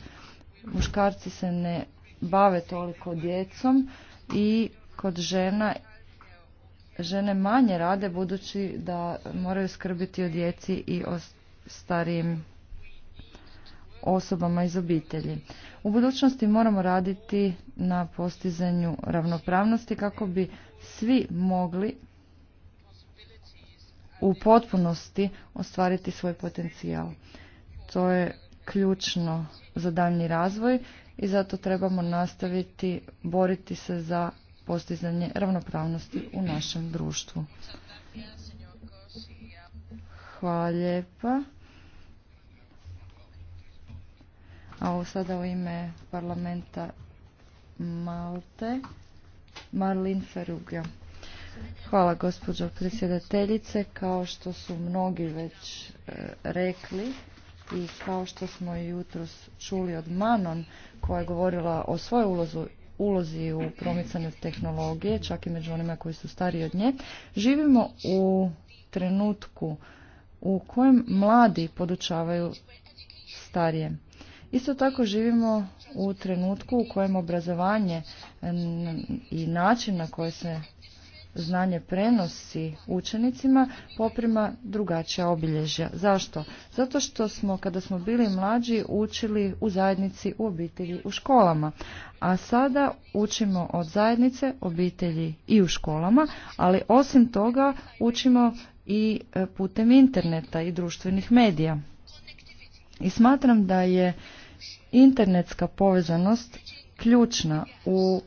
Muškarci se ne bave toliko djecom i kod žena žene manje rade budući da moraju skrbiti o djeci i o starijim osobama iz obitelji. U budućnosti moramo raditi na postizanju ravnopravnosti kako bi svi mogli u potpunosti ostvariti svoj potencijal. To je ključno za daljnji razvoj i zato trebamo nastaviti boriti se za postizanje ravnopravnosti u našem društvu. Hvala lijepa. A ovo sada u ime parlamenta Malte, Marlin Ferugja. Hvala gospođo predsjedateljice. Kao što su mnogi već e, rekli i kao što smo jutros čuli od Manon koja je govorila o svojoj ulozi ulozi u promicanju tehnologije, čak i među onima koji su stariji od nje, živimo u trenutku u kojem mladi podučavaju starije. Isto tako živimo u trenutku u kojem obrazovanje i način na koji se znanje prenosi učenicima poprima drugačija obilježja. Zašto? Zato što smo kada smo bili mlađi učili u zajednici, u obitelji, u školama. A sada učimo od zajednice, obitelji i u školama, ali osim toga učimo i e, putem interneta i društvenih medija. I smatram da je internetska povezanost ključna u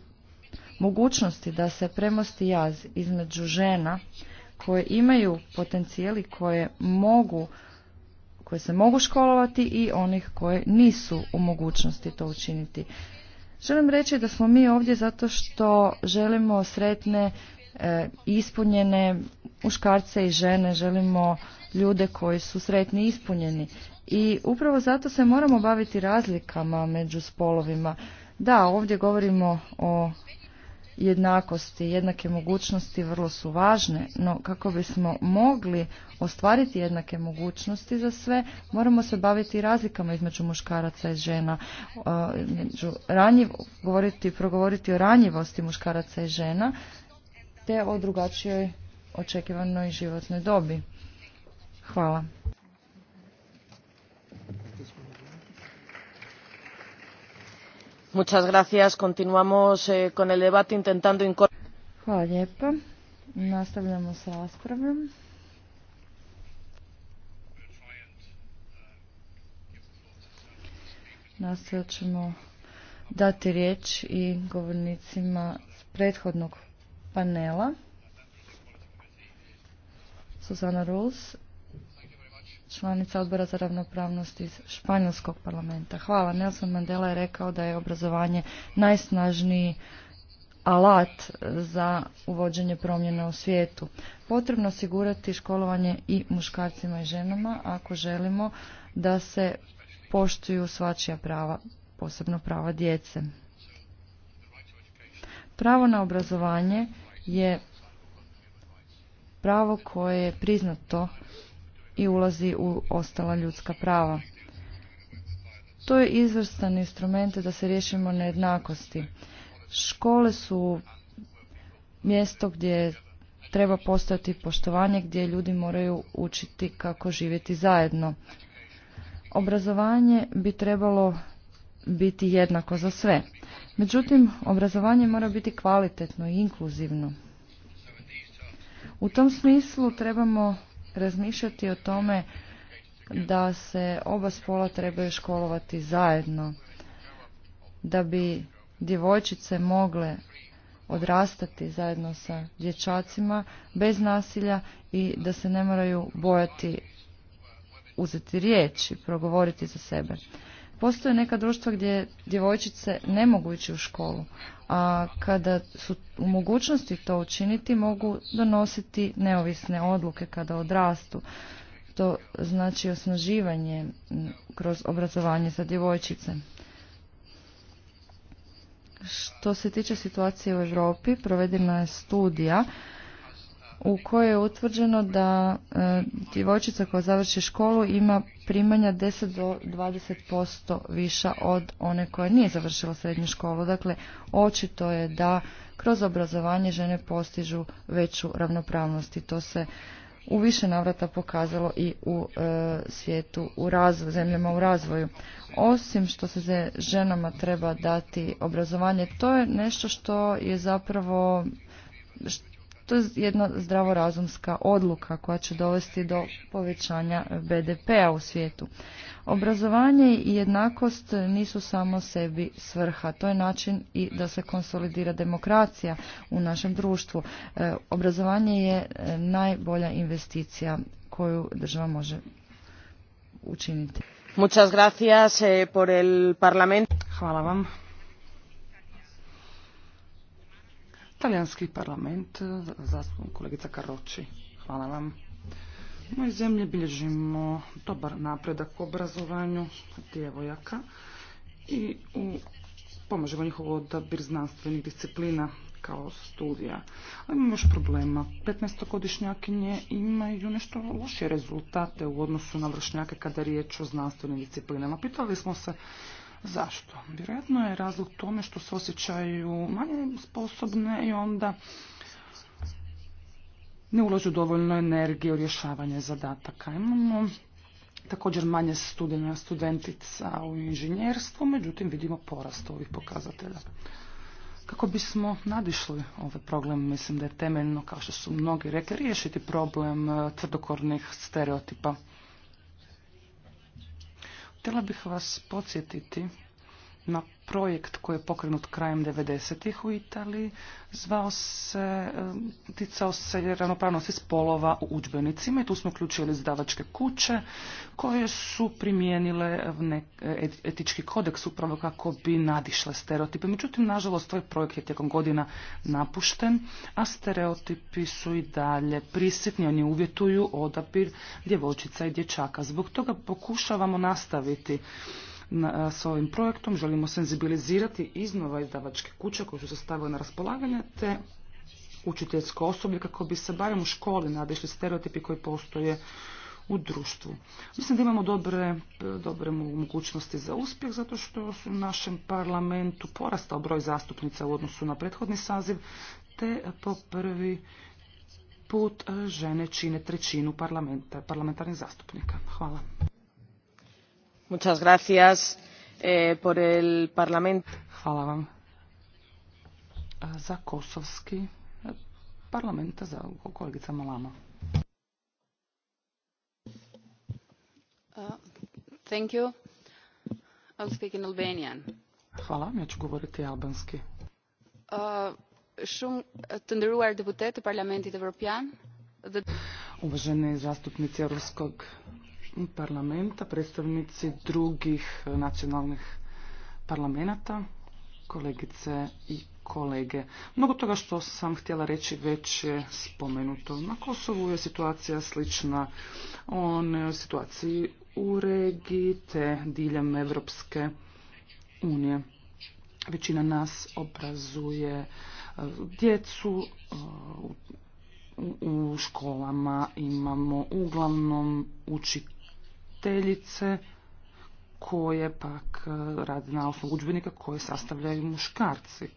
mogućnosti da se premosti jaz između žena koje imaju potencijeli koje mogu koje se mogu školovati i onih koje nisu u mogućnosti to učiniti. Želim reći da smo mi ovdje zato što želimo sretne, e, ispunjene muškarce i žene, želimo ljude koji su sretni i ispunjeni. I upravo zato se moramo baviti razlikama među spolovima. Da, ovdje govorimo o jednakosti, jednake mogućnosti vrlo su važne, no kako bismo mogli ostvariti jednake mogućnosti za sve, moramo se baviti razlikama između muškaraca i žena, e, među govoriti, progovoriti o ranjivosti muškaraca i žena, te o drugačijoj očekivanoj životnoj dobi. Hvala. Muchas gracias. Continuamos eh, con el debate intentando Hvala lijepa. Nastavljamo s raspravom. ćemo dati riječ i govornicima s prethodnog panela. susana Ruls, članica odbora za ravnopravnost iz Španjolskog parlamenta. Hvala. Nelson Mandela je rekao da je obrazovanje najsnažniji alat za uvođenje promjena u svijetu. Potrebno osigurati školovanje i muškarcima i ženama ako želimo da se poštuju svačija prava, posebno prava djece. Pravo na obrazovanje je pravo koje je priznato i ulazi u ostala ljudska prava. To je izvrstan instrument da se riješimo nejednakosti. Škole su mjesto gdje treba postojati poštovanje, gdje ljudi moraju učiti kako živjeti zajedno. Obrazovanje bi trebalo biti jednako za sve. Međutim, obrazovanje mora biti kvalitetno i inkluzivno. U tom smislu trebamo razmišljati o tome da se oba spola trebaju školovati zajedno, da bi djevojčice mogle odrastati zajedno sa dječacima bez nasilja i da se ne moraju bojati uzeti riječ i progovoriti za sebe. Postoje neka društva gdje djevojčice ne mogu ići u školu, a kada su u mogućnosti to učiniti mogu donositi neovisne odluke kada odrastu. To znači osnaživanje kroz obrazovanje za djevojčice. Što se tiče situacije u Europi, provedena je studija u kojoj je utvrđeno da e, djevojčica koja završi školu ima primanja 10 do 20% viša od one koja nije završila srednju školu. Dakle, očito je da kroz obrazovanje žene postižu veću ravnopravnost i to se u više navrata pokazalo i u e, svijetu u zemljama u razvoju. Osim što se ženama treba dati obrazovanje, to je nešto što je zapravo to je jedna zdravorazumska odluka koja će dovesti do povećanja BDP-a u svijetu. Obrazovanje i jednakost nisu samo sebi svrha. To je način i da se konsolidira demokracija u našem društvu. E, obrazovanje je e, najbolja investicija koju država može učiniti. Muchas gracias eh, Hvala vam. Talijanski parlament, e, zastupnik kolegica Karoči. Hvala vam. U mojoj zemlji bilježimo dobar napredak u obrazovanju djevojaka i u pomažemo njihov odabir znanstvenih disciplina kao studija. Ali imamo još problema. 15-godišnjakinje imaju nešto lošije rezultate u odnosu na vršnjake kada je riječ o znanstvenim disciplinama. Pitali smo se Zašto? Vjerojatno je razlog tome što se osjećaju manje sposobne i onda ne ulažu dovoljno energije u rješavanje zadataka. Imamo također manje studenja studentica u inženjerstvu, međutim vidimo porast ovih pokazatelja. Kako bismo nadišli ovaj problem, mislim da je temeljno, kao što su mnogi rekli, riješiti problem tvrdokornih stereotipa. Htjela bih vas podsjetiti na projekt koji je pokrenut krajem 90-ih u Italiji, zvao se, e, ticao se ravnopravnosti spolova u udžbenicima i tu smo uključili izdavačke kuće koje su primijenile e, etički kodeks upravo kako bi nadišle stereotipe. Međutim, nažalost, ovaj projekt je tijekom godina napušten, a stereotipi su i dalje prisjetni, oni uvjetuju odabir djevojčica i dječaka. Zbog toga pokušavamo nastaviti s ovim projektom. Želimo senzibilizirati iznova izdavačke kuće koje su se stavile na raspolaganje te učiteljsko osoblje kako bi se barem u školi nadišli stereotipi koji postoje u društvu. Mislim da imamo dobre, dobre mogućnosti za uspjeh zato što u našem parlamentu porastao broj zastupnica u odnosu na prethodni saziv te po prvi put žene čine trećinu parlamentarnih zastupnika. Hvala. Muchas gracias eh, por el Parlamento. Hvala vam. Za kosovski eh, parlament, za kolegica Malama. Uh, thank you. I'll speak in Albanian. Hvala, ja ću govoriti albanski. shumë uh, të nderuar deputet të Parlamentit Evropian, dhe... Uvaženi zastupnici Europskog parlamenta, predstavnici drugih nacionalnih parlamenta, kolegice i kolege. Mnogo toga što sam htjela reći već je spomenuto. Na Kosovu je situacija slična o situaciji u regiji te diljem Evropske unije. Većina nas obrazuje eh, djecu eh, u školama imamo uglavnom učitelje Učiteljice koje pak e, radi na osnovu udžbenika koje sastavljaju muškarci.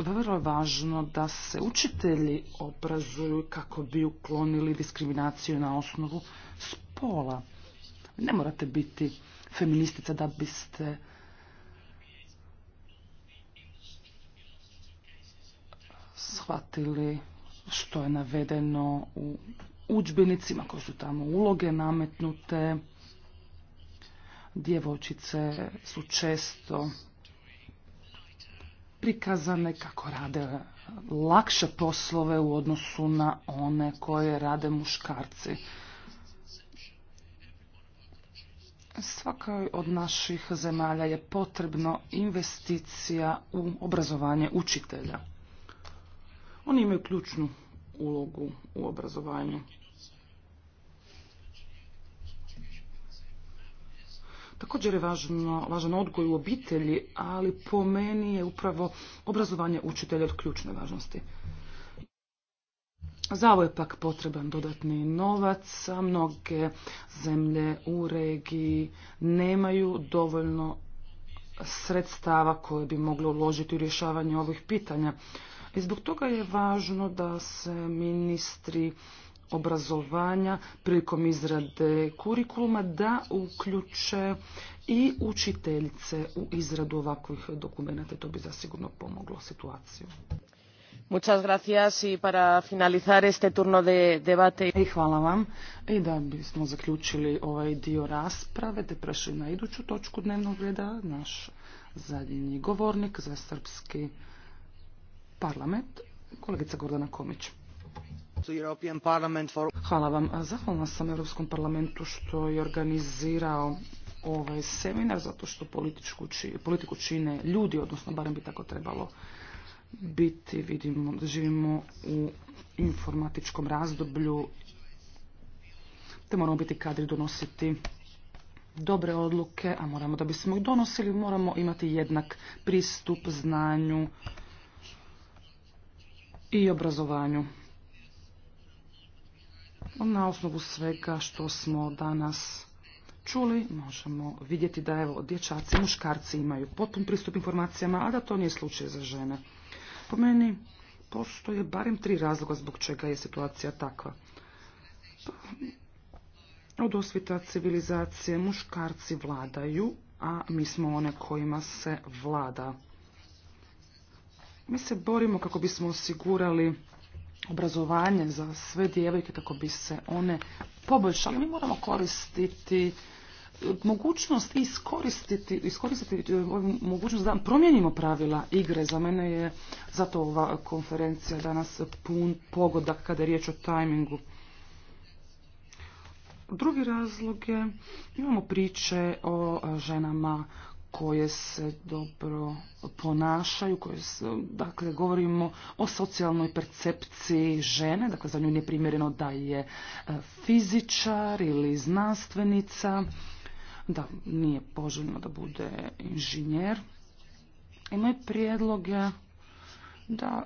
Vrlo je važno da se učitelji obrazuju kako bi uklonili diskriminaciju na osnovu spola. Ne morate biti feministica da biste shvatili što je navedeno u udžbenicima koje su tamo uloge nametnute. Djevojčice su često prikazane kako rade lakše poslove u odnosu na one koje rade muškarci. Svakoj od naših zemalja je potrebno investicija u obrazovanje učitelja. Oni imaju ključnu ulogu u obrazovanju. Također je važan odgoj u obitelji, ali po meni je upravo obrazovanje učitelja od ključne važnosti. Za ovo je pak potreban dodatni novac, mnoge zemlje u regiji nemaju dovoljno sredstava koje bi mogle uložiti u rješavanje ovih pitanja. I zbog toga je važno da se ministri obrazovanja prilikom izrade kurikuluma da uključe i učiteljice u izradu ovakvih dokumenata. To bi zasigurno pomoglo situaciju. Muchas gracias y para finalizar este turno de debate. I hvala vam. I da bismo zaključili ovaj dio rasprave, te prešli na iduću točku dnevnog reda, naš zadnji govornik za srpski parlament, kolegica Gordana Komić. Hvala vam. Zahvalna sam Europskom parlamentu što je organizirao ovaj seminar zato što politiku čine ljudi, odnosno barem bi tako trebalo biti. Vidimo da živimo u informatičkom razdoblju te moramo biti kadri donositi dobre odluke, a moramo da bismo ih donosili moramo imati jednak pristup znanju, i obrazovanju. Na osnovu svega što smo danas čuli, možemo vidjeti da evo dječaci i muškarci imaju potpun pristup informacijama, a da to nije slučaj za žene. Po meni postoje barem tri razloga zbog čega je situacija takva. Od osvita civilizacije muškarci vladaju, a mi smo one kojima se vlada. Mi se borimo kako bismo osigurali obrazovanje za sve djevojke kako bi se one poboljšale. Mi moramo koristiti e, mogućnost iskoristiti, iskoristiti e, mogućnost da promijenimo pravila igre. Za mene je zato ova konferencija danas pun pogodak kada je riječ o tajmingu. Drugi razlog je, imamo priče o e, ženama koje se dobro ponašaju, koje se, dakle, govorimo o socijalnoj percepciji žene, dakle, za nju nije primjereno da je e, fizičar ili znanstvenica, da nije poželjno da bude inženjer. I moj prijedlog je da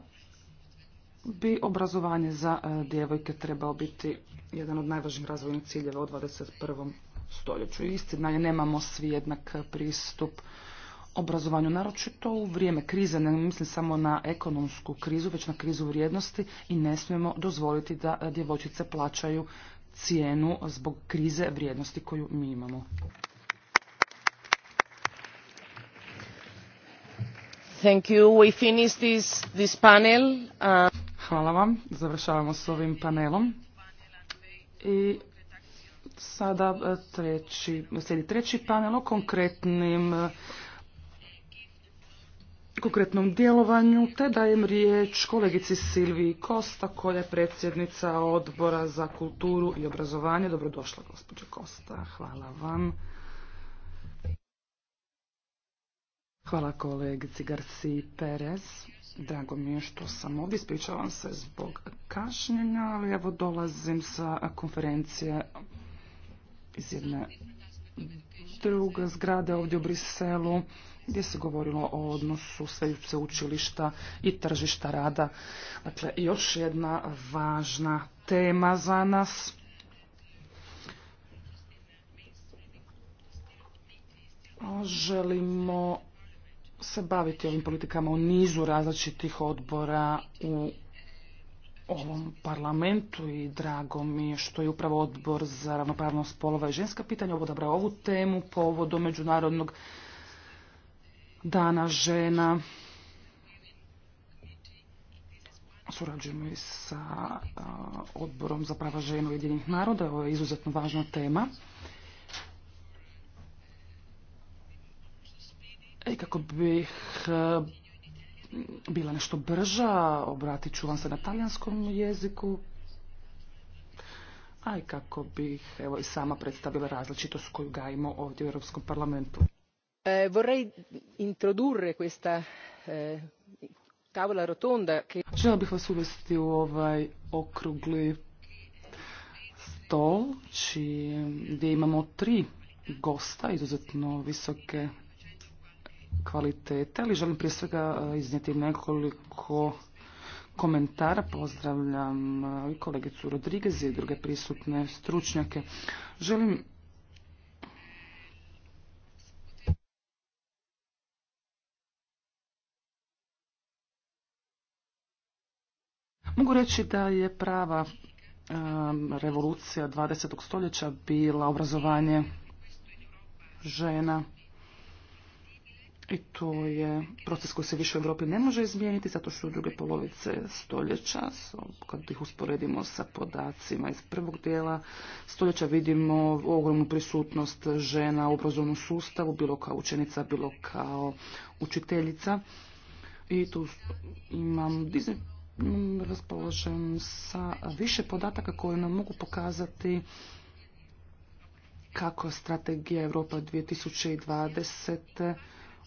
bi obrazovanje za e, djevojke trebalo biti jedan od najvažnijih razvojnih ciljeva u 21 stoljeću. Istina je, nemamo svi jednak pristup obrazovanju, naročito u vrijeme krize, ne mislim samo na ekonomsku krizu, već na krizu vrijednosti i ne smijemo dozvoliti da djevojčice plaćaju cijenu zbog krize vrijednosti koju mi imamo. Thank you. We finish this, this panel. Uh, Hvala vam. Završavamo s ovim panelom. I Sada e, treći, treći panel o konkretnim e, konkretnom djelovanju, te dajem riječ kolegici Silviji Kosta, koja je predsjednica odbora za kulturu i obrazovanje. Dobrodošla, gospođa Kosta. Hvala vam. Hvala kolegici Garci Perez. Drago mi je što sam ovdje, ispričavam se zbog kašnjenja, ali evo dolazim sa konferencije iz jedne druge zgrade ovdje u Briselu gdje se govorilo o odnosu učilišta i tržišta rada. Dakle, još jedna važna tema za nas. Želimo se baviti ovim politikama u nizu različitih odbora u ovom parlamentu i drago mi je što je upravo odbor za ravnopravnost spolova i ženska pitanja odabrao ovu temu povodom Međunarodnog dana žena. Surađujemo i sa odborom za prava žena jedinih naroda. Ovo je izuzetno važna tema. I kako bih bila nešto brža, obratit ću vam se na talijanskom jeziku, a i kako bih evo i sama predstavila različitost koju gajimo ovdje u Europskom parlamentu. E, vorrei introdurre questa e, tavola rotonda che... Žela bih vas uvesti u ovaj okrugli stol, či, gdje imamo tri gosta izuzetno visoke kvalitete, ali želim prije svega e, iznijeti nekoliko komentara. Pozdravljam e, i kolegicu Rodriguez i druge prisutne stručnjake. Želim Mogu reći da je prava e, revolucija 20. stoljeća bila obrazovanje žena. I to je proces koji se više u Europi ne može izmijeniti zato što u druge polovice stoljeća, kad ih usporedimo sa podacima iz prvog dijela stoljeća, vidimo ogromnu prisutnost žena u obrazovnom sustavu, bilo kao učenica, bilo kao učiteljica. I tu imam raspoložen sa više podataka koje nam mogu pokazati kako strategija Europa 2020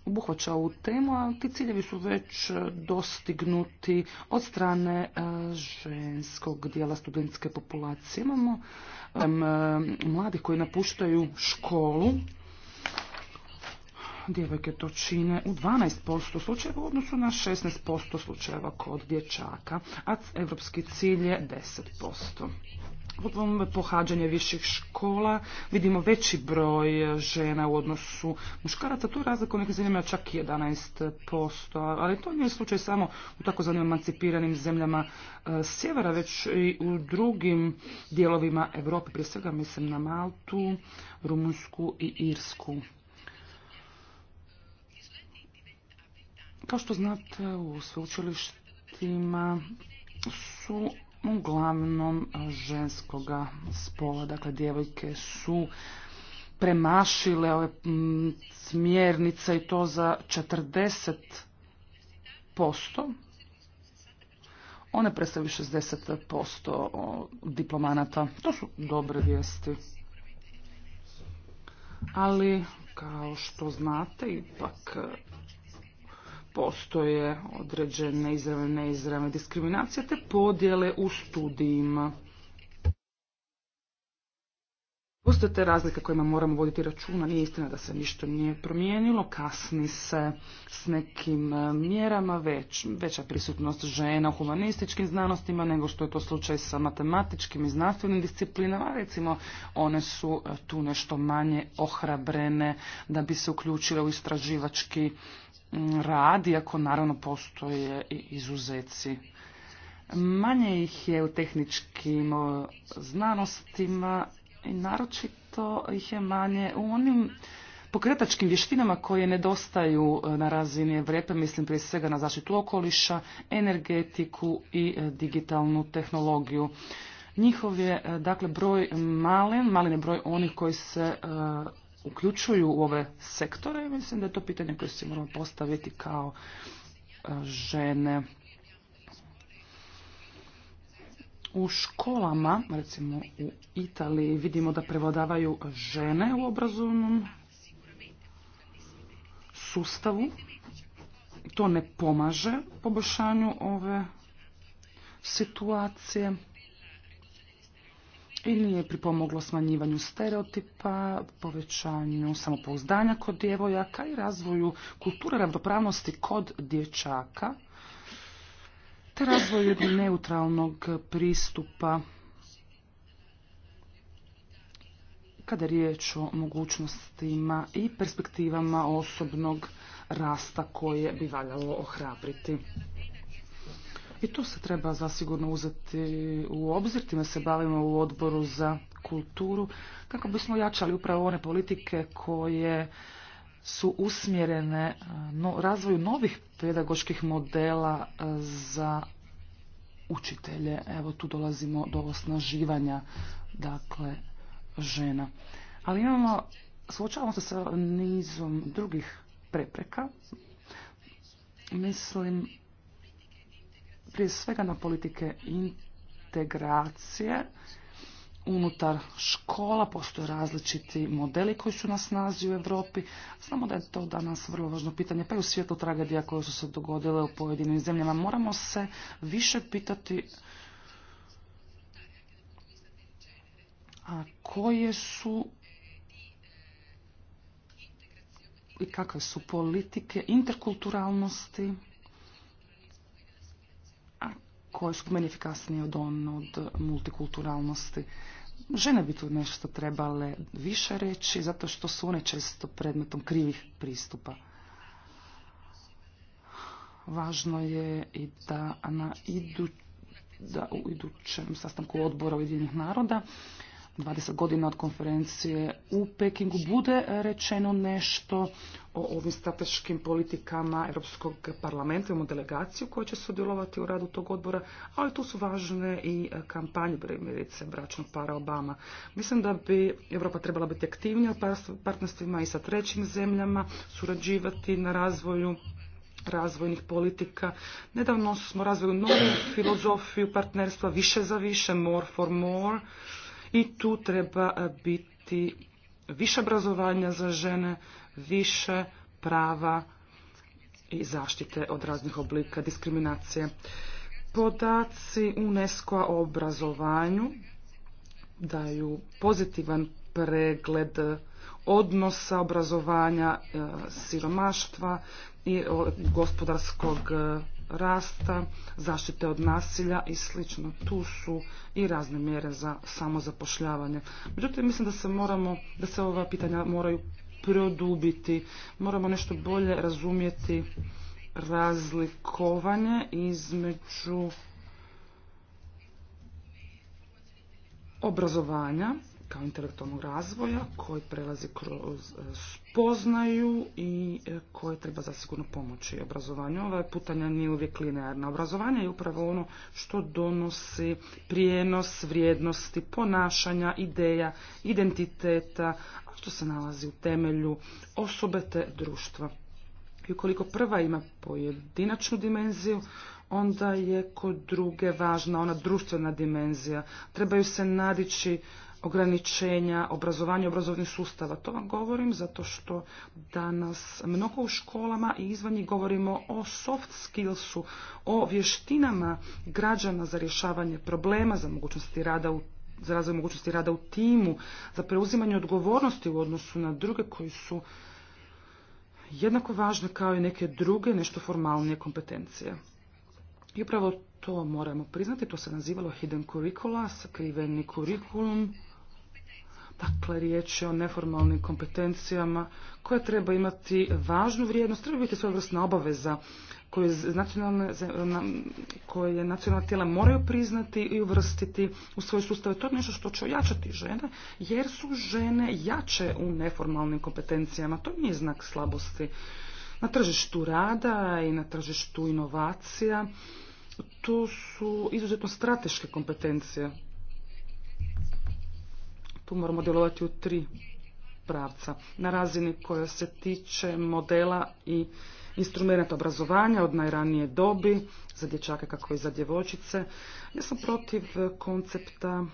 obuhvaća ovu temu, ali ti ciljevi su već e, dostignuti od strane e, ženskog dijela studentske populacije. Imamo e, mladi koji napuštaju školu, djevojke to čine u 12% slučajeva u odnosu na 16% slučajeva kod dječaka, a evropski cilj je 10%. Potom pohađanje viših škola, vidimo veći broj e, žena u odnosu muškaraca, tu razliku razlika u nekim zemljama čak 11%, ali to nije slučaj samo u takozvanim emancipiranim zemljama e, sjevera, već i u drugim dijelovima Europe, prije svega mislim na Maltu, Rumunjsku i Irsku. Kao što znate, u sveučilištima su uglavnom ženskoga spola. Dakle, djevojke su premašile ove mm, smjernice i to za 40%. One predstavljaju 60% diplomanata. To su dobre vijesti. Ali, kao što znate, ipak postoje određene izravne neizravne diskriminacije te podjele u studijima. Postoje te razlike kojima moramo voditi računa. Nije istina da se ništa nije promijenilo. Kasni se s nekim e, mjerama, već, veća prisutnost žena u humanističkim znanostima nego što je to slučaj sa matematičkim i znanstvenim disciplinama. Recimo, one su e, tu nešto manje ohrabrene da bi se uključile u istraživački rad, iako naravno postoje i izuzeci. Manje ih je u tehničkim e, znanostima i naročito ih je manje u onim pokretačkim vještinama koje nedostaju e, na razini vrepe, mislim prije svega na zaštitu okoliša, energetiku i e, digitalnu tehnologiju. Njihov je e, dakle broj malen, malen je broj onih koji se uključuju u ove sektore i mislim da je to pitanje koje se moramo postaviti kao žene. u školama, recimo u Italiji, vidimo da prevodavaju žene u obrazovnom sustavu. To ne pomaže poboljšanju ove situacije i nije pripomoglo smanjivanju stereotipa, povećanju samopouzdanja kod djevojaka i razvoju kulture ravnopravnosti kod dječaka razvoj neutralnog pristupa kada je riječ o mogućnostima i perspektivama osobnog rasta koje bi valjalo ohrabriti. I to se treba zasigurno uzeti u obzir, time se bavimo u odboru za kulturu, kako bismo jačali upravo one politike koje su usmjerene e, no, razvoju novih pedagoških modela e, za učitelje. Evo tu dolazimo do osnaživanja dakle žena. Ali imamo, suočavamo se sa nizom drugih prepreka. Mislim prije svega na politike integracije unutar škola, postoje različiti modeli koji su nas snazi u Europi. Znamo da je to danas vrlo važno pitanje, pa i u svijetu tragedija koje su se dogodile u pojedinim zemljama. Moramo se više pitati a koje su i kakve su politike interkulturalnosti koje su meni efikasnije od od multikulturalnosti. Žene bi tu nešto trebale više reći, zato što su one često predmetom krivih pristupa. Važno je i da na idu, da u idućem sastanku odbora Ujedinjenih naroda 20 godina od konferencije u Pekingu bude rečeno nešto o ovim strateškim politikama Europskog parlamenta. Imamo delegaciju koja će sudjelovati u radu tog odbora, ali tu su važne i kampanje, primjerice, bračnog para Obama. Mislim da bi Europa trebala biti aktivnija u partnerstvima i sa trećim zemljama, surađivati na razvoju razvojnih politika. Nedavno smo razvili novu filozofiju partnerstva više za više, more for more i tu treba e, biti više obrazovanja za žene, više prava i zaštite od raznih oblika diskriminacije. Podaci UNESCO-a o obrazovanju daju pozitivan pregled odnosa obrazovanja, e, siromaštva i gospodarskog e, rasta, zaštite od nasilja i slično. Tu su i razne mjere za samozapošljavanje. Međutim, mislim da se moramo, da se ova pitanja moraju produbiti. Moramo nešto bolje razumjeti razlikovanje između obrazovanja kao intelektualnog razvoja koji prelazi kroz e, spoznaju i e, koje treba zasigurno pomoći obrazovanju. Ova putanja nije uvijek linearna. Obrazovanje je upravo ono što donosi prijenos vrijednosti, ponašanja, ideja, identiteta, a što se nalazi u temelju osobe te društva. I ukoliko prva ima pojedinačnu dimenziju, onda je kod druge važna ona društvena dimenzija. Trebaju se nadići ograničenja, obrazovanja obrazovnih sustava. To vam govorim zato što danas mnogo u školama i izvan njih govorimo o soft skillsu, o vještinama građana za rješavanje problema, za mogućnosti rada u za razvoj mogućnosti rada u timu, za preuzimanje odgovornosti u odnosu na druge koji su jednako važne kao i neke druge, nešto formalnije kompetencije. I upravo to moramo priznati, to se nazivalo hidden curricula, sakriveni kurikulum, Dakle, riječ je o neformalnim kompetencijama koja treba imati važnu vrijednost, treba biti svojevrsna obaveza koje, nacionalne, nacionalna tijela moraju priznati i uvrstiti u svoje sustave. To je nešto što će ojačati žene, jer su žene jače u neformalnim kompetencijama. To nije znak slabosti na tržištu rada i na tržištu inovacija. To su izuzetno strateške kompetencije moramo djelovati u tri pravca. Na razini koja se tiče modela i instrumenta obrazovanja od najranije dobi, za dječake kako i za djevojčice. Ja sam protiv koncepta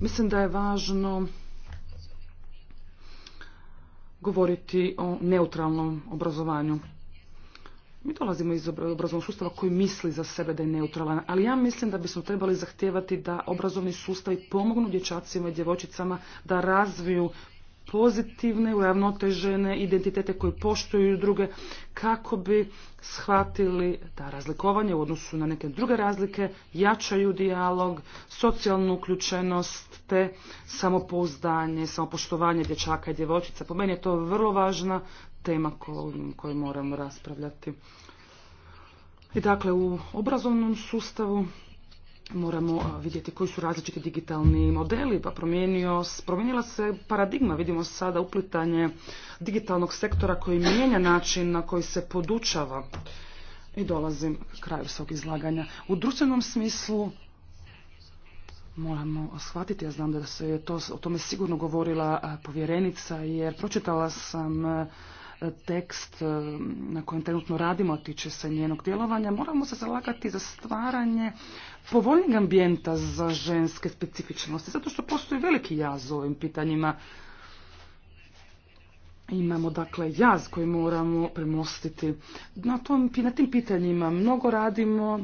Mislim da je važno govoriti o neutralnom obrazovanju. Mi dolazimo iz obrazovnog sustava koji misli za sebe da je neutralan, ali ja mislim da bismo trebali zahtijevati da obrazovni sustavi pomognu dječacima i djevojčicama da razviju pozitivne, uravnotežene identitete koje poštuju druge kako bi shvatili da razlikovanje u odnosu na neke druge razlike jačaju dijalog, socijalnu uključenost te samopouzdanje, samopoštovanje dječaka i djevojčica. Po meni je to vrlo važna tema koju moramo raspravljati. I dakle, u obrazovnom sustavu moramo vidjeti koji su različiti digitalni modeli, pa promijenila se paradigma, vidimo sada uplitanje digitalnog sektora koji mijenja način na koji se podučava. I dolazim kraju svog izlaganja. U društvenom smislu moramo shvatiti, ja znam da se to, o tome sigurno govorila povjerenica, jer pročitala sam tekst eh, na kojem trenutno radimo, tiče se njenog djelovanja, moramo se zalagati za stvaranje povoljnijeg ambijenta za ženske specifičnosti, zato što postoji veliki jaz u ovim pitanjima. Imamo dakle jaz koji moramo premostiti. Na, tom, na tim pitanjima mnogo radimo,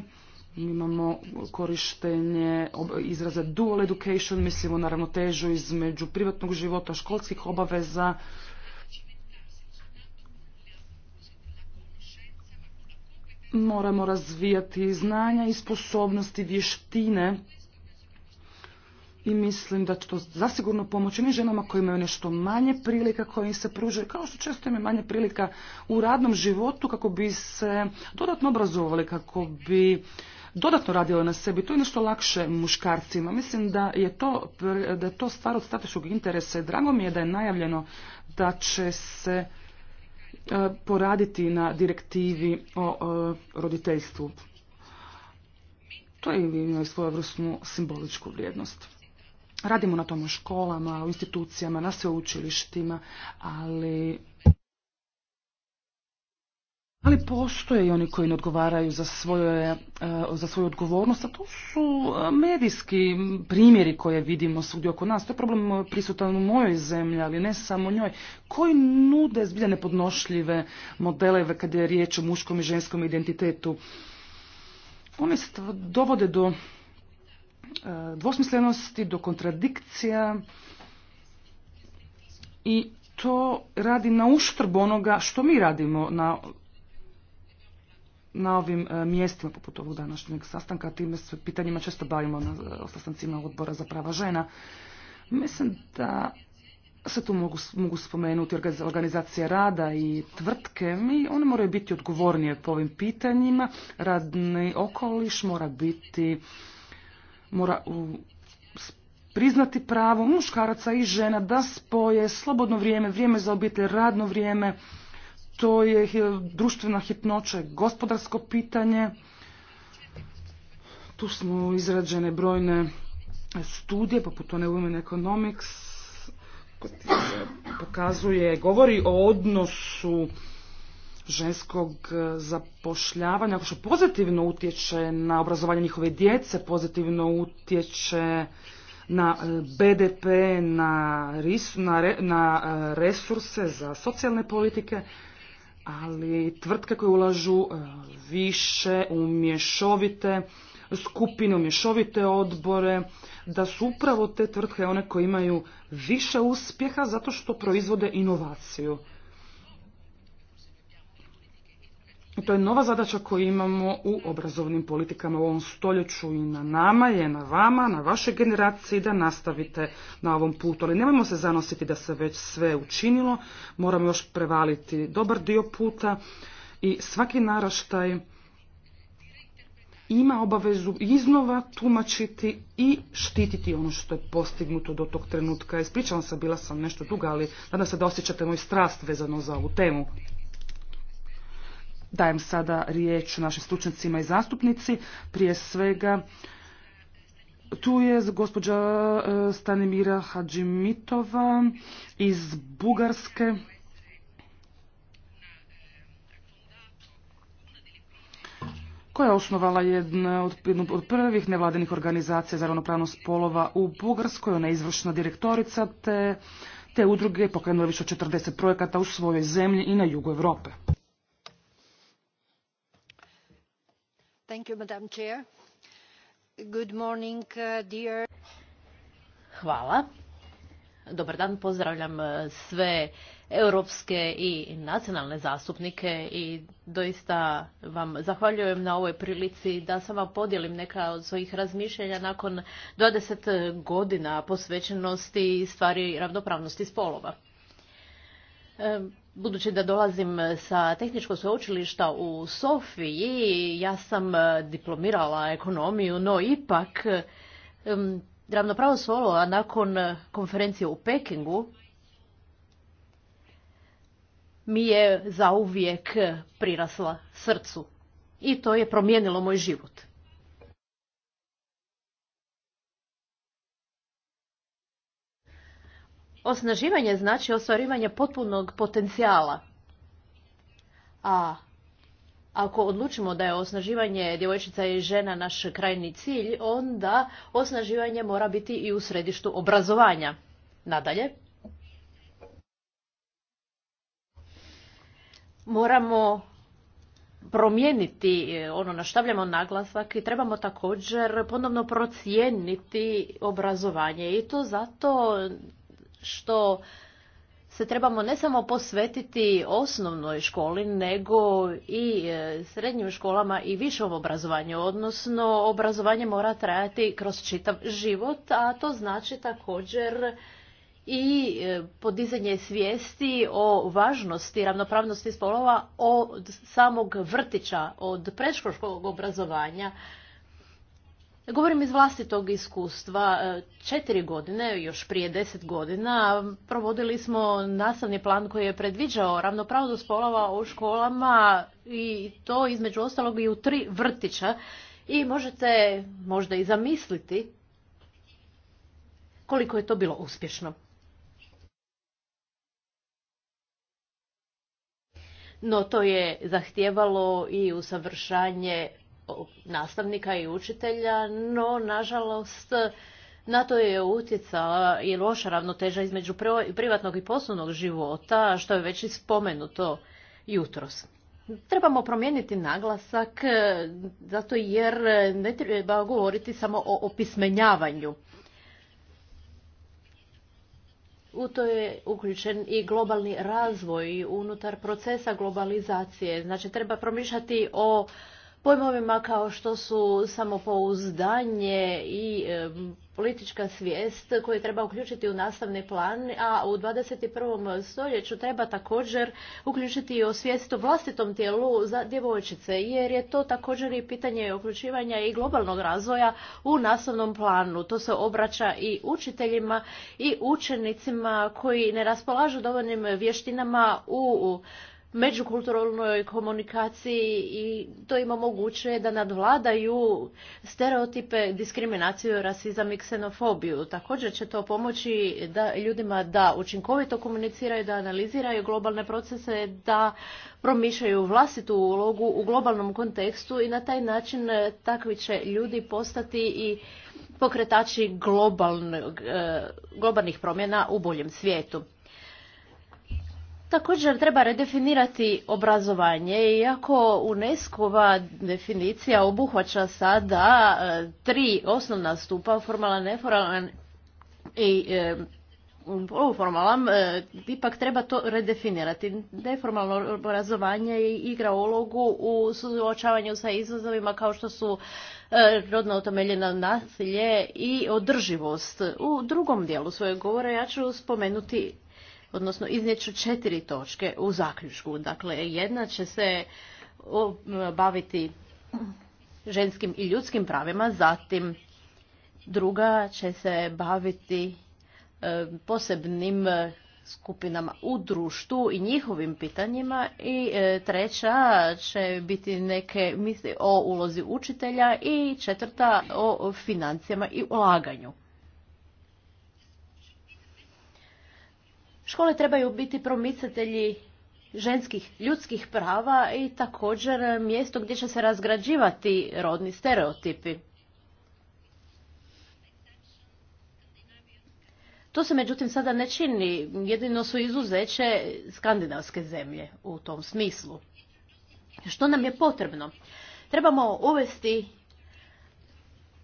imamo korištenje izraza dual education, mislimo na ravnotežu između privatnog života, školskih obaveza, Moramo razvijati znanja i sposobnosti, vještine i mislim da će to zasigurno pomoći onim ženama koje imaju nešto manje prilika koje im se pružaju, kao što često imaju manje prilika u radnom životu kako bi se dodatno obrazovali, kako bi dodatno radile na sebi. To je nešto lakše muškarcima. Mislim da je to, da je to stvar od strateškog interesa i drago mi je da je najavljeno da će se E, poraditi na direktivi o e, roditeljstvu. To je imao svojevrsnu simboličku vrijednost. Radimo na tom u školama, u institucijama, na sveučilištima, ali ali postoje i oni koji ne odgovaraju za, svoje, e, svoju odgovornost, a to su e, medijski primjeri koje vidimo svugdje oko nas. To je problem e, prisutan u mojoj zemlji, ali ne samo njoj, koji nude zbilja nepodnošljive modele kada je riječ o muškom i ženskom identitetu. Oni se dovode do dvosmislenosti, do kontradikcija i to radi na uštrb onoga što mi radimo na na ovim e, mjestima poput ovog današnjeg sastanka, time se pitanjima često bavimo na sastancima e, odbora za prava žena. Mislim da se tu mogu, mogu spomenuti organizacije rada i tvrtke, mi one moraju biti odgovornije po ovim pitanjima, radni okoliš mora biti, mora u, priznati pravo muškaraca i žena da spoje slobodno vrijeme, vrijeme za obitelj, radno vrijeme to je društvena hitnoća, gospodarsko pitanje. Tu smo izrađene brojne studije, poput one Women Economics, pokazuje, govori o odnosu ženskog e, zapošljavanja, što pozitivno utječe na obrazovanje njihove djece, pozitivno utječe na e, BDP, na, na e, resurse za socijalne politike ali tvrtke koje ulažu e, više u mješovite skupine, u mješovite odbore, da su upravo te tvrtke one koje imaju više uspjeha zato što proizvode inovaciju. To je nova zadaća koju imamo u obrazovnim politikama u ovom stoljeću i na nama je, na vama, na vašoj generaciji da nastavite na ovom putu. Ali nemojmo se zanositi da se već sve učinilo, moramo još prevaliti dobar dio puta i svaki naraštaj ima obavezu iznova tumačiti i štititi ono što je postignuto do tog trenutka. Ispričavam se, bila sam nešto duga, ali nadam se da osjećate moj strast vezano za ovu temu. Dajem sada riječ našim stručnjacima i zastupnici. Prije svega tu je gospođa e, Stanimira Hadžimitova iz Bugarske. koja je osnovala jednu od, od prvih nevladinih organizacija za ravnopravnost spolova u Bugarskoj. Ona je izvršna direktorica te, te udruge pokrenula više od 40 projekata u svojoj zemlji i na jugu Europe. Uh, Hvala. Dobar dan, pozdravljam uh, sve europske i nacionalne zastupnike i doista vam zahvaljujem na ovoj prilici da sama podijelim neka od svojih razmišljanja nakon 20 godina posvećenosti stvari ravnopravnosti spolova. Budući da dolazim sa tehničkog sveučilišta u Sofiji, ja sam e, diplomirala ekonomiju, no ipak ravnopravo a nakon e, konferencije u Pekingu mi je zauvijek e, prirasla srcu. I to je promijenilo moj život. osnaživanje znači ostvarivanje potpunog potencijala. A ako odlučimo da je osnaživanje djevojčica i žena naš krajni cilj, onda osnaživanje mora biti i u središtu obrazovanja. Nadalje, moramo promijeniti e, ono na štavljamo naglasak i trebamo također ponovno procijeniti obrazovanje i to zato što se trebamo ne samo posvetiti osnovnoj školi, nego i e, srednjim školama i višom obrazovanju, odnosno obrazovanje mora trajati kroz čitav život, a to znači također i e, podizanje svijesti o važnosti ravnopravnosti spolova od samog vrtića, od predškolskog obrazovanja Govorim iz vlastitog iskustva. E, četiri godine, još prije deset godina, provodili smo nastavni plan koji je predviđao ravnopravdu spolova u školama i to između ostalog i u tri vrtića. I možete možda i zamisliti koliko je to bilo uspješno. No to je zahtijevalo i usavršanje nastavnika i učitelja, no nažalost na to je utjecala i loša ravnoteža između privatnog i poslovnog života, što je već i spomenuto jutros. Trebamo promijeniti naglasak e, zato jer ne treba govoriti samo o opismenjavanju. U to je uključen i globalni razvoj unutar procesa globalizacije. Znači treba promišljati o pojmovima kao što su samopouzdanje i politička svijest koje treba uključiti u nastavni plan, a u 21. stoljeću treba također uključiti i svijest o vlastitom tijelu za djevojčice, jer je to također i pitanje uključivanja i globalnog razvoja u nastavnom planu. To se obraća i učiteljima i učenicima koji ne raspolažu dovoljnim vještinama u međukulturalnoj komunikaciji i to ima moguće da nadvladaju stereotipe, diskriminaciju, rasizam i ksenofobiju. Također će to pomoći da, ljudima da učinkovito komuniciraju, da analiziraju globalne procese, da promišljaju vlastitu ulogu u globalnom kontekstu i na taj način e, takvi će ljudi postati i pokretači e, globalnih promjena u boljem svijetu. Također treba redefinirati obrazovanje, iako UNESCO-va definicija obuhvaća sada e, tri osnovna stupa, formalan, neformalan i e, poluformalan, e, ipak treba to redefinirati. Neformalno obrazovanje igra ulogu u suočavanju sa izazovima kao što su rodno utemeljeno nasilje i održivost. U drugom dijelu svojeg govora ja ću spomenuti odnosno iznijeću četiri točke u zaključku. Dakle, jedna će se baviti ženskim i ljudskim pravima, zatim druga će se baviti e, posebnim skupinama u društvu i njihovim pitanjima i e, treća će biti neke misli o ulozi učitelja i četvrta o financijama i ulaganju. Škole trebaju biti promicatelji ženskih ljudskih prava i također mjesto gdje će se razgrađivati rodni stereotipi. To se međutim sada ne čini, jedino su izuzeće skandinavske zemlje u tom smislu. Što nam je potrebno? Trebamo uvesti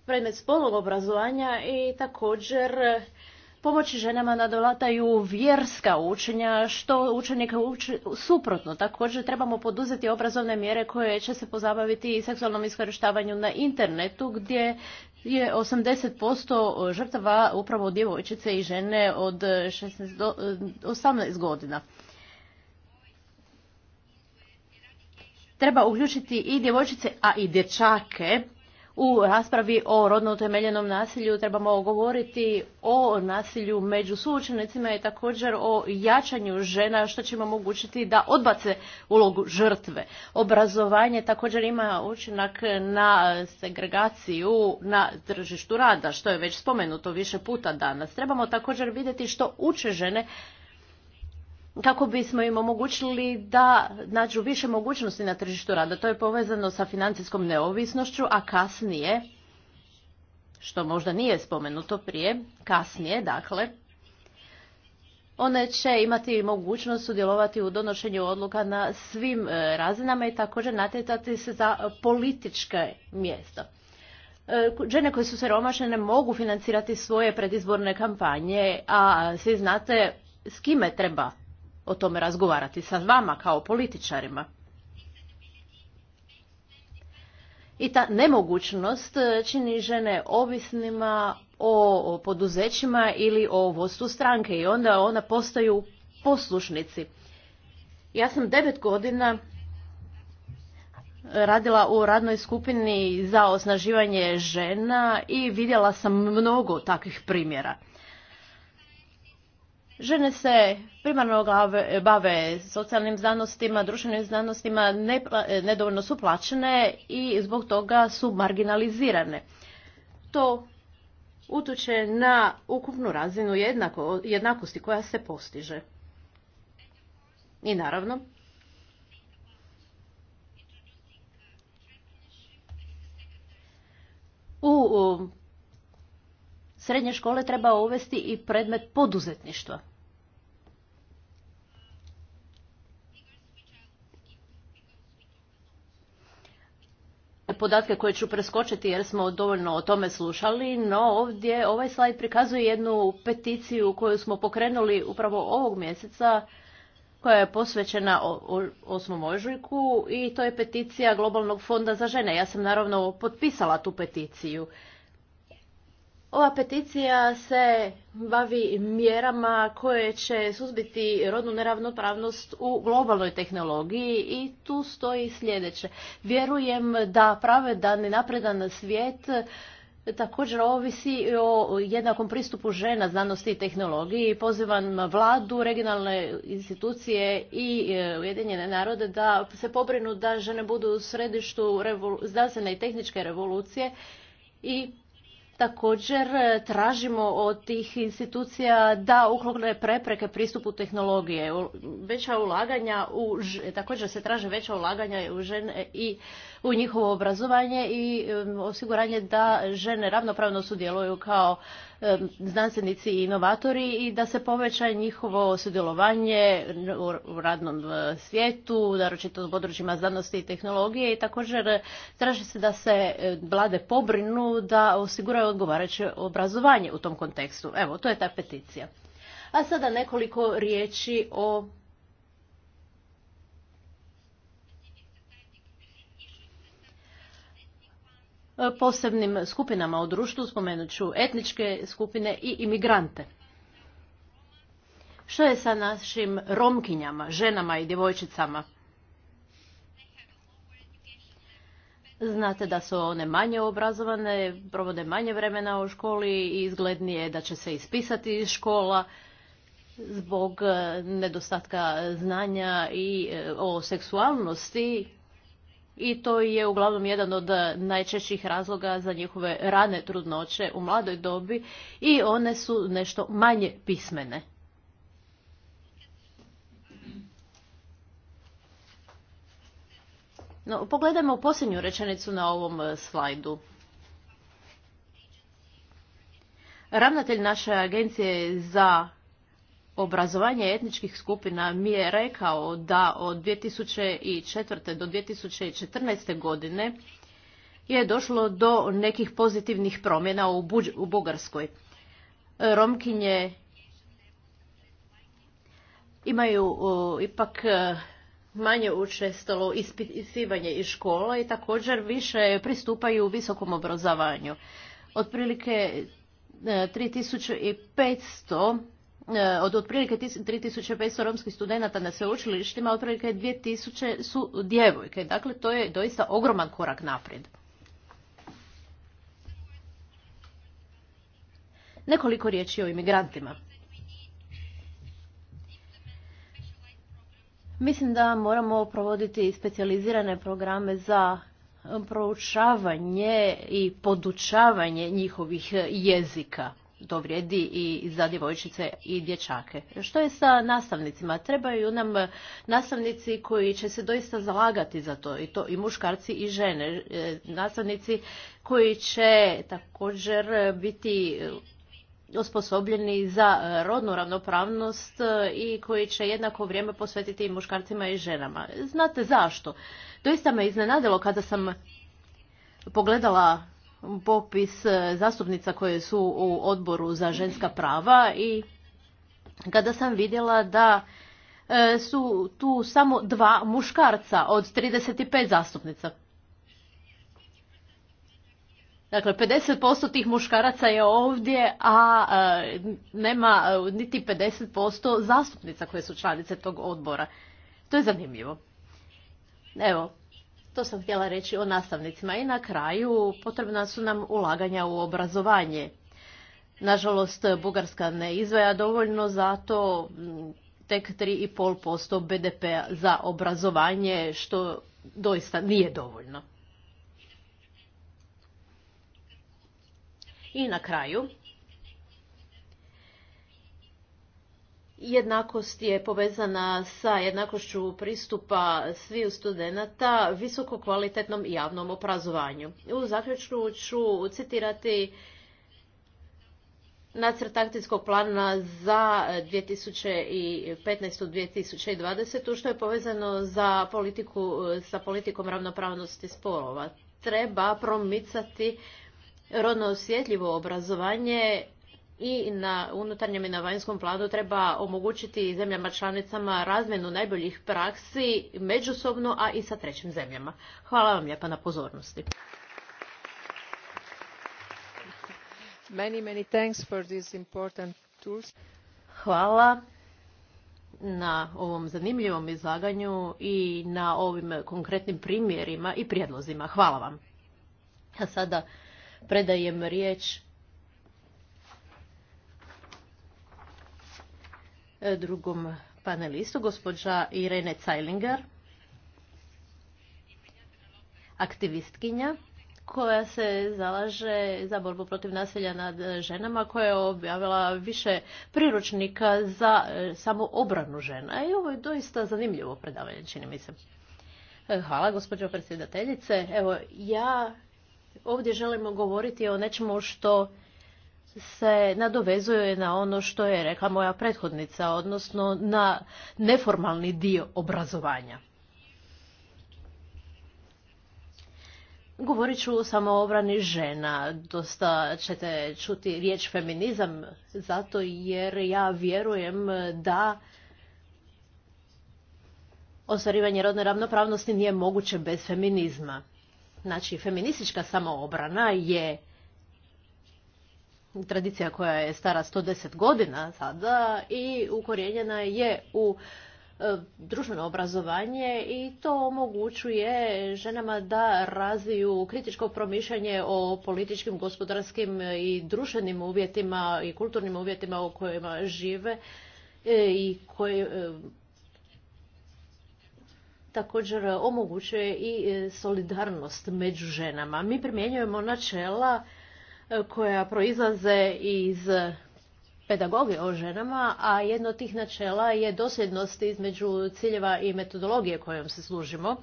predmet spolnog obrazovanja i također pomoći ženama nadolataju vjerska učenja, što učenike uči suprotno. Također trebamo poduzeti obrazovne mjere koje će se pozabaviti i seksualnom iskorištavanju na internetu gdje je 80% žrtava upravo djevojčice i žene od 16 do 18 godina. Treba uključiti i djevojčice, a i dječake u raspravi o rodno utemeljenom nasilju trebamo govoriti o nasilju među suučenicima i također o jačanju žena što će im omogućiti da odbace ulogu žrtve. Obrazovanje također ima učinak na segregaciju na tržištu rada što je već spomenuto više puta danas. Trebamo također vidjeti što uče žene kako bismo im omogućili da nađu više mogućnosti na tržištu rada. To je povezano sa financijskom neovisnošću, a kasnije, što možda nije spomenuto prije, kasnije, dakle, one će imati mogućnost sudjelovati u donošenju odluka na svim e, razinama i također natjecati se za političke mjesta. E, žene koje su siromašne mogu financirati svoje predizborne kampanje, a svi znate s kime treba o tome razgovarati sa vama kao političarima. I ta nemogućnost čini žene ovisnima o poduzećima ili o vodstvu stranke i onda ona postaju poslušnici. Ja sam devet godina radila u radnoj skupini za osnaživanje žena i vidjela sam mnogo takvih primjera. Žene se primarno bave socijalnim znanostima, društvenim znanostima, e, nedovoljno su plaćene i zbog toga su marginalizirane. To utuče na ukupnu razinu jednakosti koja se postiže. I naravno, u srednje škole treba uvesti i predmet poduzetništva. podatke koje ću preskočiti jer smo dovoljno o tome slušali, no ovdje ovaj slajd prikazuje jednu peticiju koju smo pokrenuli upravo ovog mjeseca koja je posvećena 8. ožujku i to je peticija Globalnog fonda za žene. Ja sam naravno potpisala tu peticiju. Ova peticija se bavi mjerama koje će suzbiti rodnu neravnopravnost u globalnoj tehnologiji i tu stoji sljedeće. Vjerujem da pravedan i napredan svijet također ovisi o jednakom pristupu žena znanosti i tehnologiji. Pozivam vladu, regionalne institucije i e, Ujedinjene narode da se pobrinu da žene budu u središtu znanstvene i tehničke revolucije i Također e, tražimo od tih institucija da uklone prepreke pristupu tehnologije. Veća ulaganja u, također se traže veća ulaganja u žene i u njihovo obrazovanje i osiguranje da žene ravnopravno sudjeluju kao E, znanstvenici i inovatori i da se poveća njihovo sudjelovanje u radnom e, svijetu, naročito u područjima znanosti i tehnologije i također e, traži se da se vlade pobrinu da osiguraju odgovarajuće obrazovanje u tom kontekstu. Evo, to je ta peticija. A sada nekoliko riječi o E, posebnim skupinama u društvu, spomenut ću etničke skupine i imigrante. Što je sa našim romkinjama, ženama i djevojčicama? Znate da su one manje obrazovane, provode manje vremena u školi i izglednije da će se ispisati iz škola zbog e, nedostatka znanja i e, o seksualnosti i to je uglavnom jedan od eh, najčešćih razloga za njihove rane trudnoće u mladoj dobi i one su nešto manje pismene. No, pogledajmo posljednju rečenicu na ovom eh, slajdu. Ravnatelj naše agencije za obrazovanje etničkih skupina mi je rekao da od 2004. do 2014. godine je došlo do nekih pozitivnih promjena u, Bugarskoj. Romkinje imaju ipak e, manje učestalo ispisivanje iz škola i također više pristupaju u visokom obrazovanju. Otprilike 3500 e, E, od otprilike 3500 romskih studenata na sveučilištima, otprilike 2000 su djevojke. Dakle, to je doista ogroman korak naprijed. Nekoliko riječi o imigrantima. Mislim da moramo provoditi specijalizirane programe za proučavanje i podučavanje njihovih jezika to vrijedi i za djevojčice i dječake. Što je sa nastavnicima? Trebaju nam nastavnici koji će se doista zalagati za to i to i muškarci i žene. E, nastavnici koji će također biti osposobljeni za rodnu ravnopravnost e, i koji će jednako vrijeme posvetiti i muškarcima i ženama. Znate zašto? Doista me iznenadilo kada sam pogledala popis e, zastupnica koje su u odboru za ženska prava i kada sam vidjela da e, su tu samo dva muškarca od 35 zastupnica. Dakle, 50% tih muškaraca je ovdje, a e, nema niti 50% zastupnica koje su članice tog odbora. To je zanimljivo. Evo, to sam htjela reći o nastavnicima. I na kraju potrebna su nam ulaganja u obrazovanje. Nažalost, Bugarska ne izvaja dovoljno, zato mm, tek 3,5% BDP-a za obrazovanje, što doista nije dovoljno. I na kraju, jednakost je povezana sa jednakošću pristupa sviju studenata visoko kvalitetnom javnom obrazovanju. U zaključku ću citirati nacrt akcijskog plana za 2015-2020 što je povezano za politiku, sa politikom ravnopravnosti spolova. Treba promicati rodno osjetljivo obrazovanje i na unutarnjem i na vanjskom planu treba omogućiti zemljama članicama razmjenu najboljih praksi međusobno, a i sa trećim zemljama. Hvala vam lijepa na pozornosti. Many, Hvala na ovom zanimljivom izlaganju i na ovim konkretnim primjerima i prijedlozima. Hvala vam. A sada predajem riječ drugom panelistu, gospođa Irene Zeilinger, aktivistkinja koja se zalaže za borbu protiv nasilja nad ženama, koja je objavila više priručnika za e, samo obranu žena. I ovo je doista zanimljivo predavanje, čini mi se. E, hvala, gospođo predsjedateljice. Evo, ja ovdje želim govoriti o nečemu što se nadovezuje na ono što je rekla moja prethodnica, odnosno na neformalni dio obrazovanja. Govorit ću samo o obrani žena. Dosta ćete čuti riječ feminizam zato jer ja vjerujem da osvarivanje rodne ravnopravnosti nije moguće bez feminizma. Znači, feministička samoobrana je tradicija koja je stara 110 godina sada i ukorijenjena je u e, društveno obrazovanje i to omogućuje ženama da razviju kritičko promišljanje o političkim, gospodarskim i društvenim uvjetima i kulturnim uvjetima u kojima žive e, i koje e, također omogućuje i solidarnost među ženama. Mi primjenjujemo načela E, koja proizlaze iz pedagogije o ženama, a jedno od tih načela je dosljednost između ciljeva i metodologije kojom se služimo.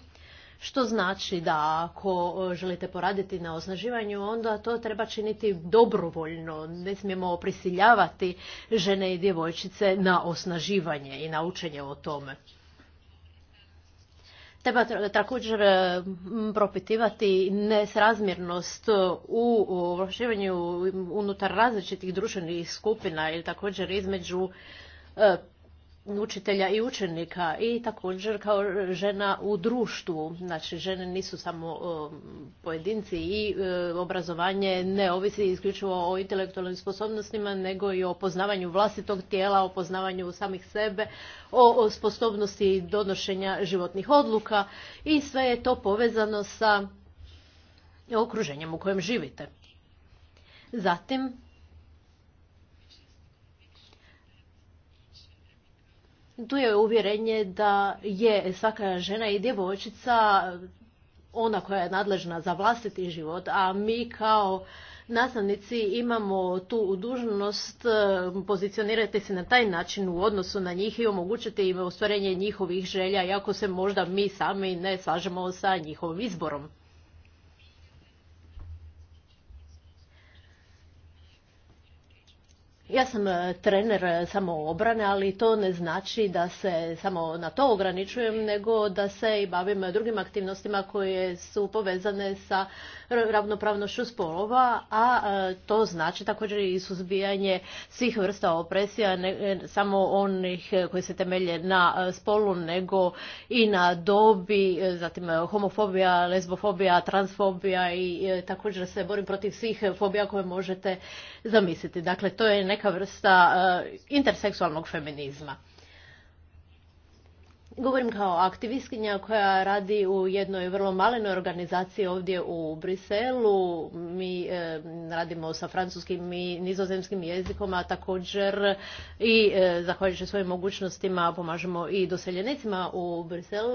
Što znači da ako želite poraditi na osnaživanju, onda to treba činiti dobrovoljno. Ne smijemo prisiljavati žene i djevojčice na osnaživanje i na učenje o tome. Treba također e, propitivati nesrazmjernost u ovlašivanju unutar različitih društvenih skupina ili također između e, učitelja i učenika i također kao žena u društvu. Znači žene nisu samo pojedinci i e, obrazovanje ne ovisi isključivo o intelektualnim sposobnostima nego i o poznavanju vlastitog tijela, o poznavanju samih sebe, o sposobnosti donošenja životnih odluka i sve je to povezano sa okruženjem u kojem živite. Zatim, tu je uvjerenje da je svaka žena i djevojčica ona koja je nadležna za vlastiti život, a mi kao nastavnici imamo tu dužnost e, pozicionirati se na taj način u odnosu na njih i omogućiti im ostvarenje njihovih želja, iako se možda mi sami ne slažemo sa njihovim izborom. Ja sam e, trener e, samo obrane, ali to ne znači da se samo na to ograničujem, nego da se i bavim drugim aktivnostima koje su povezane sa ravnopravnošću spolova, a e, to znači također i suzbijanje svih vrsta opresija, ne e, samo onih e, koji se temelje na spolu, nego i na dobi, zatim homofobija, lesbofobija, transfobija i također se borim protiv svih fobija koje možete zamisliti. Dakle, to je neka vrsta interseksualnog feminizma. Govorim kao aktivistkinja koja radi u jednoj vrlo malenoj organizaciji ovdje u Briselu. Mi e, radimo sa francuskim i nizozemskim jezikom, a također i e, zahvaljujući svojim mogućnostima pomažemo i doseljenicima u Brisel.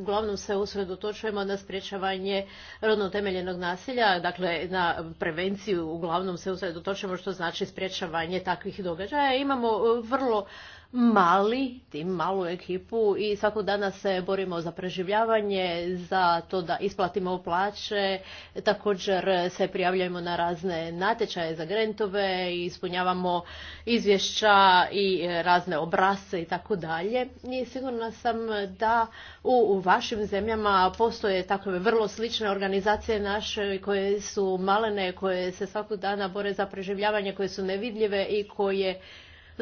Uglavnom se usredotočujemo na spriječavanje rodno temeljenog nasilja, dakle na prevenciju uglavnom se usredotočujemo što znači spriječavanje takvih događaja. Imamo vrlo mali, tim malu ekipu i svakog dana se borimo za preživljavanje, za to da isplatimo plaće, također se prijavljujemo na razne natječaje za grentove ispunjavamo izvješća i razne obrase i tako dalje. I sigurna sam da u vašim zemljama postoje takve vrlo slične organizacije naše koje su malene, koje se svakog dana bore za preživljavanje, koje su nevidljive i koje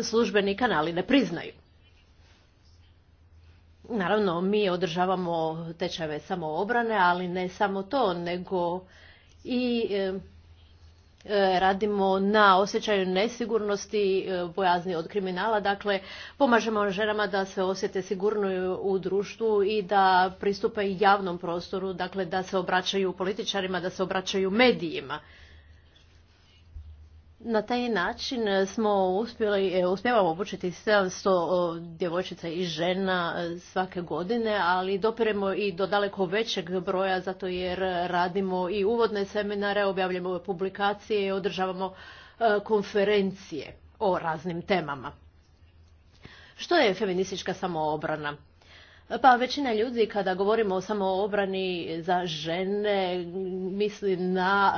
službeni kanali ne priznaju. Naravno, mi održavamo tečajeve samoobrane, ali ne samo to, nego i e, e, radimo na osjećaju nesigurnosti, e, bojazni od kriminala. Dakle, pomažemo ženama da se osjete sigurno u društvu i da pristupe javnom prostoru, dakle da se obraćaju političarima, da se obraćaju medijima. Na taj način e, smo uspjeli, e, uspjevamo obučiti 700 djevojčica i žena e, svake godine, ali dopiremo i do daleko većeg broja zato jer radimo i uvodne seminare, objavljamo publikacije i održavamo konferencije o raznim temama. Što je feministička samoobrana? Pa većina ljudi kada govorimo o samoobrani za žene misli na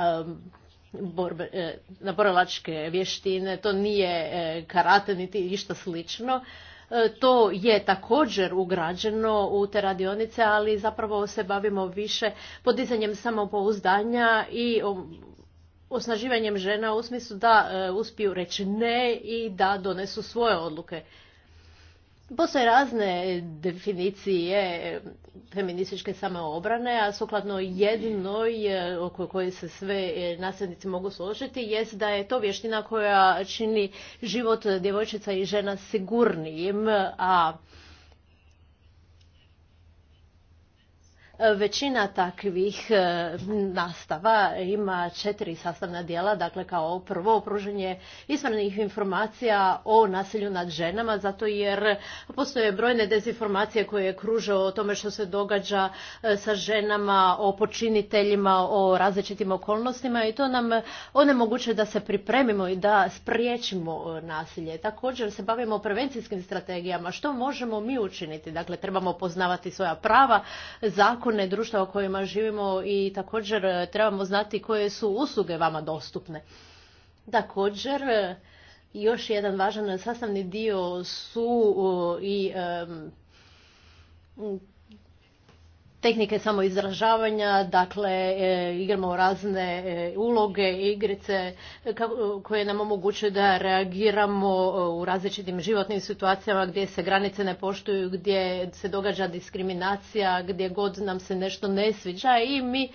E, na borilačke vještine, to nije e, karate niti ništa slično. E, to je također ugrađeno u te radionice, ali zapravo se bavimo više podizanjem samopouzdanja i osnaživanjem žena u smislu da uspiju reći ne i da donesu svoje odluke. Postoje razne definicije feminističke samoobrane, a sukladno jedinoj e, oko koje se sve e, nasljednici mogu složiti jest da je to vještina koja čini život djevojčica i žena sigurnijim, a Većina takvih e, nastava ima četiri sastavna dijela, dakle kao prvo opruženje ispravnih informacija o nasilju nad ženama, zato jer postoje brojne dezinformacije koje kruže o tome što se događa e, sa ženama, o počiniteljima, o različitim okolnostima i to nam onemogućuje da se pripremimo i da spriječimo e, nasilje. Također se bavimo prevencijskim strategijama, što možemo mi učiniti, dakle trebamo poznavati svoja prava, zakon, zakone društva u kojima živimo i također e, trebamo znati koje su usluge vama dostupne. Također, e, još jedan važan sastavni dio su i tehnike samoizražavanja, dakle e, igramo razne e, uloge, igrice e, koje nam omogućuju da reagiramo u različitim životnim situacijama gdje se granice ne poštuju, gdje se događa diskriminacija, gdje god nam se nešto ne sviđa i mi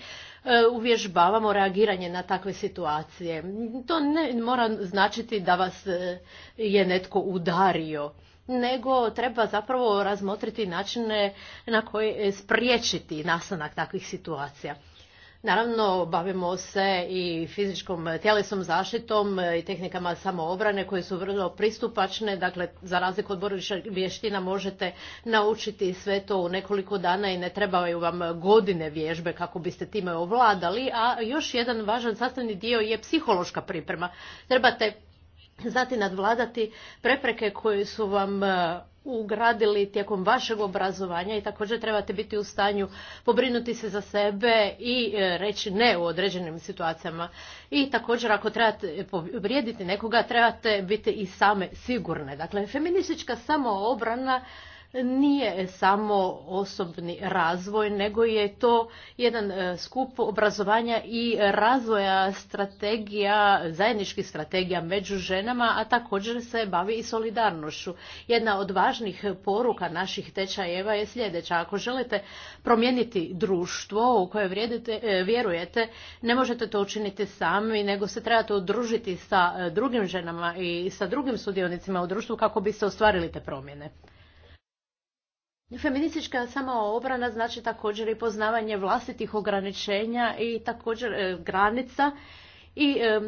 uvježbavamo reagiranje na takve situacije. To ne mora značiti da vas je netko udario nego treba zapravo razmotriti načine na koje spriječiti nastanak takvih situacija. Naravno, bavimo se i fizičkom tjelesnom zaštitom e, i tehnikama samoobrane koje su vrlo pristupačne. Dakle, za razliku od boravišta vještina možete naučiti sve to u nekoliko dana i ne trebaju vam godine vježbe kako biste time ovladali. A još jedan važan sastavni dio je psihološka priprema. Trebate znati nadvladati prepreke koje su vam e, ugradili tijekom vašeg obrazovanja i također trebate biti u stanju pobrinuti se za sebe i e, reći ne u određenim situacijama. I također ako trebate povrijediti nekoga, trebate biti i same sigurne. Dakle, feministička samoobrana nije samo osobni razvoj, nego je to jedan e, skup obrazovanja i razvoja strategija, zajedničkih strategija među ženama, a također se bavi i solidarnošću. Jedna od važnih poruka naših tečajeva je sljedeća. Ako želite promijeniti društvo u koje vrijedite, e, vjerujete, ne možete to učiniti sami, nego se trebate udružiti sa e, drugim ženama i sa drugim sudionicima u društvu kako biste ostvarili te promjene. Feministička samoobrana znači također i poznavanje vlastitih ograničenja i također e, granica i e,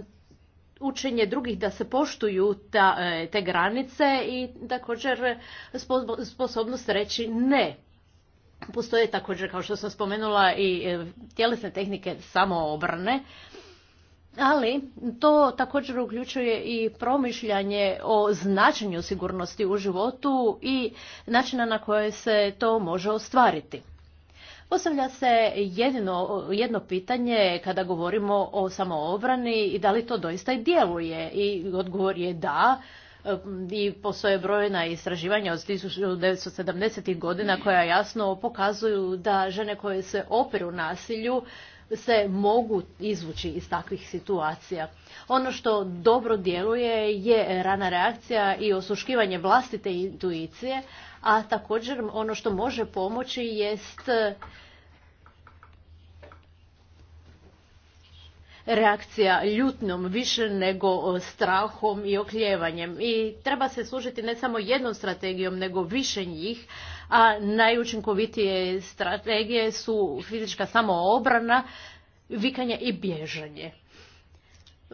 učenje drugih da se poštuju e, te granice i također sposobnost reći ne. Postoje također, kao što sam spomenula, i tjelesne tehnike samoobrane ali to također uključuje i promišljanje o značenju sigurnosti u životu i načina na koje se to može ostvariti. Postavlja se jedino, jedno pitanje kada govorimo o samoobrani i da li to doista i djeluje i odgovor je da i postoje brojna istraživanja od 1970. godina koja jasno pokazuju da žene koje se opiru nasilju se mogu izvući iz takvih situacija. Ono što dobro djeluje je rana reakcija i osuškivanje vlastite intuicije, a također ono što može pomoći jest e, reakcija ljutnom više nego e, strahom i okljevanjem. I treba se služiti ne samo jednom strategijom, nego više njih, a najučinkovitije strategije su fizička samoobrana, vikanje i bježanje.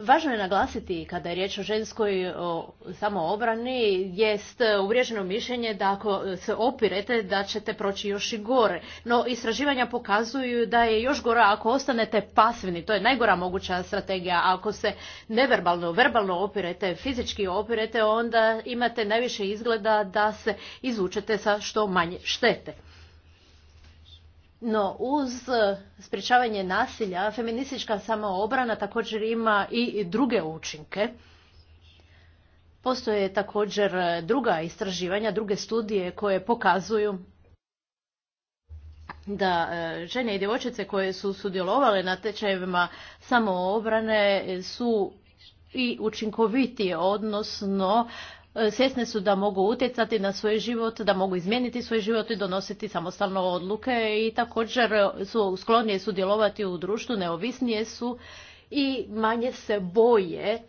Važno je naglasiti kada je riječ o ženskoj samoobrani jest e, uvriježeno mišljenje da ako se opirete da ćete proći još i gore. No istraživanja pokazuju da je još gora ako ostanete pasivni. To je najgora moguća strategija. ako se neverbalno, verbalno opirete, fizički opirete, onda imate najviše izgleda da se izvučete sa što manje štete. No, uz e, sprječavanje nasilja, feministička samoobrana također ima i druge učinke. Postoje također e, druga istraživanja, druge studije koje pokazuju da e, žene i djevojčice koje su sudjelovale na tečajevima samoobrane su i učinkovitije, odnosno E, svjesne su da mogu utjecati na svoj život, da mogu izmijeniti svoj život i donositi samostalno odluke i također su sklonije sudjelovati u društvu, neovisnije su i manje se boje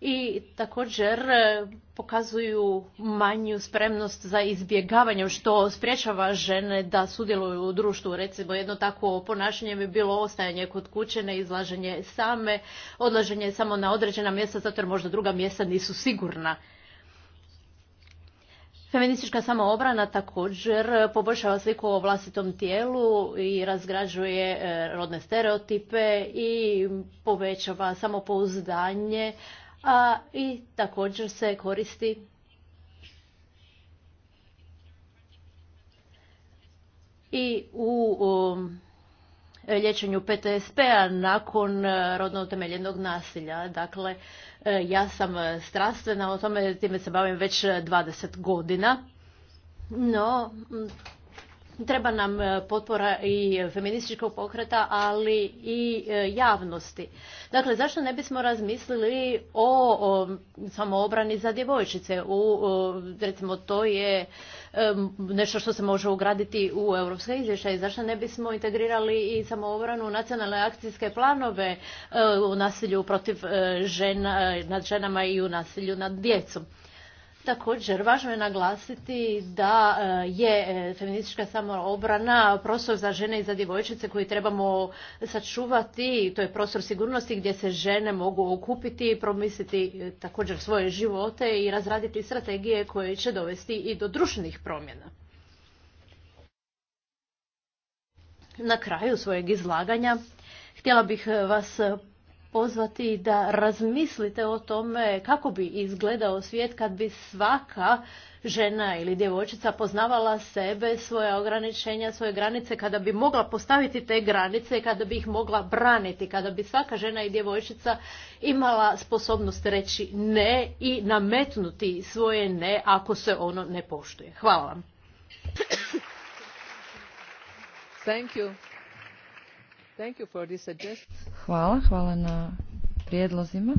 i također e, pokazuju manju spremnost za izbjegavanje što sprječava žene da sudjeluju u društvu. Recimo jedno takvo ponašanje bi bilo ostajanje kod kuće, ne izlaženje same, odlaženje samo na određena mjesta zato jer možda druga mjesta nisu sigurna. Feministička samoobrana također poboljšava sliku o vlastitom tijelu i razgrađuje e, rodne stereotipe i povećava samopouzdanje a i također se koristi i u liječenju PTSP-a nakon e, rodno utemeljenog nasilja. Dakle, E, ja sam e, strastvena o tome, time se bavim već 20 e, godina. No, Treba nam e, potpora i feminističkog pokreta, ali i e, javnosti. Dakle, zašto ne bismo razmislili o, samoobrani za djevojčice? U, e, recimo, to je nešto što se može ugraditi u europske izvještaje. Zašto ne bismo integrirali i samoobranu u nacionalne akcijske planove u nasilju protiv žena, nad ženama i u nasilju nad djecom? Također, važno je naglasiti da e, je e, feministička samoobrana prostor za žene i za djevojčice koji trebamo sačuvati. To je prostor sigurnosti gdje se žene mogu okupiti, i promisliti e, također svoje živote i razraditi strategije koje će dovesti i do društvenih promjena. Na kraju svojeg izlaganja htjela bih vas pozvati da razmislite o tome kako bi izgledao svijet kad bi svaka žena ili djevojčica poznavala sebe, svoje ograničenja, svoje granice, kada bi mogla postaviti te granice kada bi ih mogla braniti, kada bi svaka žena i djevojčica imala sposobnost reći ne i nametnuti svoje ne ako se ono ne poštuje. Hvala vam. Thank you. Hvala, hvala na prijedlozima.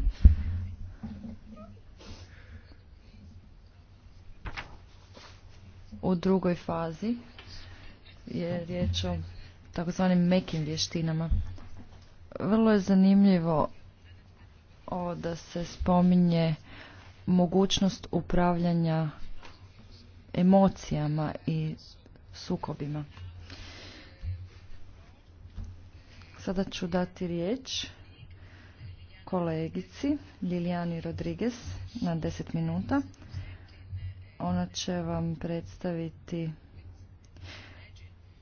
U drugoj fazi je riječ o takozvanim mekim vještinama. Vrlo je zanimljivo ovo da se spominje mogućnost upravljanja emocijama i sukobima. Sada ću dati riječ kolegici Lilijani Rodriguez na 10 minuta. Ona će vam predstaviti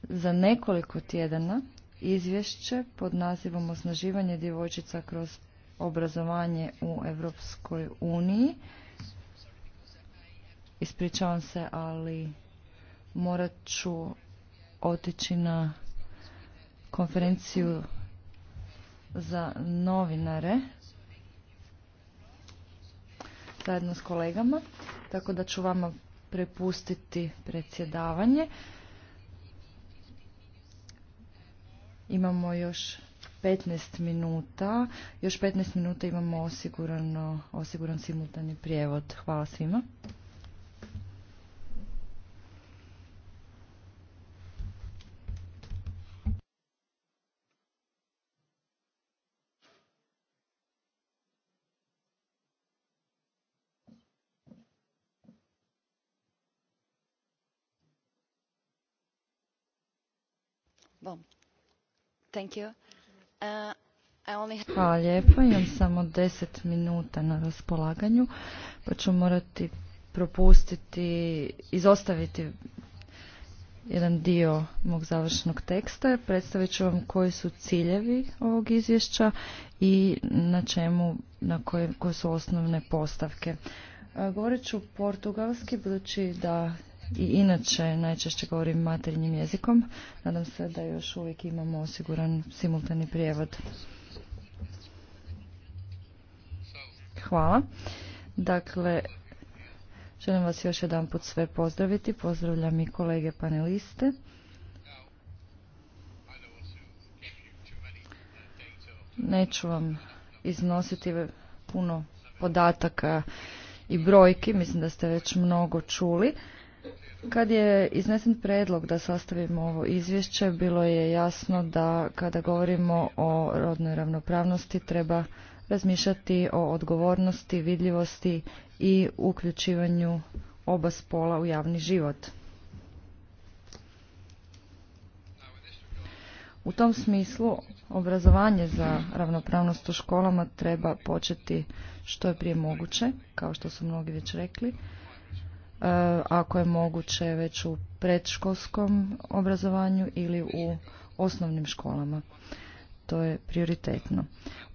za nekoliko tjedana izvješće pod nazivom Osnaživanje djevojčica kroz obrazovanje u Europskoj uniji. Ispričavam se, ali morat ću otići na konferenciju za novinare zajedno s kolegama, tako da ću vama prepustiti predsjedavanje. Imamo još 15 minuta. Još 15 minuta imamo osiguran simultani prijevod. Hvala svima. Uh, Hvala lijepo, imam samo deset minuta na raspolaganju, pa ću morati propustiti, izostaviti jedan dio mog završnog teksta. Predstavit ću vam koji su ciljevi ovog izvješća i na čemu, na koje, koje su osnovne postavke. Uh, govorit ću portugalski, budući da i inače najčešće govorim materinjim jezikom. Nadam se da još uvijek imamo osiguran simultani prijevod. Hvala. Dakle, želim vas još jedan put sve pozdraviti. Pozdravljam i kolege paneliste. Neću vam iznositi puno podataka i brojki, mislim da ste već mnogo čuli. Kad je iznesen predlog da sastavimo ovo izvješće, bilo je jasno da kada govorimo o rodnoj ravnopravnosti treba razmišljati o odgovornosti, vidljivosti i uključivanju oba spola u javni život. U tom smislu obrazovanje za ravnopravnost u školama treba početi što je prije moguće, kao što su mnogi već rekli. E, ako je moguće već u predškolskom obrazovanju ili u osnovnim školama. To je prioritetno.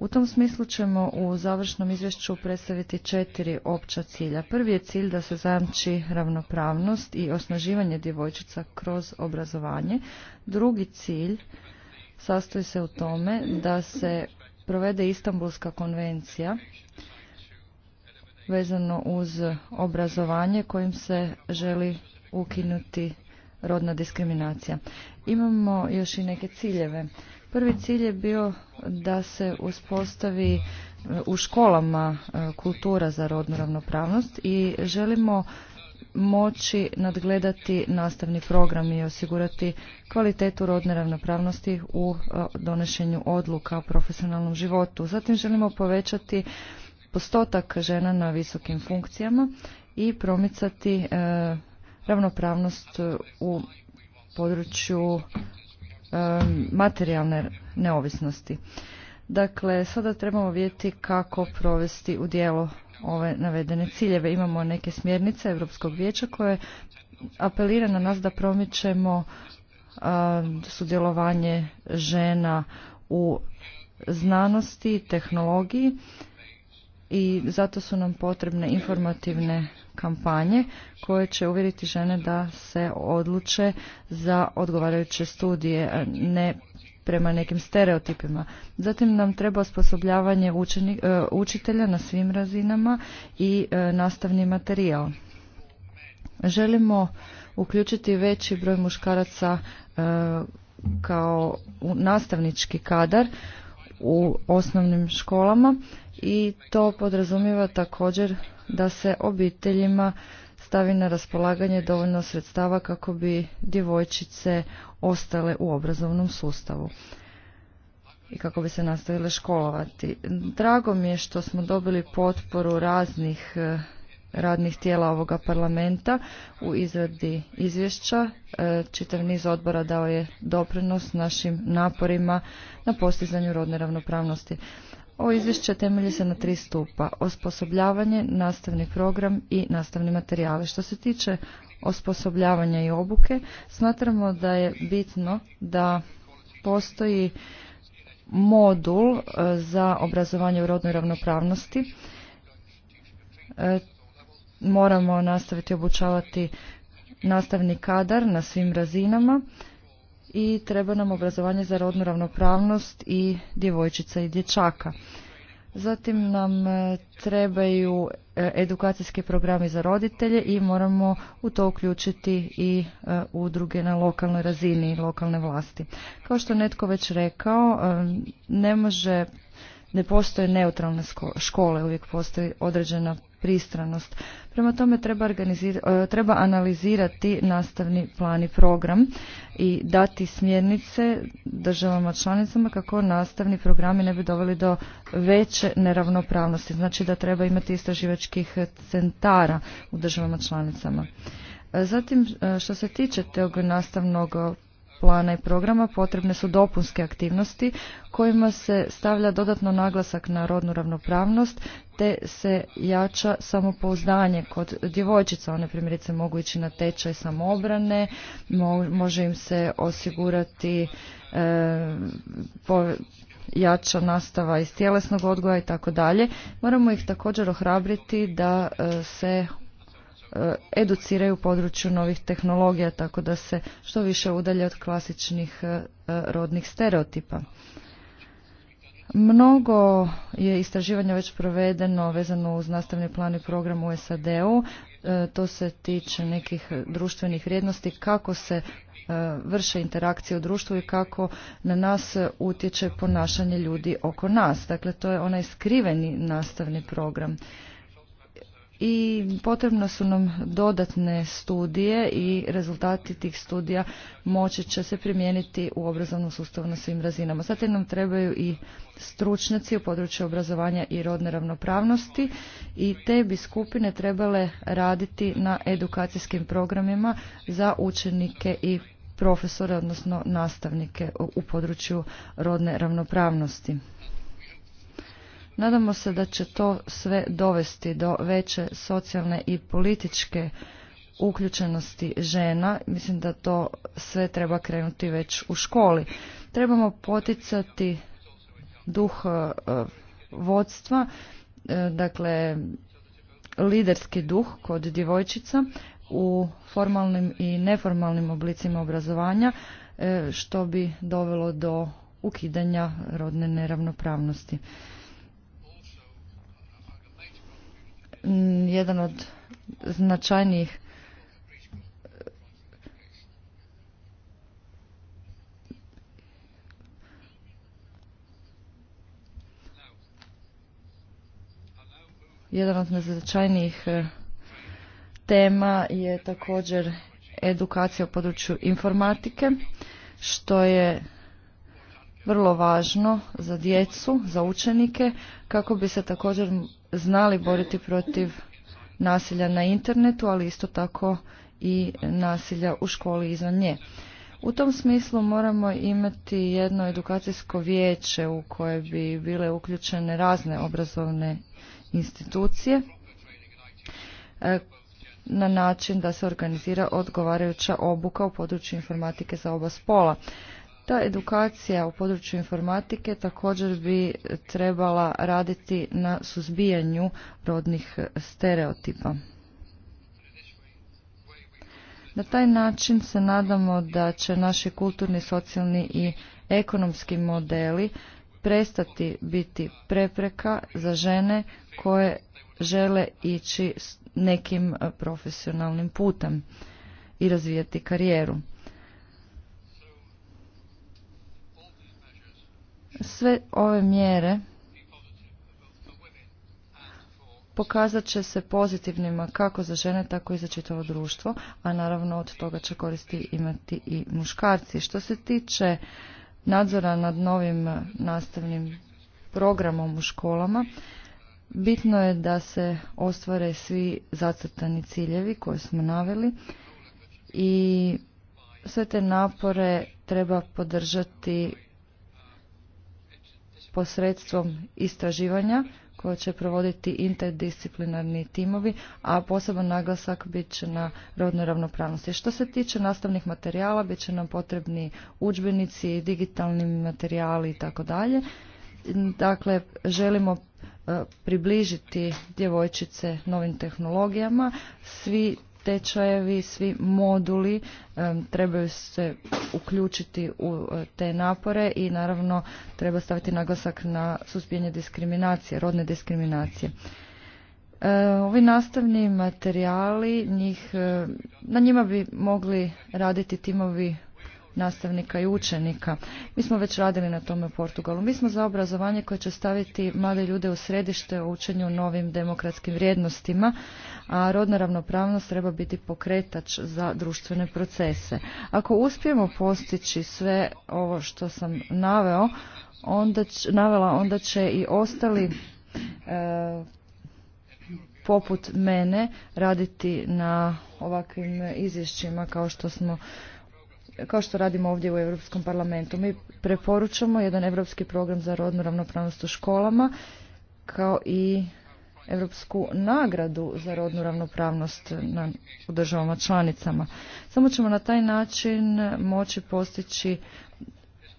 U tom smislu ćemo u završnom izvješću predstaviti četiri opća cilja. Prvi je cilj da se zamči ravnopravnost i osnaživanje djevojčica kroz obrazovanje. Drugi cilj sastoji se u tome da se provede Istanbulska konvencija vezano uz obrazovanje kojim se želi ukinuti rodna diskriminacija. Imamo još i neke ciljeve. Prvi cilj je bio da se uspostavi e, u školama e, kultura za rodnu ravnopravnost i želimo moći nadgledati nastavni program i osigurati kvalitetu rodne ravnopravnosti u e, donošenju odluka o profesionalnom životu. Zatim želimo povećati postotak žena na visokim funkcijama i promicati e, ravnopravnost u području e, materijalne neovisnosti. Dakle, sada trebamo vidjeti kako provesti u dijelo ove navedene ciljeve. Imamo neke smjernice Europskog vijeća koje apelira na nas da promičemo e, sudjelovanje žena u znanosti i tehnologiji i zato su nam potrebne informativne kampanje koje će uvjeriti žene da se odluče za odgovarajuće studije, ne prema nekim stereotipima. Zatim nam treba osposobljavanje e, učitelja na svim razinama i e, nastavni materijal. Želimo uključiti veći broj muškaraca e, kao nastavnički kadar u osnovnim školama i to podrazumijeva također da se obiteljima stavi na raspolaganje dovoljno sredstava kako bi djevojčice ostale u obrazovnom sustavu i kako bi se nastavile školovati. Drago mi je što smo dobili potporu raznih eh, radnih tijela ovoga parlamenta u izradi izvješća. Eh, čitav niz odbora dao je doprinos našim naporima na postizanju rodne ravnopravnosti. Ovo izvješće temelji se na tri stupa, osposobljavanje, nastavni program i nastavni materijali. Što se tiče osposobljavanja i obuke, smatramo da je bitno da postoji modul e, za obrazovanje u rodnoj ravnopravnosti. E, moramo nastaviti obučavati nastavni kadar na svim razinama i treba nam obrazovanje za rodnu ravnopravnost i djevojčica i dječaka. Zatim nam e, trebaju e, edukacijski programi za roditelje i moramo u to uključiti i e, udruge na lokalnoj razini i lokalne vlasti. Kao što netko već rekao, ne može, ne postoje neutralne škole, uvijek postoji određena pristranost. Prema tome treba, e, treba analizirati nastavni plan i program i dati smjernice državama članicama kako nastavni programi ne bi doveli do veće neravnopravnosti. Znači da treba imati istraživačkih centara u državama članicama. E, zatim, e, što se tiče tog nastavnog plana i programa potrebne su dopunske aktivnosti kojima se stavlja dodatno naglasak na rodnu ravnopravnost te se jača samopouzdanje kod djevojčica. One primjerice mogu ići na tečaj samobrane, može im se osigurati e, jača nastava iz tjelesnog odgoja i tako dalje. Moramo ih također ohrabriti da e, se Eh, educiraju u području novih tehnologija tako da se što više udalje od klasičnih eh, eh, rodnih stereotipa. Mnogo je istraživanja već provedeno vezano uz nastavni plan i program u SAD-u. To se tiče nekih društvenih vrijednosti, kako se vrše interakcije u društvu i kako na nas utječe ponašanje ljudi oko nas. Dakle, to je onaj skriveni nastavni program i potrebno su nam dodatne studije i rezultati tih studija moći će se primijeniti u obrazovnom sustavu na svim razinama. Zatim nam trebaju i stručnjaci u području obrazovanja i rodne ravnopravnosti i te bi skupine trebale raditi na edukacijskim programima za učenike i profesore, odnosno nastavnike u području rodne ravnopravnosti. Nadamo se da će to sve dovesti do veće socijalne i političke uključenosti žena. Mislim da to sve treba krenuti već u školi. Trebamo poticati duh e, vodstva, e, dakle liderski duh kod djevojčica u formalnim i neformalnim oblicima obrazovanja e, što bi dovelo do ukidanja rodne neravnopravnosti. jedan od značajnijih jedan od značajnijih e, tema je također edukacija u području informatike, što je vrlo važno za djecu, za učenike, kako bi se također znali boriti protiv nasilja na internetu, ali isto tako i nasilja u školi izvan nje. U tom smislu moramo imati jedno edukacijsko vijeće u koje bi bile uključene razne obrazovne institucije e, na način da se organizira odgovarajuća obuka u području informatike za oba spola. Ta edukacija u području informatike također bi trebala raditi na suzbijanju rodnih stereotipa. Na taj način se nadamo da će naši kulturni, socijalni i ekonomski modeli prestati biti prepreka za žene koje žele ići nekim profesionalnim putem i razvijati karijeru. Sve ove mjere pokazat će se pozitivnima kako za žene, tako i za čitavo društvo, a naravno od toga će koristi imati i muškarci. Što se tiče nadzora nad novim nastavnim programom u školama, bitno je da se ostvare svi zacrtani ciljevi koje smo naveli i sve te napore treba podržati posredstvom istraživanja koje će provoditi interdisciplinarni timovi, a poseban naglasak bit će na rodnoj ravnopravnosti. Što se tiče nastavnih materijala, bit će nam potrebni udžbenici, digitalni materijali i tako dalje. Dakle, želimo e, približiti djevojčice novim tehnologijama. Svi tečajevi, svi moduli trebaju se uključiti u e, te napore i naravno treba staviti naglasak na suzbijanje diskriminacije, rodne diskriminacije. E, ovi nastavni materijali, njih, e, na njima bi mogli raditi timovi nastavnika i učenika. Mi smo već radili na tome u Portugalu. Mi smo za obrazovanje koje će staviti mlade ljude u središte u učenju novim demokratskim vrijednostima, a rodna ravnopravnost treba biti pokretač za društvene procese. Ako uspijemo postići sve ovo što sam naveo, onda će, navela, onda će i ostali e, poput mene raditi na ovakvim izvješćima kao što smo kao što radimo ovdje u Europskom parlamentu. Mi preporučamo jedan europski program za rodnu ravnopravnost u školama kao i europsku nagradu za rodnu ravnopravnost na, u državama članicama. Samo ćemo na taj način moći postići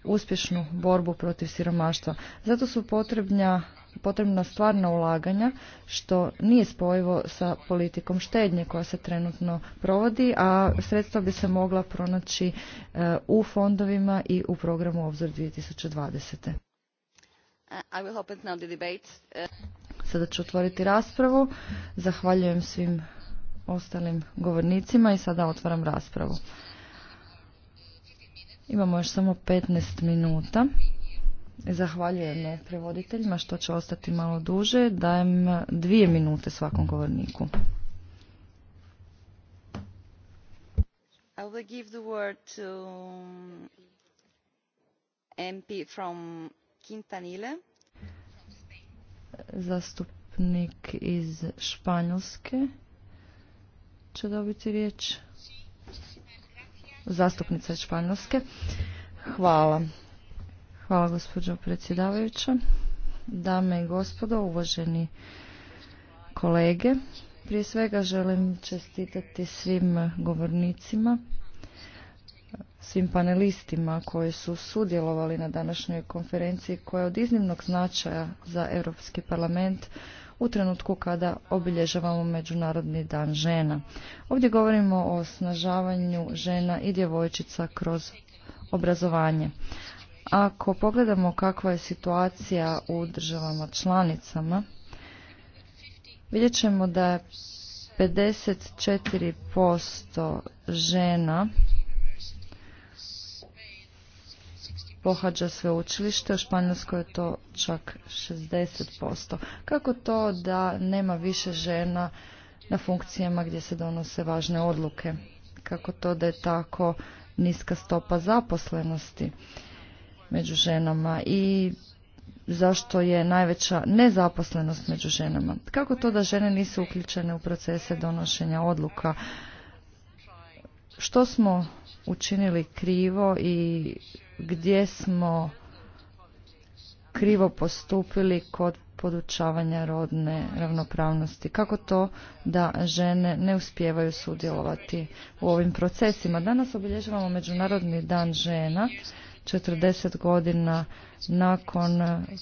uspješnu borbu protiv siromaštva. Zato su potrebna potrebna stvarna ulaganja što nije spojivo sa politikom štednje koja se trenutno provodi, a sredstva bi se mogla pronaći e, u fondovima i u programu Obzor 2020. Uh, I will now the debate. Uh, sada ću otvoriti raspravu. Zahvaljujem svim ostalim govornicima i sada otvaram raspravu. Imamo još samo 15 minuta. Zahvaljujem prevoditeljima što će ostati malo duže. Dajem dvije minute svakom govorniku. I give the word to MP um, from Quintanile. Zastupnik iz Španjolske će dobiti riječ. Zastupnica iz Španjolske. Hvala. Hvala gospođo predsjedavajuća. Dame i gospodo, uvaženi kolege, prije svega želim čestitati svim govornicima, svim panelistima koji su sudjelovali na današnjoj konferenciji koja je od iznimnog značaja za Europski parlament u trenutku kada obilježavamo Međunarodni dan žena. Ovdje govorimo o snažavanju žena i djevojčica kroz obrazovanje. Ako pogledamo kakva je situacija u državama članicama, vidjet ćemo da je 54% žena pohađa sveučilište, u Španjolskoj je to čak 60%. Kako to da nema više žena na funkcijama gdje se donose važne odluke? Kako to da je tako niska stopa zaposlenosti? među ženama i zašto je najveća nezaposlenost među ženama. Kako to da žene nisu uključene u procese donošenja odluka? Što smo učinili krivo i gdje smo krivo postupili kod podučavanja rodne ravnopravnosti. Kako to da žene ne uspijevaju sudjelovati u ovim procesima? Danas obilježavamo Međunarodni dan žena 40 godina nakon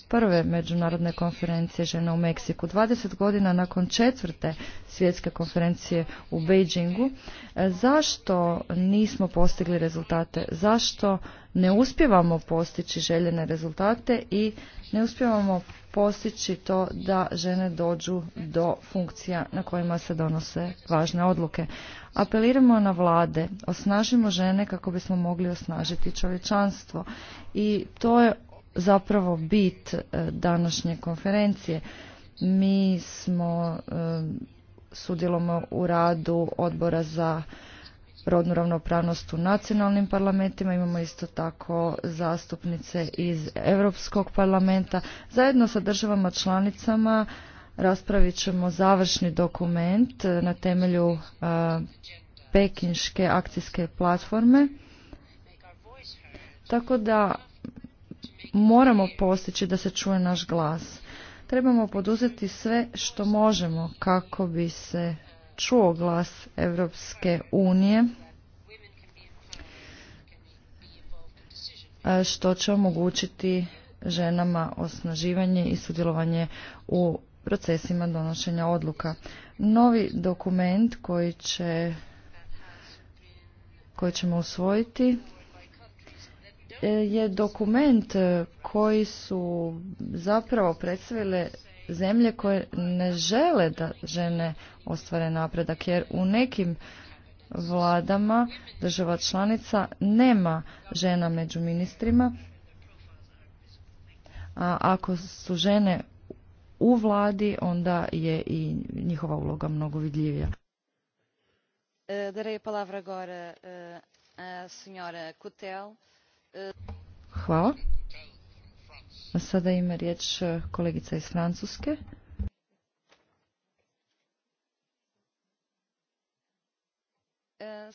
prve međunarodne konferencije žena u Meksiku, 20 godina nakon četvrte svjetske konferencije u Beijingu. Zašto nismo postigli rezultate? Zašto ne uspjevamo postići željene rezultate i ne uspjevamo postići to da žene dođu do funkcija na kojima se donose važne odluke. Apeliramo na vlade, osnažimo žene kako bismo mogli osnažiti čovječanstvo i to je zapravo bit e, današnje konferencije. Mi smo e, sudjelujemo u radu odbora za rodnu ravnopravnost u nacionalnim parlamentima, imamo isto tako zastupnice iz Europskog parlamenta. Zajedno sa državama članicama raspravit ćemo završni dokument na temelju e, pekinške akcijske platforme. Tako da moramo postići da se čuje naš glas. Trebamo poduzeti sve što možemo kako bi se čuo glas Europske unije što će omogućiti ženama osnaživanje i sudjelovanje u procesima donošenja odluka. Novi dokument koji će koji ćemo usvojiti e, je dokument e, koji su zapravo predstavile zemlje koje ne žele da žene ostvare napredak jer u nekim vladama država članica nema žena među ministrima a ako su žene u vladi onda je i njihova uloga mnogo vidljivija. E, e, e, Hvala. Sada ima riječ e, kolegica iz Francuske.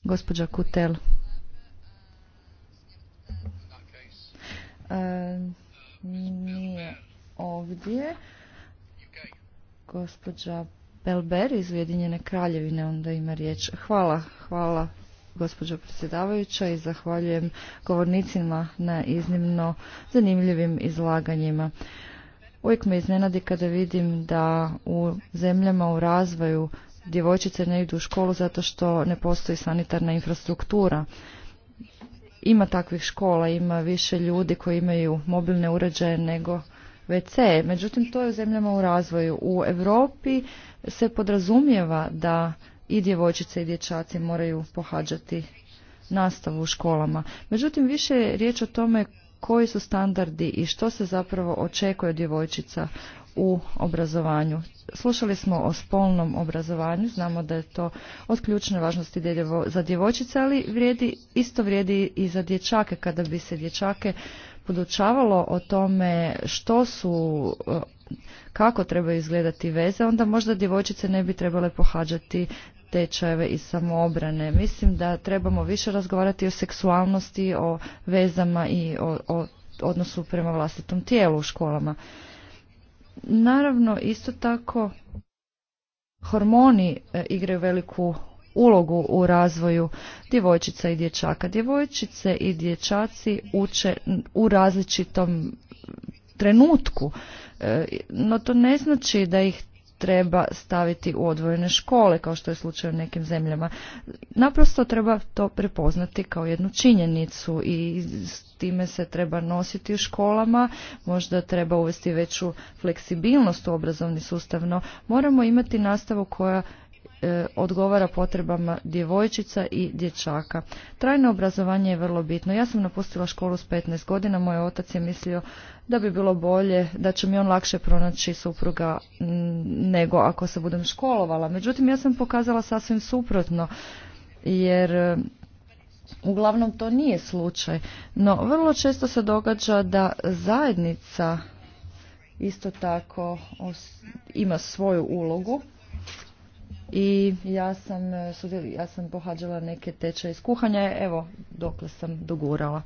Gospođa Kutel. E, nije ovdje. Gospođa Belber iz Ujedinjene kraljevine onda ima riječ. Hvala, hvala gospođo predsjedavajuća i zahvaljujem govornicima na iznimno zanimljivim izlaganjima. Uvijek me iznenadi kada vidim da u zemljama u razvoju djevojčice ne idu u školu zato što ne postoji sanitarna infrastruktura. Ima takvih škola, ima više ljudi koji imaju mobilne uređaje nego WC. Međutim, to je u zemljama u razvoju. U Europi se podrazumijeva da i djevojčice i dječaci moraju pohađati nastavu u školama. Međutim, više je riječ o tome koji su standardi i što se zapravo očekuje od djevojčica u obrazovanju. Slušali smo o spolnom obrazovanju, znamo da je to od ključne važnosti za djevojčice, ali vrijedi, isto vrijedi i za dječake kada bi se dječake podučavalo o tome što su e, kako treba izgledati veze, onda možda djevojčice ne bi trebale pohađati tečajeve i samoobrane. Mislim da trebamo više razgovarati o seksualnosti, o vezama i o, o odnosu prema vlastitom tijelu u školama. Naravno, isto tako, hormoni e, igraju veliku ulogu u razvoju djevojčica i dječaka. Djevojčice i dječaci uče u različitom trenutku, e, no to ne znači da ih treba staviti u odvojene škole, kao što je slučaj u nekim zemljama. Naprosto treba to prepoznati kao jednu činjenicu i s time se treba nositi u školama, možda treba uvesti veću fleksibilnost u obrazovni sustav, no moramo imati nastavu koja E, odgovara potrebama djevojčica i dječaka. Trajno obrazovanje je vrlo bitno. Ja sam napustila školu s 15 godina, moj otac je mislio da bi bilo bolje, da će mi on lakše pronaći supruga nego ako se budem školovala. Međutim, ja sam pokazala sasvim suprotno, jer e, uglavnom to nije slučaj. No, vrlo često se događa da zajednica isto tako ima svoju ulogu i ja sam, e, ja sam pohađala neke tečaje iz kuhanja, evo dokle sam dogurala.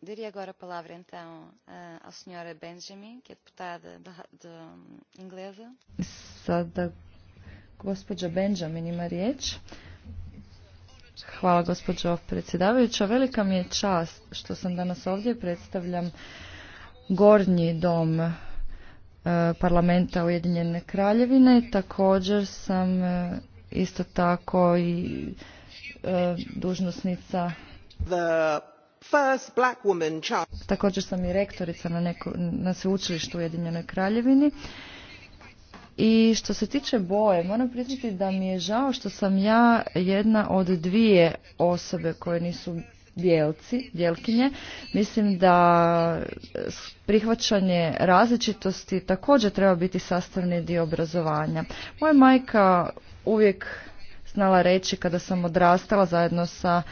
Diria agora a palavra então à senhora Benjamin, que é deputada da, inglesa. Sada gospođa Benjamin ima riječ. Hvala gospođo predsjedavajuća. Velika mi je čast što sam danas ovdje predstavljam gornji dom E, parlamenta Ujedinjene kraljevine. Također sam e, isto tako i e, dužnosnica također sam i rektorica na, neko, na sveučilištu Ujedinjenoj kraljevini. I što se tiče boje, moram priznati da mi je žao što sam ja jedna od dvije osobe koje nisu djelci, djelkinje. Mislim da prihvaćanje različitosti također treba biti sastavni dio obrazovanja. Moja majka uvijek znala reći kada sam odrastala zajedno sa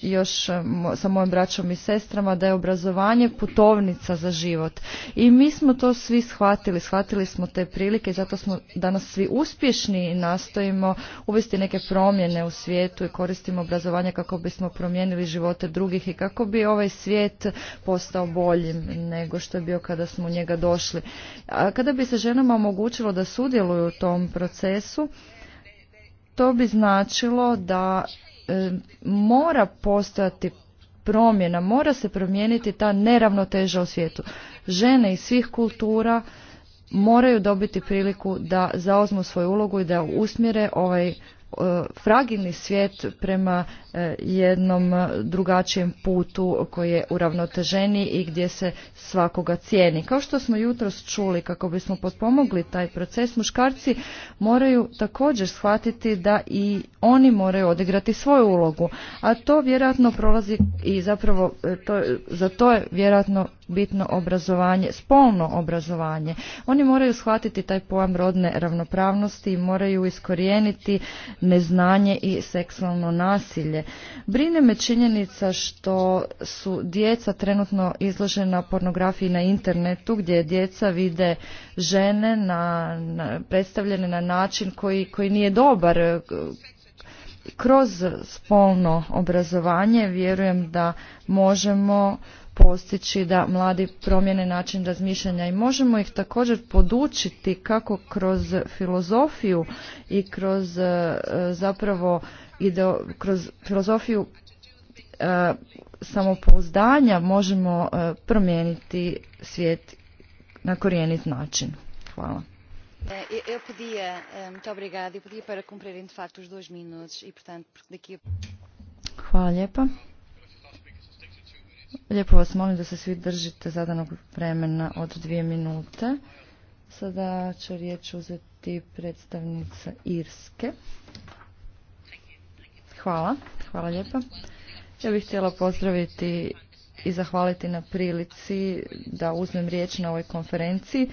još eh, sa mojim braćom i sestrama da je obrazovanje putovnica za život. I mi smo to svi shvatili, shvatili smo te prilike i zato smo danas svi uspješni i nastojimo uvesti neke promjene u svijetu i koristimo obrazovanje kako bismo promijenili živote drugih i kako bi ovaj svijet postao bolji nego što je bio kada smo u njega došli. A kada bi se ženama omogućilo da sudjeluju u tom procesu, to bi značilo da E, mora postojati promjena, mora se promijeniti ta neravnoteža u svijetu. Žene iz svih kultura moraju dobiti priliku da zauzmu svoju ulogu i da usmjere ovaj E, fragilni svijet prema e, jednom e, drugačijem putu koji je uravnoteženi i gdje se svakoga cijeni. Kao što smo jutros čuli, kako bismo potpomogli taj proces, muškarci moraju također shvatiti da i oni moraju odigrati svoju ulogu, a to vjerojatno prolazi i zapravo to, za to je vjerojatno bitno obrazovanje, spolno obrazovanje. Oni moraju shvatiti taj pojam rodne ravnopravnosti i moraju iskorijeniti neznanje i seksualno nasilje. Brine me činjenica što su djeca trenutno izložena pornografiji na internetu gdje djeca vide žene na, predstavljene na način koji, koji nije dobar, kroz spolno obrazovanje vjerujem da možemo postići da mladi promijene način razmišljanja i možemo ih također podučiti kako kroz filozofiju i kroz e, zapravo kroz filozofiju e, samopouzdanja možemo e, promijeniti svijet na korijenit način. Hvala. Eh, eu podia, eh, muito para de facto os minutos e portanto daqui Hvala lijepa. Lijepo vas molim da se svi držite zadanog vremena od dvije minute. Sada će riječ uzeti predstavnica Irske. Hvala, hvala lijepa. Ja bih htjela pozdraviti i zahvaliti na prilici da uzmem riječ na ovoj konferenciji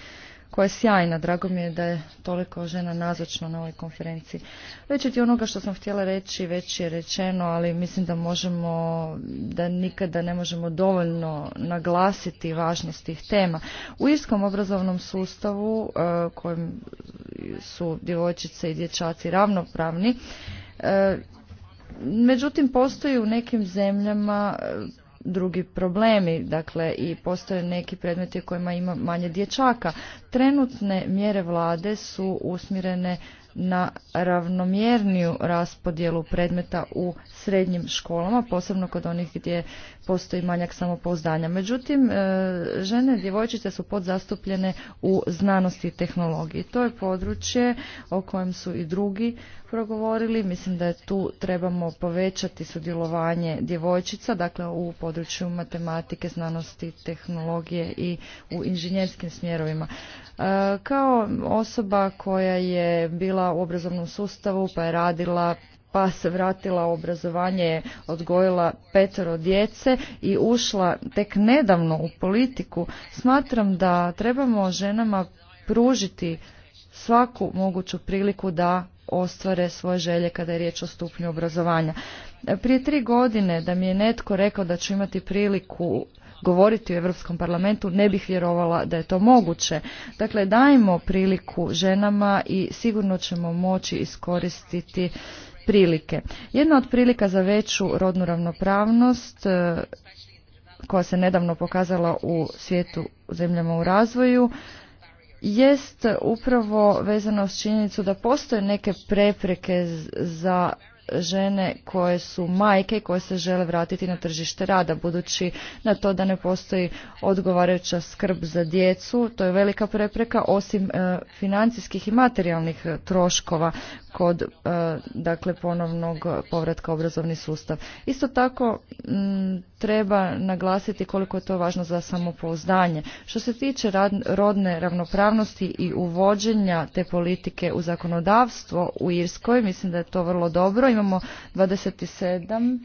koja je sjajna. Drago mi je da je toliko žena nazočno na ovoj konferenciji. Već je ti onoga što sam htjela reći, već je rečeno, ali mislim da možemo, da nikada ne možemo dovoljno naglasiti važnost tih tema. U iskom obrazovnom sustavu e, kojem su djevojčice i dječaci ravnopravni, e, Međutim, postoji u nekim zemljama drugi problemi, dakle i postoje neki predmeti kojima ima manje dječaka. Trenutne mjere vlade su usmjerene na ravnomjerniju raspodjelu predmeta u srednjim školama, posebno kod onih gdje postoji manjak samopouzdanja. Međutim, e, žene djevojčice su podzastupljene u znanosti i tehnologiji. To je područje o kojem su i drugi progovorili. Mislim da je tu trebamo povećati sudjelovanje djevojčica, dakle u području matematike, znanosti, tehnologije i u inženjerskim smjerovima. E, kao osoba koja je bila u obrazovnom sustavu, pa je radila pa se vratila u obrazovanje, odgojila petero djece i ušla tek nedavno u politiku. Smatram da trebamo ženama pružiti svaku moguću priliku da ostvare svoje želje kada je riječ o stupnju obrazovanja. Prije tri godine da mi je netko rekao da ću imati priliku govoriti u Europskom parlamentu, ne bih vjerovala da je to moguće. Dakle, dajmo priliku ženama i sigurno ćemo moći iskoristiti prilike. Jedna od prilika za veću rodnu ravnopravnost e, koja se nedavno pokazala u svijetu u zemljama u razvoju jest upravo vezana s činjenicu da postoje neke prepreke za žene koje su majke koje se žele vratiti na tržište rada budući na to da ne postoji odgovarajuća skrb za djecu to je velika prepreka osim e, financijskih i materijalnih troškova kod e, dakle ponovnog povratka obrazovni sustav. Isto tako treba naglasiti koliko je to važno za samopouzdanje. Što se tiče rodne ravnopravnosti i uvođenja te politike u zakonodavstvo u Irskoj, mislim da je to vrlo dobro. Imamo 27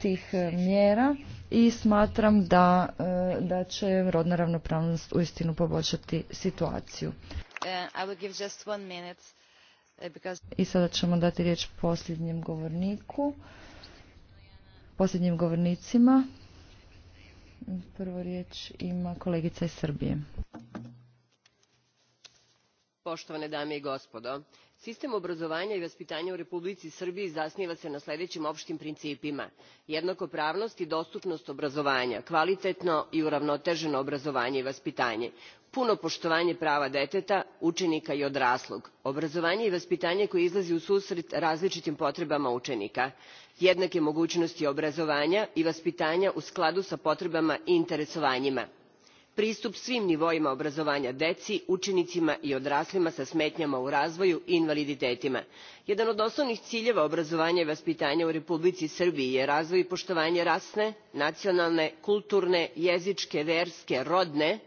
tih e, mjera i smatram da, e, da će rodna ravnopravnost uistinu poboljšati situaciju. Uh, uh, I sada ćemo dati riječ posljednjem govorniku, posljednjim govornicima. Prvo riječ ima kolegica iz Srbije. Poštovane dame i gospodo, sistem obrazovanja i vaspitanja u republici srbiji zasniva se na sljedećim opštim principima jednakopravnost i dostupnost obrazovanja kvalitetno i uravnoteženo obrazovanje i vaspitanje puno poštovanje prava deteta učenika i odraslog obrazovanje i vaspitanje koje izlazi u susret različitim potrebama učenika jednake mogućnosti obrazovanja i vaspitanja u skladu sa potrebama i interesovanjima pristup svim nivoima obrazovanja deci učenicima i odraslima sa smetnjama u razvoju i invaliditetima. jedan od osnovnih ciljeva obrazovanja i vaspitanja u republici srbiji je razvoj i poštovanje rasne nacionalne kulturne jezičke verske rodne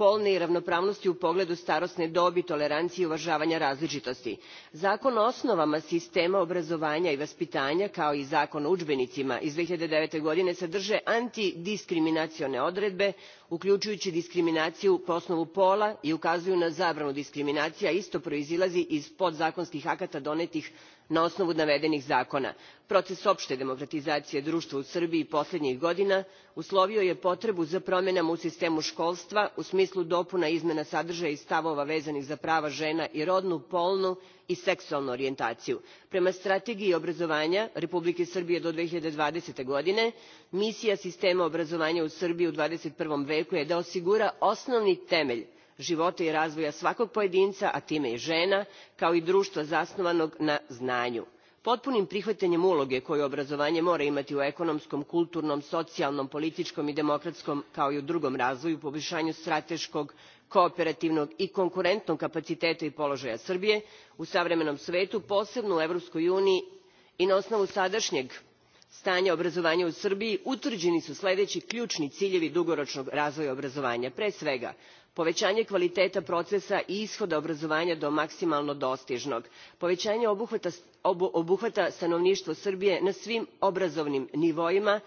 polne i ravnopravnosti u pogledu starosne dobi tolerancije i uvažavanja različitosti. zakon o osnovama sistema obrazovanja i vaspitanja kao i zakon o udžbenicima iz. two thousand and nine godine sadrže antidiskriminacione odredbe uključujući diskriminaciju po osnovu pola i ukazuju na zabranu diskriminacija a isto proizilazi iz podzakonskih akata donetih na osnovu navedenih zakona. proces opšte demokratizacije društva u srbiji posljednjih godina uslovio je potrebu za promjenama u sistemu školstva u smislu dopuna i izmena sadržaja i stavova vezanih za prava žena i rodnu polnu i seksualnu orijentaciju. prema strategiji obrazovanja republike srbije do. two and godine misija sistema obrazovanja u srbiji u. twenty one veku je da osigura osnovni temelj života i razvoja svakog pojedinca a time i žena kao i društva zasnovanog na znanju. potpunim prihvatanjem uloge koju obrazovanje mora imati u ekonomskom kulturnom socijalnom političkom i demokratskom kao i u drugom razvoju poboljšanju strateškog kooperativnog i konkurentnog kapaciteta i položaja srbije u savremenom svetu posebno u europskoj uniji i na osnovu sadašnjeg stanja obrazovanja u srbiji utvrđeni su sljedeći ključni ciljevi dugoročnog razvoja obrazovanja pre svega povećanje kvaliteta procesa i ishoda obrazovanja do maksimalno dostižnog povećanje obuhvata, stanovništvo srbije na svim obrazovnim nivoima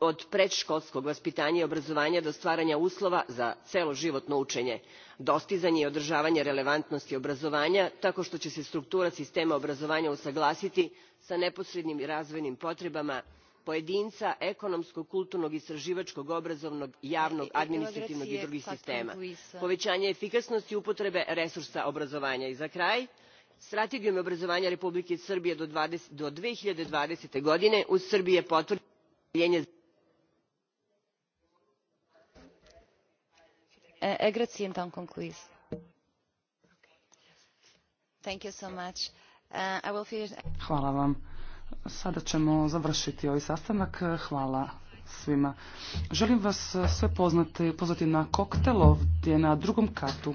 od predškolskog vaspitanja i obrazovanja do stvaranja uslova za celoživotno učenje dostizanje i održavanje relevantnosti obrazovanja tako što će se struktura sistema obrazovanja usaglasiti sa neposrednim razvojnim potrebama pojedinca ekonomskog kulturnog istraživačkog obrazovnog javnog e, administrativnog i drugih sistema povećanje efikasnosti upotrebe resursa obrazovanja i za kraj strategijom obrazovanja republike srbije do. two thousand and twenty godine u srbiji je potvrđeno e, e, uh, Hvala vam. Sada ćemo završiti ovaj sastanak. Hvala svima. Želim vas sve poznati, pozvati na koktel ovdje na drugom katu.